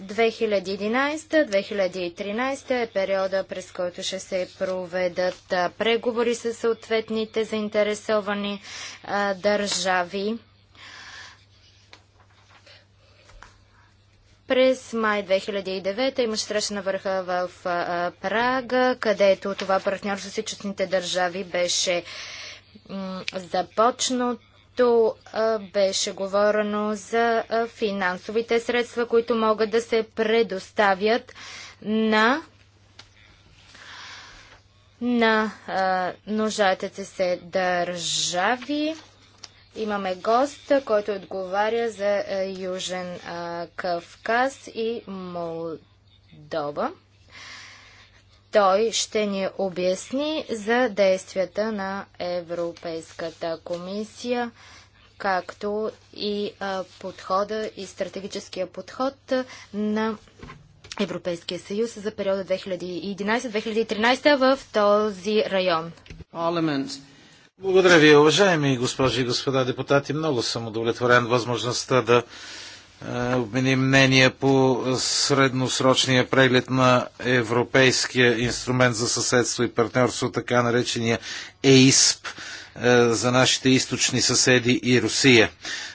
2011-2013 е периода, през който ще се проведат преговори с съответните заинтересовани а, държави. През май 2009 имаше среща на върха в а, Прага, където това партньорство с всичките държави беше започнат когато а, беше говорено за а, финансовите средства, които могат да се предоставят на на а, нуждаете се държави. Имаме гост, който отговаря за а, Южен а, Кавказ и Молдова. Той ще ни обясни за действията на Европейската комисия, както и подхода и стратегическия подход на Европейския съюз за периода 2011-2013 в този район. Благодаря ви, уважаеми госпожи и господа депутати. Много съм удовлетворен възможността да е, обмени мнение по средносрочния преглед на Европейския инструмент за съседство и партньорство, така наречения ЕИСП е, за нашите източни съседи и Русия.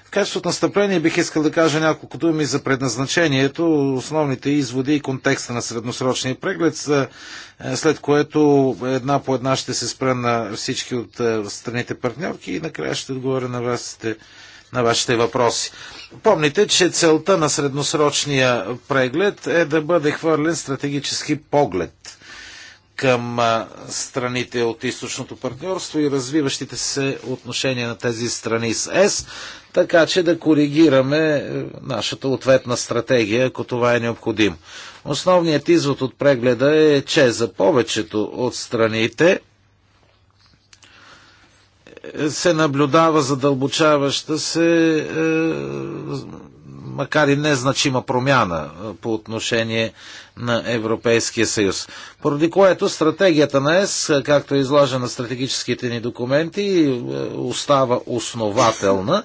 В качеството настъпление бих искал да кажа няколко думи за предназначението, основните изводи и контекста на средносрочния преглед, е, след което една по една ще се спра на всички от страните партньорки и накрая ще отговоря на вас на вашите въпроси. Помните, че целта на средносрочния преглед е да бъде хвърлен стратегически поглед към страните от източното партньорство и развиващите се отношения на тези страни с ЕС, така че да коригираме е, нашата ответна стратегия, ако това е необходимо. Основният извод от прегледа е, че за повечето от страните се наблюдава задълбочаваща се, е, макар и незначима промяна е, по отношение на Европейския съюз. Поради което стратегията на ЕС, е, както е изложена стратегическите ни документи, остава основателна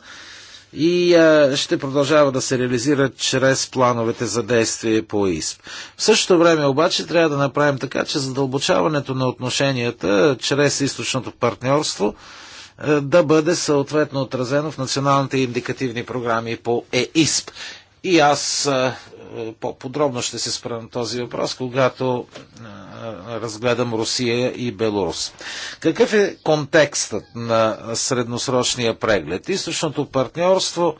и ще продължава да се реализира чрез плановете за действие по ИСП. В същото време обаче трябва да направим така, че задълбочаването на отношенията чрез източното партньорство е, да бъде съответно отразено в националните индикативни програми по ЕИСП. И аз е, по-подробно ще се спра на този въпрос, когато е, разгледам Русия и Белорус. Какъв е контекстът на средносрочния преглед? Източното партньорство,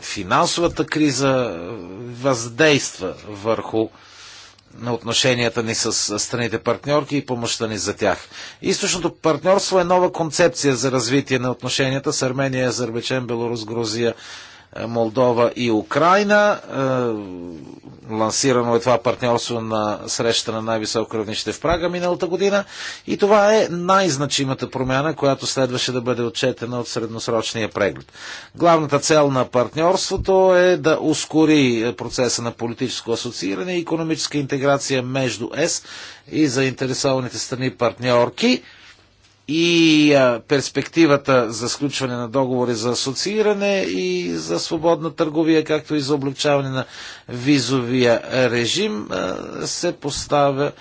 финансовата криза въздейства върху на отношенията ни с страните партньорки и помощта ни за тях. Източното партньорство е нова концепция за развитие на отношенията с Армения, Азербайджан, Белорус, Грузия, е, Молдова и Украина. Е, лансирано е това партньорство на среща на най-високо равнище в Прага миналата година. И това е най-значимата промяна, която следваше да бъде отчетена от средносрочния преглед. Главната цел на партньорството е да ускори е, процеса на политическо асоцииране и економическа интеграция между ЕС и заинтересованите страни партньорки – и перспективата за сключване на договори за асоцииране и за свободна търговия, както и за облегчаване на визовия режим, се поставя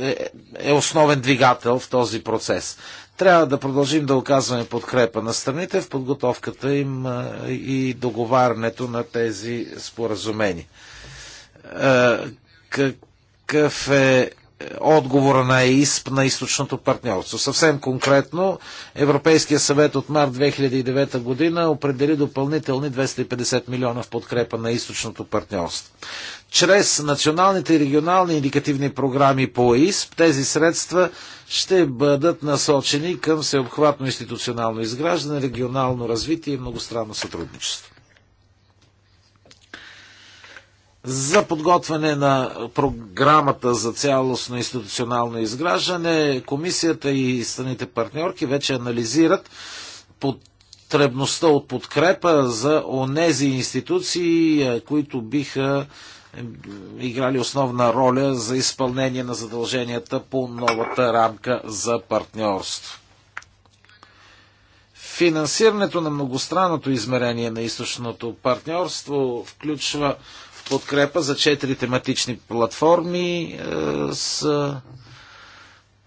е, е основен двигател в този процес. Трябва да продължим да оказваме подкрепа на страните в подготовката им и договарянето на тези споразумени. Какъв е отговора на ЕИСП на източното партньорство. Съвсем конкретно, Европейския съвет от март 2009 година определи допълнителни 250 милиона в подкрепа на източното партньорство. Чрез националните и регионални индикативни програми по ЕИСП тези средства ще бъдат насочени към всеобхватно институционално изграждане, регионално развитие и многостранно сътрудничество. за подготвяне на програмата за цялостно институционално изграждане, комисията и страните партньорки вече анализират потребността от подкрепа за онези институции, които биха играли основна роля за изпълнение на задълженията по новата рамка за партньорство. Финансирането на многостранното измерение на източното партньорство включва подкрепа за четири тематични платформи е, с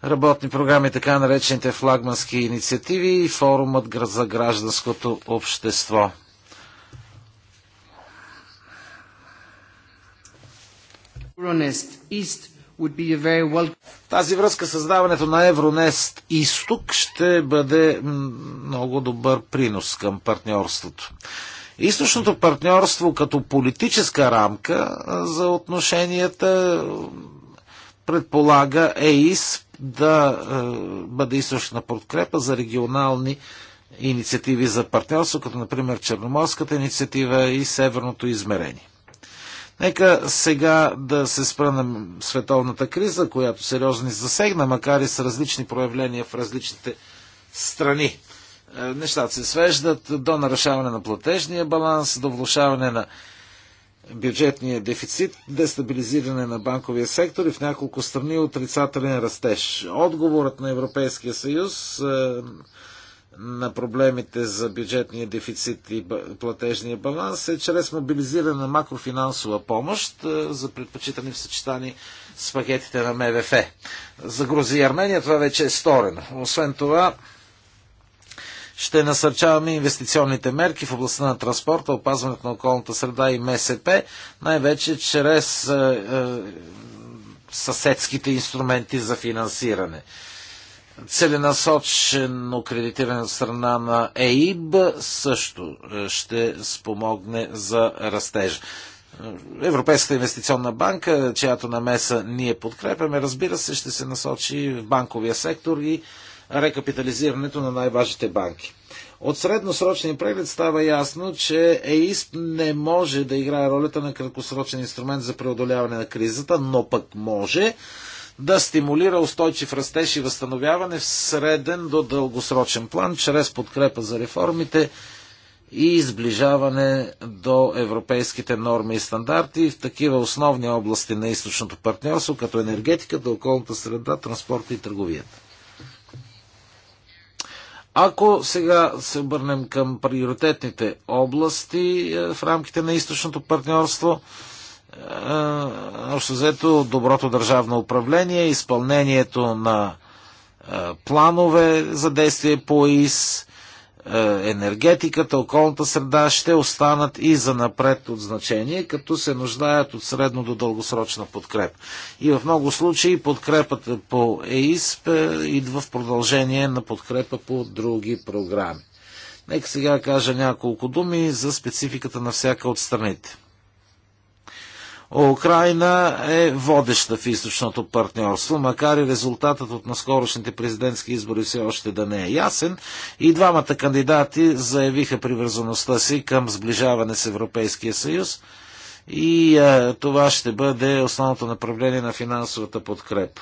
работни програми, така наречените флагмански инициативи и форумът за гражданското общество. Тази връзка създаването на Евронест изток ще бъде много добър принос към партньорството. Източното партньорство като политическа рамка за отношенията предполага ЕИС да бъде източна подкрепа за регионални инициативи за партньорство, като например Черноморската инициатива и Северното измерение. Нека сега да се спрънем световната криза, която сериозно ни засегна, макар и с различни проявления в различните страни. Е, нещата се свеждат до нарушаване на платежния баланс, до влушаване на бюджетния дефицит, дестабилизиране на банковия сектор и в няколко страни отрицателен растеж. Отговорът на Европейския съюз е, на проблемите за бюджетния дефицит и платежния баланс е чрез мобилизиране на макрофинансова помощ е, за предпочитане в съчетани с пакетите на МВФ. За Грузия и Армения това вече е сторено. Освен това, ще насърчаваме инвестиционните мерки в областта на транспорта, опазването на околната среда и МСП, най-вече чрез е, е, съседските инструменти за финансиране. Целенасочено кредитиране от страна на ЕИБ също е, ще спомогне за растежа. Европейската инвестиционна банка, чиято намеса ние подкрепяме, разбира се, ще се насочи в банковия сектор и рекапитализирането на най-важните банки. От средносрочния преглед става ясно, че ЕИСП не може да играе ролята на краткосрочен инструмент за преодоляване на кризата, но пък може да стимулира устойчив растеж и възстановяване в среден до дългосрочен план, чрез подкрепа за реформите и изближаване до европейските норми и стандарти в такива основни области на източното партньорство, като енергетиката, околната среда, транспорта и търговията. Ако сега се обърнем към приоритетните области е, в рамките на източното партньорство, е, общо взето доброто държавно управление, изпълнението на е, планове за действие по ИС, е, енергетиката, околната среда ще останат и за напред от значение, като се нуждаят от средно до дългосрочна подкрепа. И в много случаи подкрепата по ЕИСП е, идва в продължение на подкрепа по други програми. Нека сега кажа няколко думи за спецификата на всяка от страните. Украина е водеща в източното партньорство, макар и резултатът от наскорошните президентски избори все още да не е ясен. И двамата кандидати заявиха привързаността си към сближаване с Европейския съюз. И а, е, това ще бъде основното направление на финансовата подкрепа.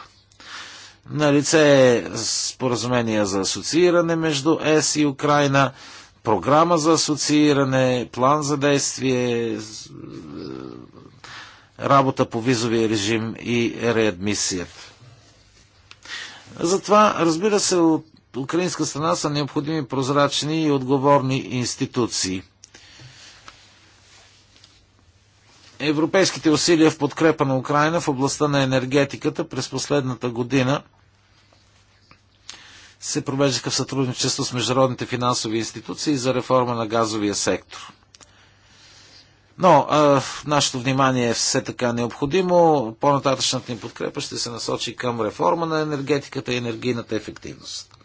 На лице е споразумение за асоцииране между ЕС и Украина, програма за асоцииране, план за действие, е, работа по визовия режим и реадмисията. Затова, разбира се, от украинска страна са необходими прозрачни и отговорни институции. Европейските усилия в подкрепа на Украина в областта на енергетиката през последната година се провеждаха в сътрудничество с международните финансови институции за реформа на газовия сектор. Но а, нашето внимание е все така необходимо. По-нататъчната ни подкрепа ще се насочи към реформа на енергетиката и енергийната ефективност.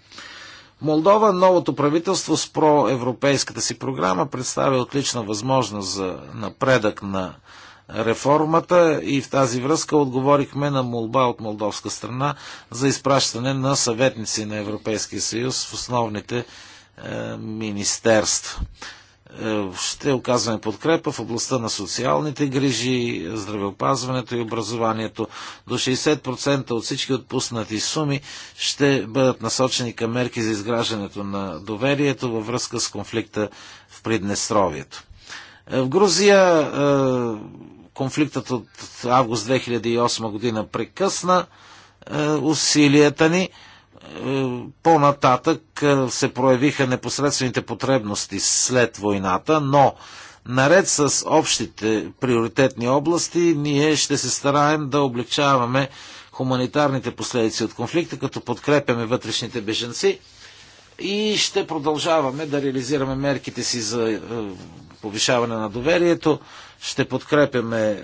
Молдова, новото правителство с проевропейската си програма представя отлична възможност за напредък на реформата и в тази връзка отговорихме на молба от молдовска страна за изпращане на съветници на Европейския съюз в основните е, министерства. Е, ще оказваме подкрепа в областта на социалните грижи, здравеопазването и образованието. До 60% от всички отпуснати суми ще бъдат насочени към мерки за изграждането на доверието във връзка с конфликта в Приднестровието. Е, в Грузия е, конфликтът от август 2008 година прекъсна усилията ни. По-нататък е, се проявиха непосредствените потребности след войната, но наред с общите приоритетни области, ние ще се стараем да облегчаваме хуманитарните последици от конфликта, като подкрепяме вътрешните беженци и ще продължаваме да реализираме мерките си за е, повишаване на доверието, ще подкрепяме е,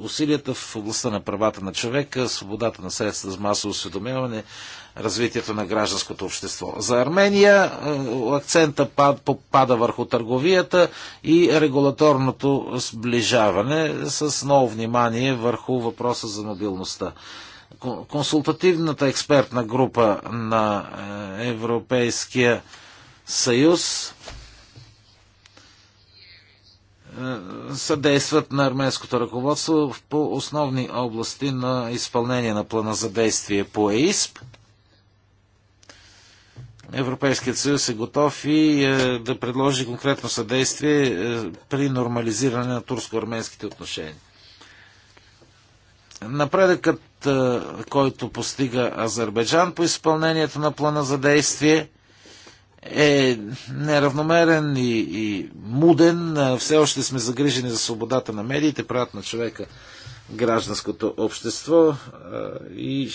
усилията в областта на правата на човека, свободата на средства за масово осведомяване, развитието на гражданското общество. За Армения е, акцента попада върху търговията и регулаторното сближаване с ново внимание върху въпроса за мобилността. Консултативната експертна група на е, Европейския съюз е, съдействат на арменското ръководство по основни области на изпълнение на плана за действие по ЕИСП – Европейският съюз е готов и е, да предложи конкретно съдействие е, при нормализиране на турско-арменските отношения. Напредъкът, е, който постига Азербайджан по изпълнението на плана за действие, е неравномерен и, и муден. Все още сме загрижени за свободата на медиите, правят на човека гражданското общество и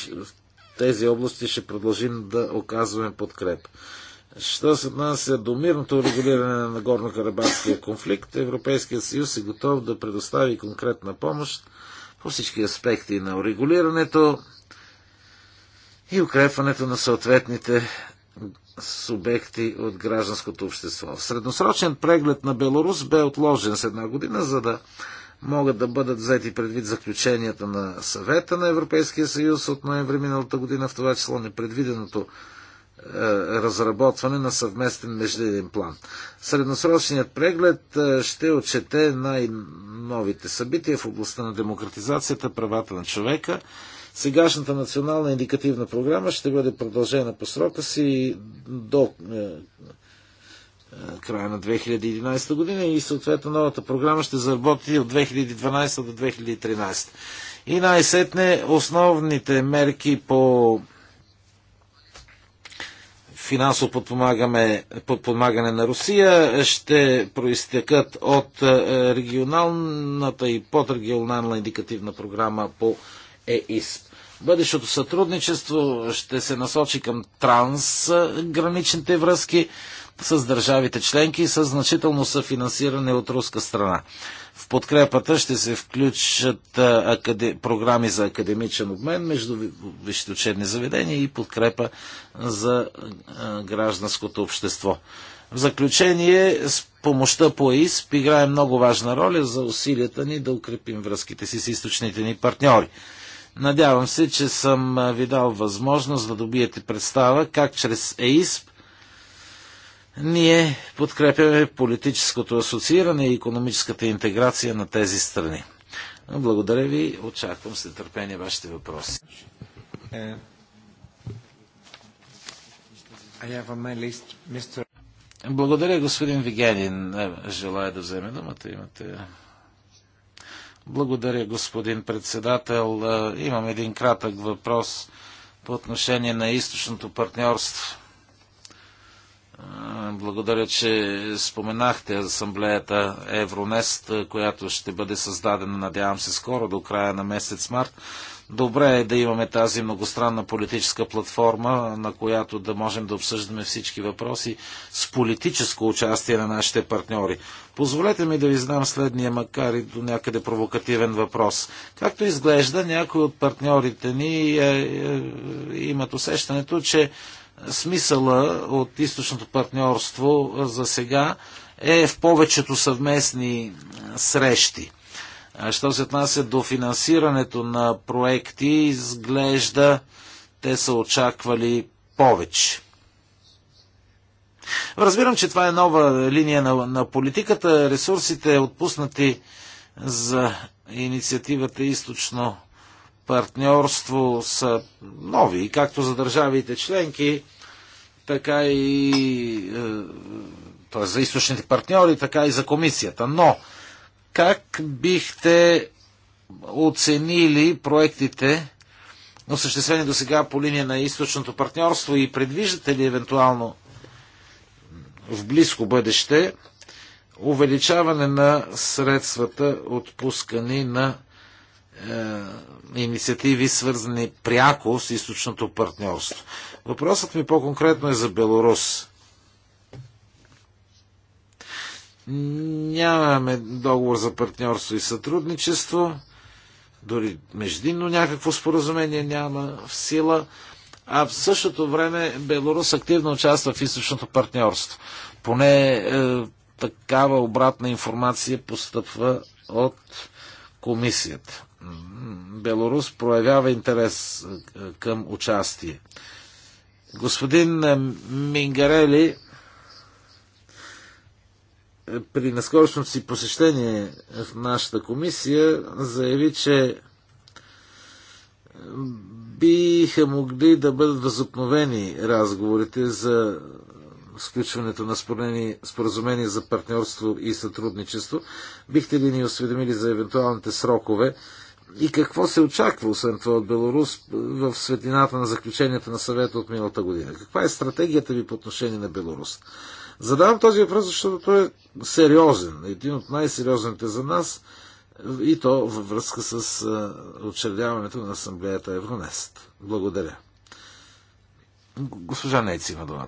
тези области ще продължим да оказваме подкреп. Що се отнася до мирното регулиране на горно карабахския конфликт, Европейският съюз е готов да предостави конкретна помощ по всички аспекти на урегулирането и укрепването на съответните субекти от гражданското общество. Средносрочен преглед на Беларус бе отложен с една година, за да могат да бъдат взети предвид заключенията на съвета на Европейския съюз от ноември миналата година, в това число непредвиденото е, разработване на съвместен междинен план. Средносрочният преглед е, ще отчете най-новите събития в областта на демократизацията, правата на човека. Сегашната национална индикативна програма ще бъде продължена по срока си до е, е, края на 2011 година и съответно новата програма ще заработи от 2012 до 2013. И най-сетне основните мерки по финансово подпомагане, на Русия ще проистекат от е, регионалната и подрегионална индикативна програма по ЕИСП. Бъдещото сътрудничество ще се насочи към трансграничните връзки, с държавите членки и с значително съфинансиране от руска страна. В подкрепата ще се включат акаде... програми за академичен обмен между висшите учебни заведения и подкрепа за гражданското общество. В заключение, с помощта по ИСП играе много важна роля за усилията ни да укрепим връзките си с източните ни партньори. Надявам се, че съм ви дал възможност да добиете представа как чрез ЕИСП ние подкрепяме политическото асоцииране и економическата интеграция на тези страни. Благодаря ви. Очаквам с нетърпение вашите въпроси. Е, Благодаря, господин Вигенин. Е, желая да вземе думата. Имате. Благодаря, господин председател. Е, имам един кратък въпрос по отношение на източното партньорство. Благодаря, че споменахте асамблеята Евронест, която ще бъде създадена, надявам се, скоро до края на месец март. Добре е да имаме тази многостранна политическа платформа, на която да можем да обсъждаме всички въпроси с политическо участие на нашите партньори. Позволете ми да ви знам следния, макар и до някъде провокативен въпрос. Както изглежда, някои от партньорите ни е, е, имат усещането, че Смисъла от източното партньорство за сега е в повечето съвместни срещи. Що се отнася до финансирането на проекти, изглежда те са очаквали повече. Разбирам, че това е нова линия на, на политиката. Ресурсите, отпуснати за инициативата Източно партньорство са нови, както за държавите членки, така и е, т.е. за източните партньори, така и за комисията. Но как бихте оценили проектите, осъществени до сега по линия на източното партньорство и предвиждате ли евентуално в близко бъдеще увеличаване на средствата отпускани на е, инициативи, свързани пряко с източното партньорство. Въпросът ми по-конкретно е за Беларус. Нямаме договор за партньорство и сътрудничество, дори междинно някакво споразумение няма в сила, а в същото време Беларус активно участва в източното партньорство. Поне е, такава обратна информация постъпва от комисията. Беларус проявява интерес е, към участие. Господин е, Мингарели е, при наскорочното си посещение в нашата комисия заяви, че биха могли да бъдат възобновени разговорите за сключването на споразумение за партньорство и сътрудничество. Бихте ли ни осведомили за евентуалните срокове и какво се очаква, освен това, от Беларус в светлината на заключенията на съвета от миналата година? Каква е стратегията ви по отношение на Беларус? Задавам този въпрос, защото той е сериозен, един от най-сериозните за нас и то във връзка с учредяването на асамблеята Евронест. Благодаря. Госпожа Нейци има думата.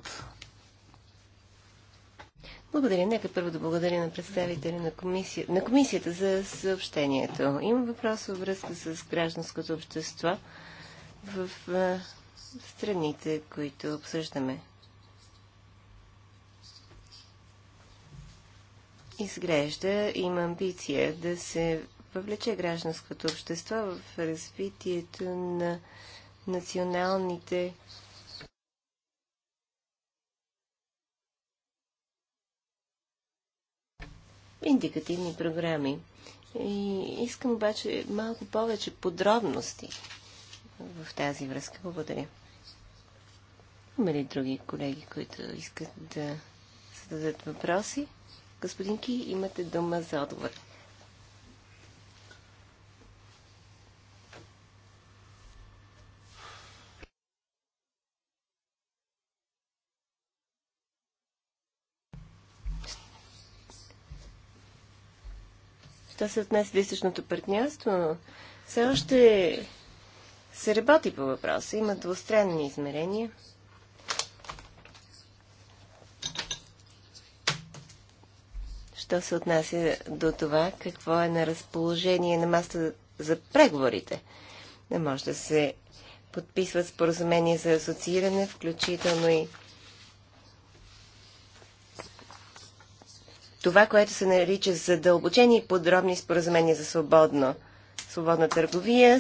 Благодаря. Нека първо да благодаря на представителя на, комисия, на комисията за съобщението. Има въпрос във връзка с гражданското общество в страните, които обсъждаме. Изглежда има амбиция да се въвлече гражданското общество в развитието на националните индикативни програми. И искам обаче малко повече подробности в тази връзка. Благодаря. Има ли други колеги, които искат да зададат въпроси? Господинки, имате дума за отговор. Това се отнесе до източното партньорство, все още се работи по въпроса. Има двустранни измерения. Що се отнася до това, какво е на разположение на маста за преговорите? Не може да се подписват споразумения за асоцииране, включително и това, което се нарича задълбочени и подробни споразумения за свободно, свободна търговия,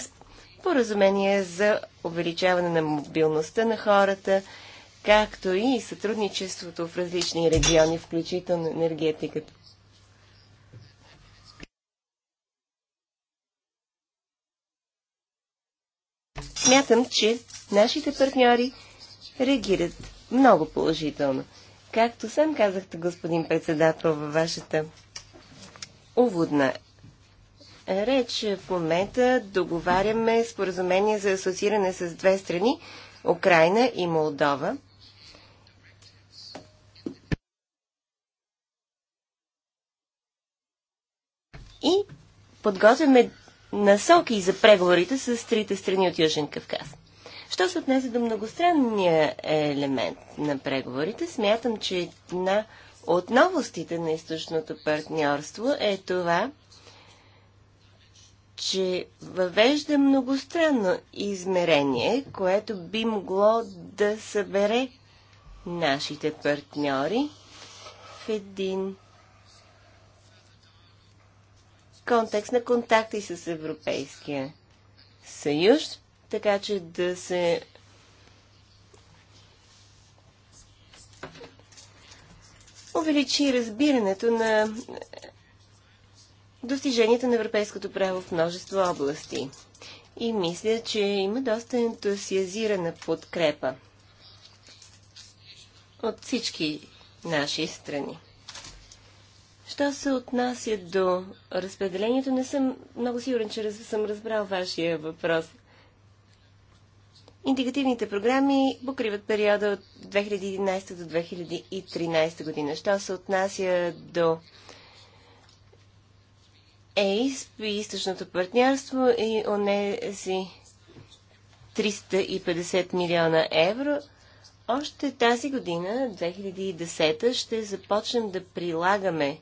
споразумения за увеличаване на мобилността на хората, както и сътрудничеството в различни региони, включително енергетиката. Смятам, че нашите партньори реагират много положително. Както сам казахте, господин председател, във вашата уводна реч, в момента договаряме споразумение за асоцииране с две страни Украина и Молдова. И подготвяме насоки за преговорите с трите страни от Южен Кавказ. Що се отнесе до многостранния елемент на преговорите, смятам, че една от новостите на източното партньорство е това, че въвежда многостранно измерение, което би могло да събере нашите партньори в един контекст на контакти с Европейския съюз така че да се увеличи разбирането на достиженията на европейското право в множество области. И мисля, че има доста ентусиазирана подкрепа от всички наши страни. Що се отнася до разпределението, не съм много сигурен, че съм разбрал вашия въпрос. Индикативните програми покриват периода от 2011 до 2013 година. Що се отнася до ЕИС и източното партньорство и онези 350 милиона евро, още тази година, 2010, ще започнем да прилагаме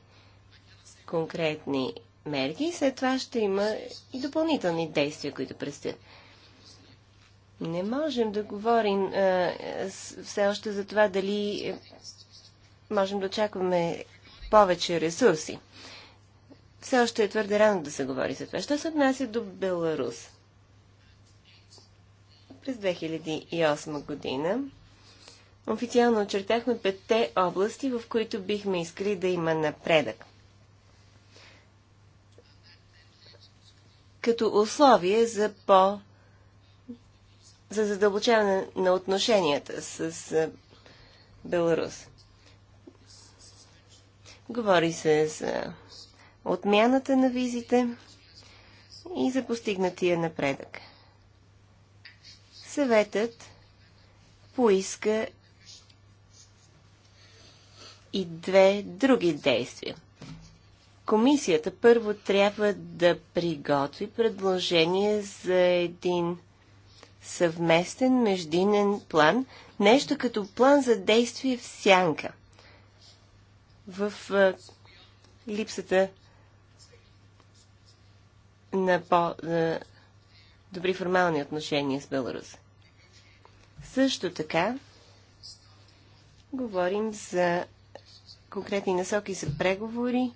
конкретни мерки. След това ще има и допълнителни действия, които предстоят. Не можем да говорим все още за това дали е, можем да очакваме повече ресурси. Все още е твърде рано да се говори за това. Що се отнася до Беларус? През 2008 година официално очертахме петте области, в които бихме искали да има напредък. Като условие за по- за задълбочаване на отношенията с Беларус. Говори се за отмяната на визите и за постигнатия напредък. Съветът поиска и две други действия. Комисията първо трябва да приготви предложение за един съвместен междинен план, нещо като план за действие в сянка. В а, липсата на по-добри формални отношения с Беларус. Също така, говорим за конкретни насоки за преговори,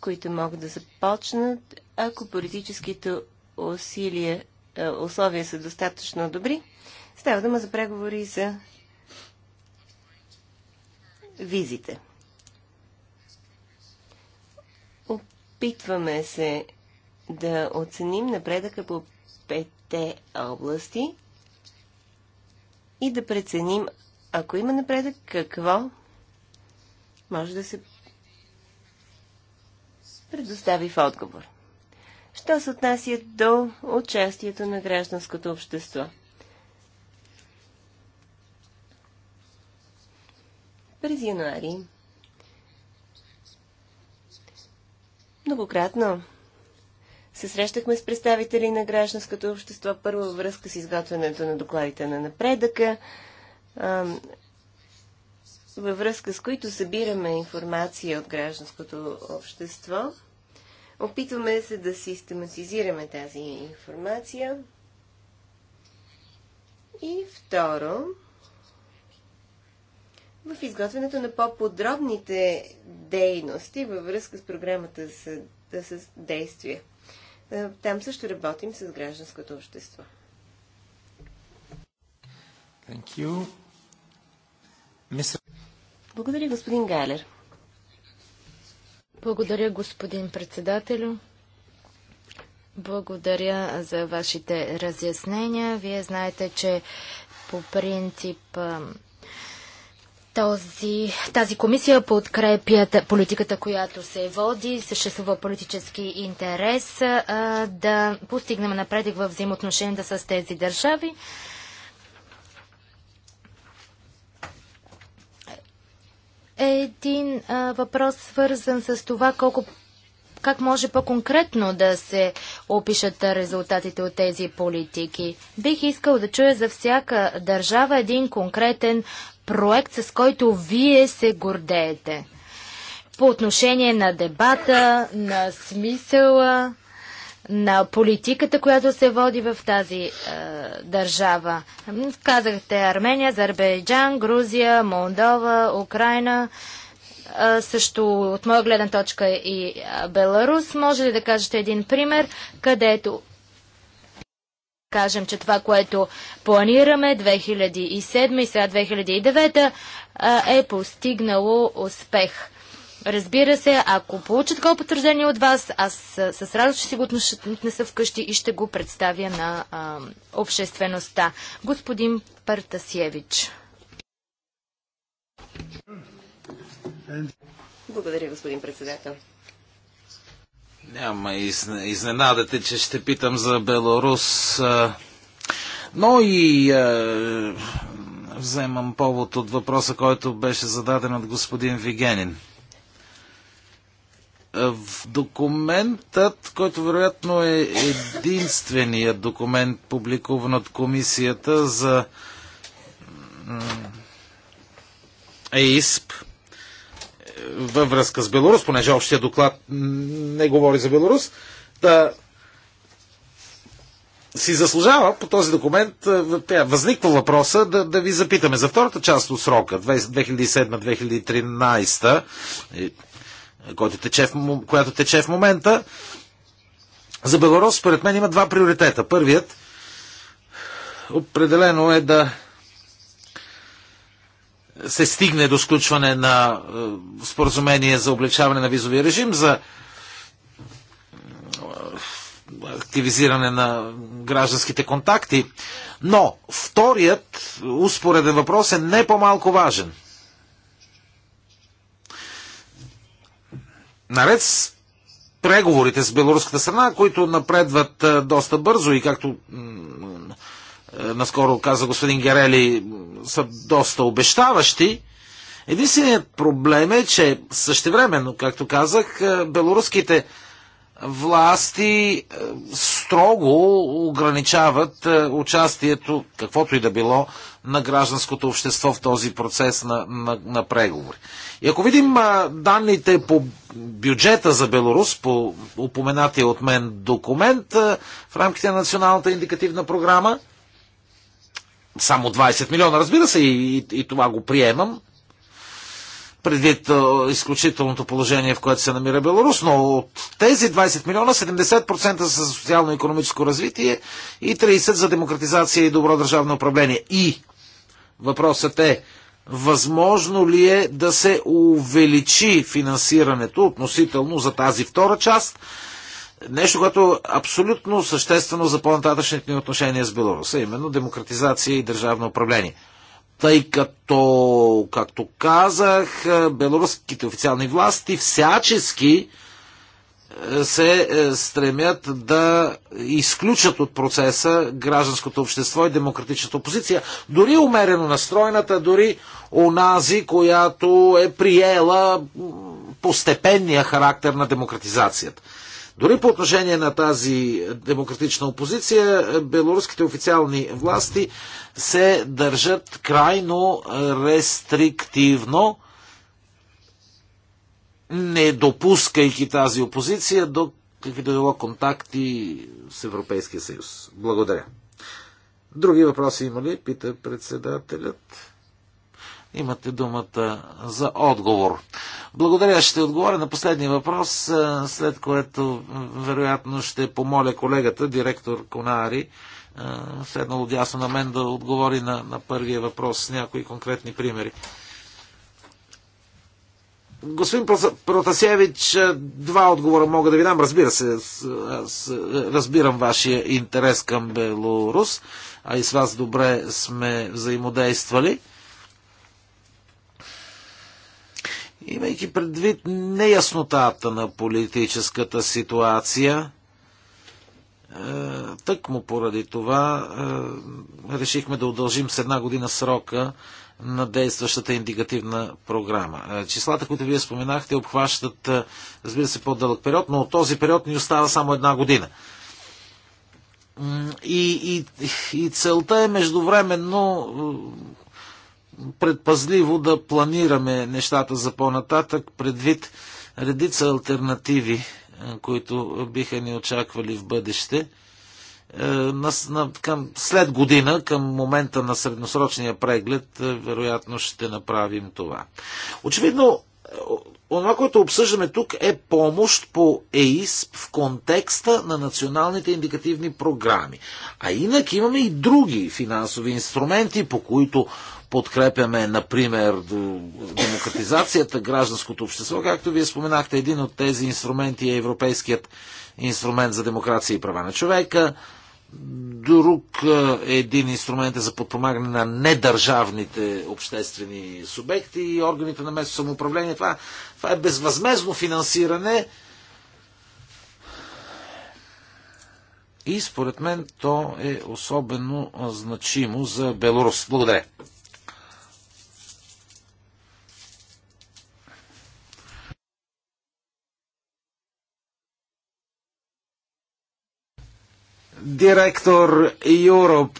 които могат да започнат, ако политическите усилия е, условия са достатъчно добри, става дума за преговори за визите. Опитваме се да оценим напредъка по петте области и да преценим, ако има напредък, какво може да се предостави в отговор що се отнася до участието на гражданското общество. През януари многократно се срещахме с представители на гражданското общество, първо във връзка с изготвянето на докладите на напредъка, във връзка с които събираме информация от гражданското общество – Опитваме се да систематизираме тази информация. И второ, в изготвянето на по-подробните дейности във връзка с програмата с, с действие. Е, там също работим с гражданското общество. Thank you. Благодаря, господин Галер. Благодаря, господин председателю. Благодаря за вашите разяснения. Вие знаете, че по принцип този, тази комисия подкрепя политиката, която се води. Съществува политически интерес да постигнем напредък в взаимоотношенията с тези държави. е един а, въпрос свързан с това колко как може по-конкретно да се опишат резултатите от тези политики. Бих искал да чуя за всяка държава един конкретен проект, с който вие се гордеете. По отношение на дебата, на смисъла, на политиката, която се води в тази е, държава. Казахте Армения, Азербайджан, Грузия, Молдова, Украина, е, също от моя гледна точка и е, Беларус. Може ли да кажете един пример, където кажем, че това, което планираме 2007 и сега 2009 е, е постигнало успех? Разбира се, ако получат такова потвърждение от вас, аз с радост ще си го отнеса вкъщи и ще го представя на а, обществеността. Господин Партасиевич. Благодаря, господин председател. Няма изненадате, че ще питам за Беларус. Но и е, вземам повод от въпроса, който беше зададен от господин Вигенин. В документът, който вероятно е единственият документ, публикуван от комисията за ЕИСП, във връзка с Беларус, понеже общия доклад не говори за Беларус, да си заслужава по този документ, възниква въпроса да, да ви запитаме за втората част от срока, 2007-2013, който тече в, която тече в момента, за Беларус според мен има два приоритета. Първият определено е да се стигне до сключване на е, споразумение за облегчаване на визовия режим, за е, активизиране на гражданските контакти. Но вторият успореден въпрос е не по-малко важен – наред с преговорите с белоруската страна, които напредват доста бързо и както е, наскоро каза господин Герели, са доста обещаващи. Единственият проблем е, че същевременно, както казах, е, белоруските власти е, строго ограничават е, участието, каквото и да било, на гражданското общество в този процес на, на, на преговори. И ако видим е, данните по бюджета за Беларус, по упоменатия от мен документ в рамките на Националната индикативна програма, само 20 милиона, разбира се, и, и, и това го приемам, предвид изключителното положение, в което се намира Беларус, но от тези 20 милиона 70% са за социално-економическо развитие и 30% за демократизация и добро държавно управление. И въпросът е, възможно ли е да се увеличи финансирането относително за тази втора част, нещо, което е абсолютно съществено за по-нататъчните ни отношения с Беларуса, именно демократизация и държавно управление тъй като, както казах, е, белоруските официални власти всячески е, се е, стремят да изключат от процеса гражданското общество и демократичната опозиция, дори умерено настроената, дори унази, която е приела постепенния характер на демократизацията. Дори по отношение на тази демократична опозиция, белоруските официални власти се държат крайно рестриктивно, не допускайки тази опозиция до каквито било контакти с Европейския съюз. Благодаря. Други въпроси има ли? Пита председателят. Имате думата за отговор. Благодаря. Ще отговоря на последния въпрос, след което вероятно ще помоля колегата, директор Конари, седнал отясно на мен да отговори на, на първия въпрос с някои конкретни примери. Господин Протасевич, два отговора мога да ви дам. Разбира се, аз разбирам вашия интерес към Белорус, а и с вас добре сме взаимодействали. Имайки предвид неяснотата на политическата ситуация, е, тък му поради това е, решихме да удължим с една година срока на действащата индикативна програма. Е, числата, които вие споменахте, обхващат, разбира се, по-дълъг период, но от този период ни остава само една година. И, и, и целта е междувременно предпазливо да планираме нещата за по-нататък, предвид редица альтернативи, е, които биха ни очаквали в бъдеще. Е, на, на, към, след година, към момента на средносрочния преглед, е, вероятно ще направим това. Очевидно, това, което обсъждаме тук е помощ по ЕИСП в контекста на националните индикативни програми. А инак имаме и други финансови инструменти, по които подкрепяме, например, демократизацията, гражданското общество. Както вие споменахте, един от тези инструменти е Европейският инструмент за демокрация и права на човека. Друг е, един инструмент е за подпомагане на недържавните обществени субекти и органите на местно самоуправление. Това, това е безвъзмезно финансиране. И според мен то е особено значимо за Беларус. Благодаря. директор Europe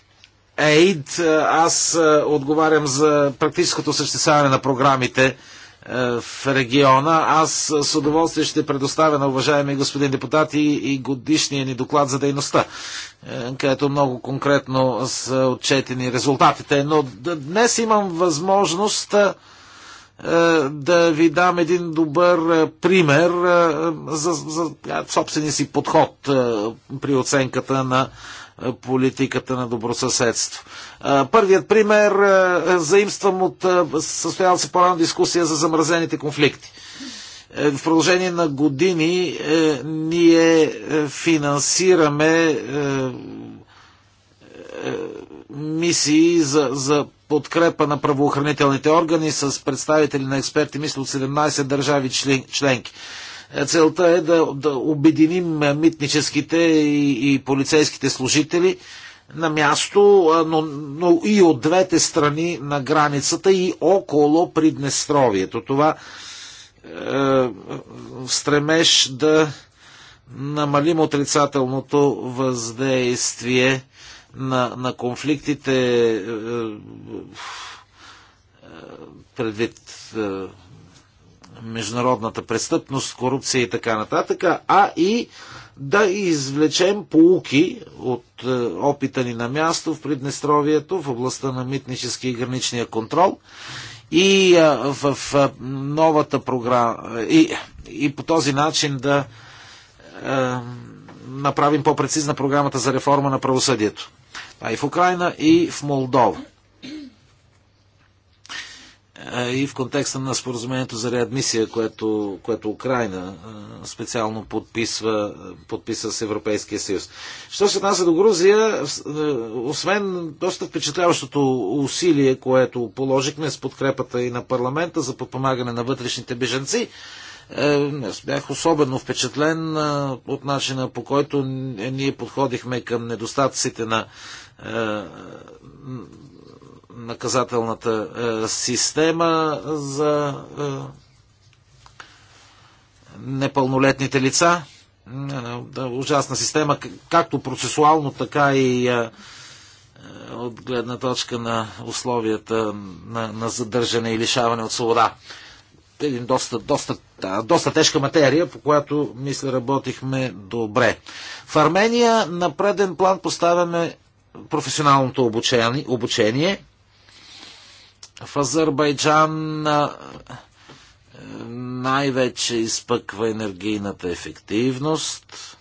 Aid. Е, аз е, отговарям за практическото съществяване на програмите е, в региона. Аз с удоволствие ще предоставя на уважаеми господин депутати и годишния ни доклад за дейността, където много конкретно са отчетени резултатите. Но днес имам възможност е, да ви дам един добър е, пример е, за, за собствения си подход при оценката на политиката на добросъседство. Първият пример заимствам от състояла се по-рано дискусия за замразените конфликти. В продължение на години ние финансираме мисии за, за подкрепа на правоохранителните органи с представители на експерти, мисля, от 17 държави член, членки. Е, целта е да, да обединим митническите и, и полицейските служители на място, но, но и от двете страни на границата и около Приднестровието. Това е, стремеж да намалим отрицателното въздействие на, на конфликтите е, е, е, предвид международната престъпност, корупция и така нататък, а и да извлечем полуки от опита ни на място в Приднестровието, в областта на митнически и граничния контрол и в новата програма и, и по този начин да направим по-прецизна програмата за реформа на правосъдието. А е и в Украина, и в Молдова. Е, и в контекста на споразумението за реадмисия, което, което Украина е, специално подписва, подписа с Европейския съюз. Що се отнася до Грузия, освен доста впечатляващото усилие, което положихме с подкрепата и на парламента за подпомагане на вътрешните беженци, е, бях особено впечатлен е, от начина по който ние подходихме към недостатъците на е, наказателната система за непълнолетните лица. Ужасна система, както процесуално, така и от гледна точка на условията на, на задържане и лишаване от свобода един доста, доста, доста тежка материя, по която, мисля, работихме добре. В Армения на преден план поставяме професионалното обучение, обучение. В Азербайджан е, най-вече изпъква енергийната ефективност.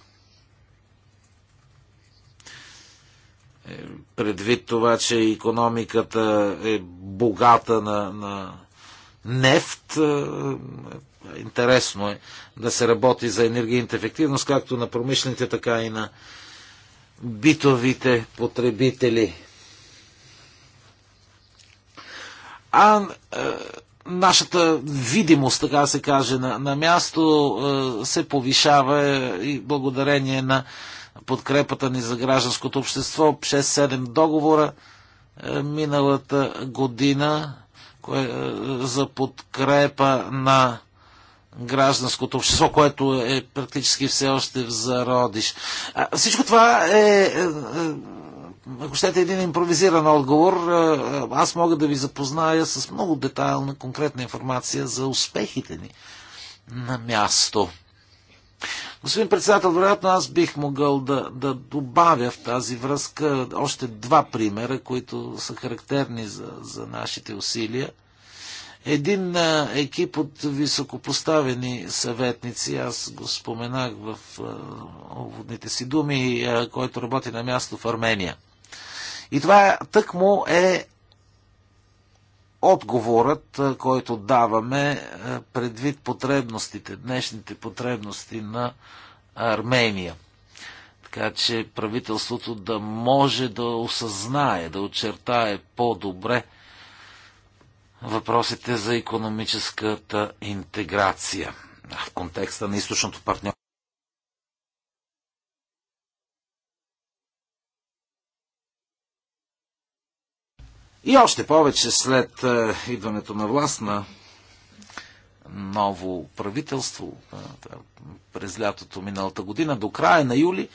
Е, предвид това, че економиката е богата на, на нефт. Е, интересно е да се работи за енергийната ефективност, както на промишлените, така и на битовите потребители. А е, нашата видимост, така се каже, на, на място е, се повишава и благодарение на подкрепата ни за гражданското общество. 6-7 договора миналата година е, за подкрепа на гражданското общество, което е практически все още в зародиш. всичко това е, е, е, ако щете, един импровизиран отговор. Аз мога да ви запозная с много детайлна, конкретна информация за успехите ни на място. Господин председател, вероятно аз бих могъл да, да добавя в тази връзка още два примера, които са характерни за, за нашите усилия. Един екип от високопоставени съветници, аз го споменах в уводните си думи, който работи на място в Армения. И това тъкмо е отговорът, който даваме предвид потребностите, днешните потребности на Армения. Така че правителството да може да осъзнае, да очертае по-добре въпросите за економическата интеграция в контекста на източното партньорство. И още повече след е, идването на власт на ново правителство е, през лятото миналата година, до края на юли, е,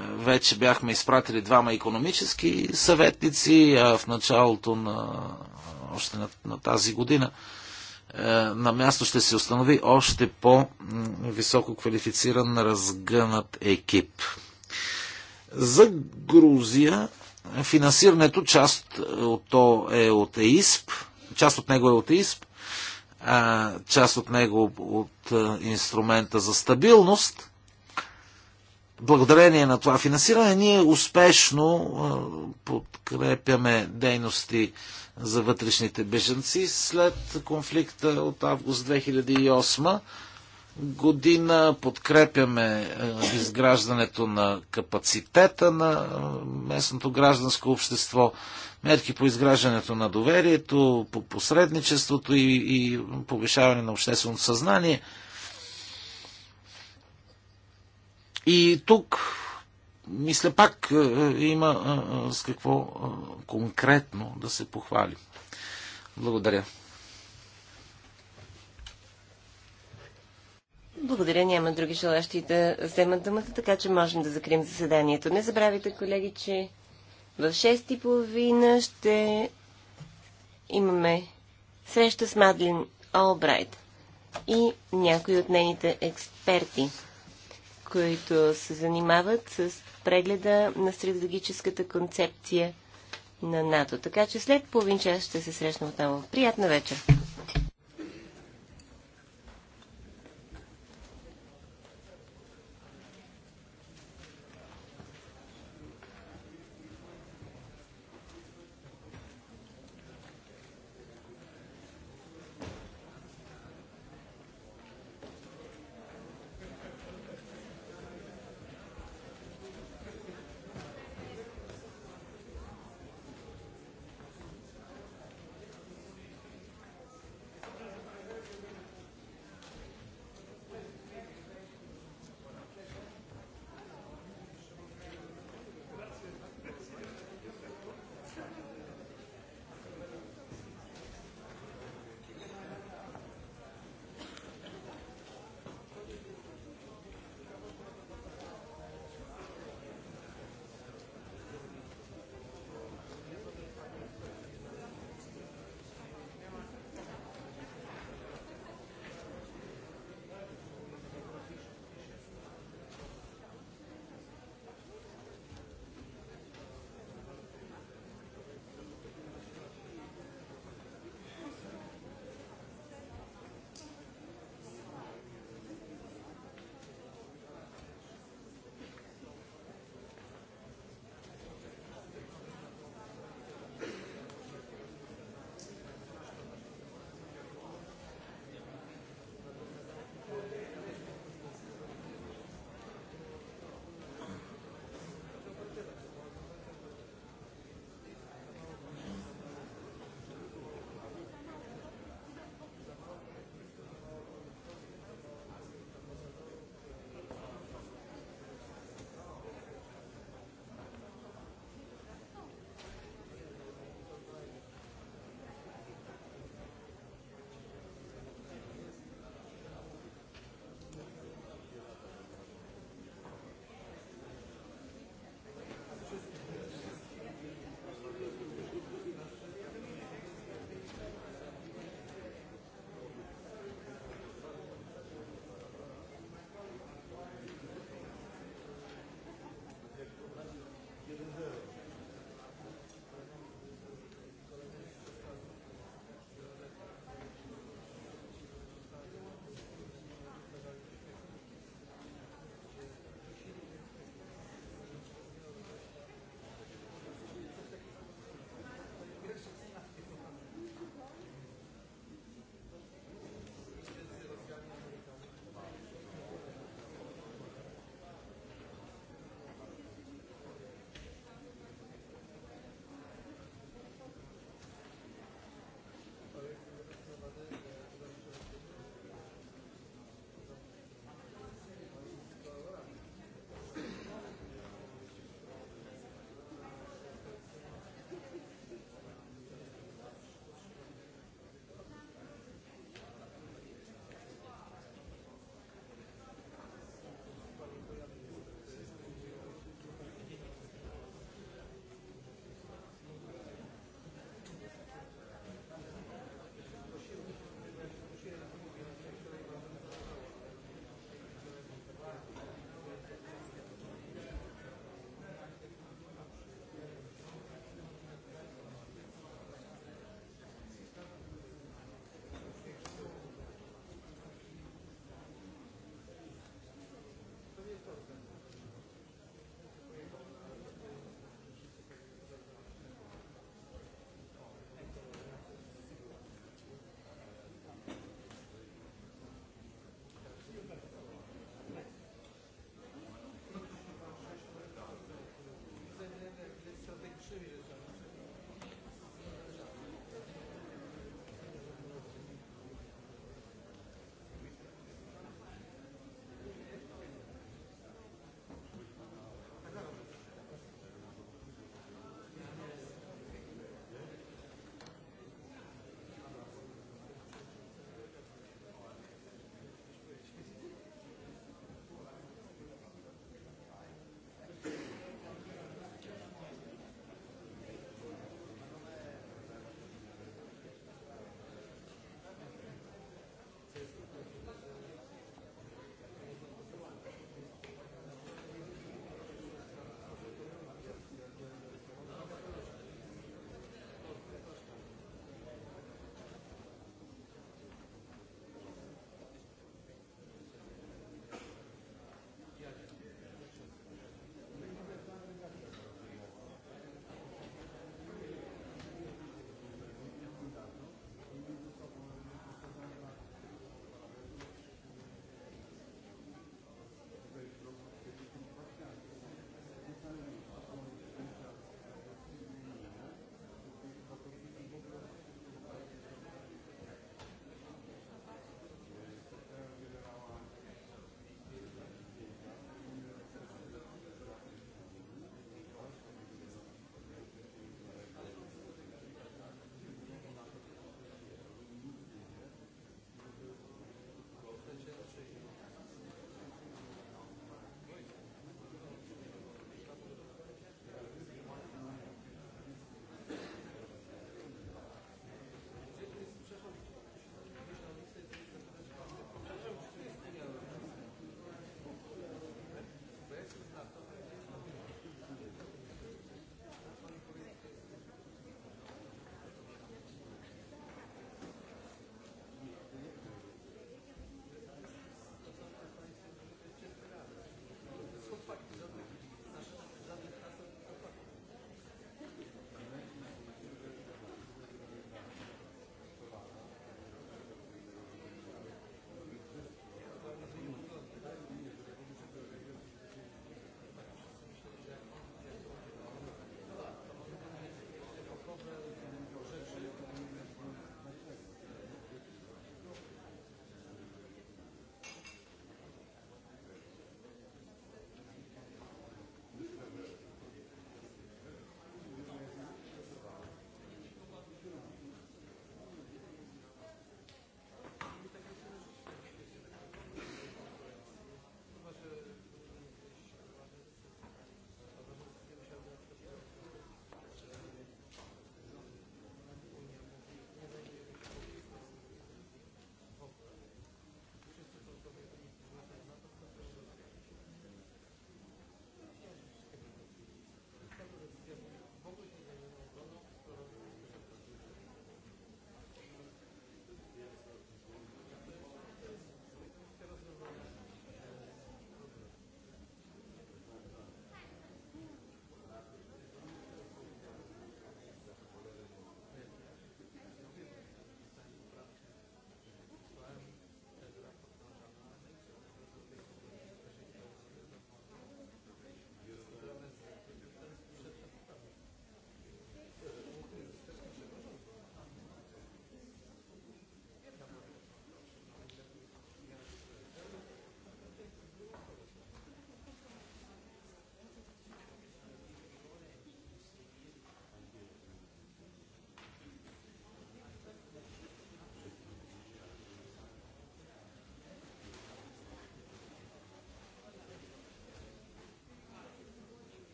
вече бяхме изпратили двама економически съветници, а в началото на още на, на тази година на място ще се установи още по-високо квалифициран разгънат екип. За Грузия Финансирането част е, от то е от ЕИСП, част от него е от ЕИСП, част от него от е, инструмента за стабилност. Благодарение на това финансиране ние успешно е, подкрепяме дейности за вътрешните беженци след конфликта от август 2008 година подкрепяме е, изграждането на капацитета на е, местното гражданско общество, мерки по изграждането на доверието, по посредничеството и, и повишаване на общественото съзнание. И тук, мисля пак, е, има с какво конкретно да се похвалим. Благодаря. Благодаря, няма други желащи да вземат думата, така че можем да закрием заседанието. Не забравяйте, колеги, че в 6.30 ще имаме среща с Мадлин Олбрайт и някои от нейните експерти, които се занимават с прегледа на стратегическата концепция на НАТО. Така че след половин час ще се срещнем отново. Приятна вечер!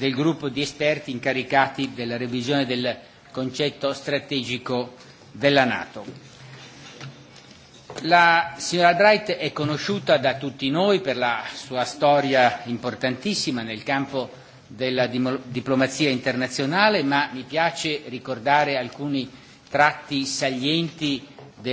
del gruppo di esperti incaricati della revisione del concetto strategico della Nato. La signora Bright è conosciuta da tutti noi per la sua storia importantissima nel campo della diplomazia internazionale, ma mi piace ricordare alcuni tratti salienti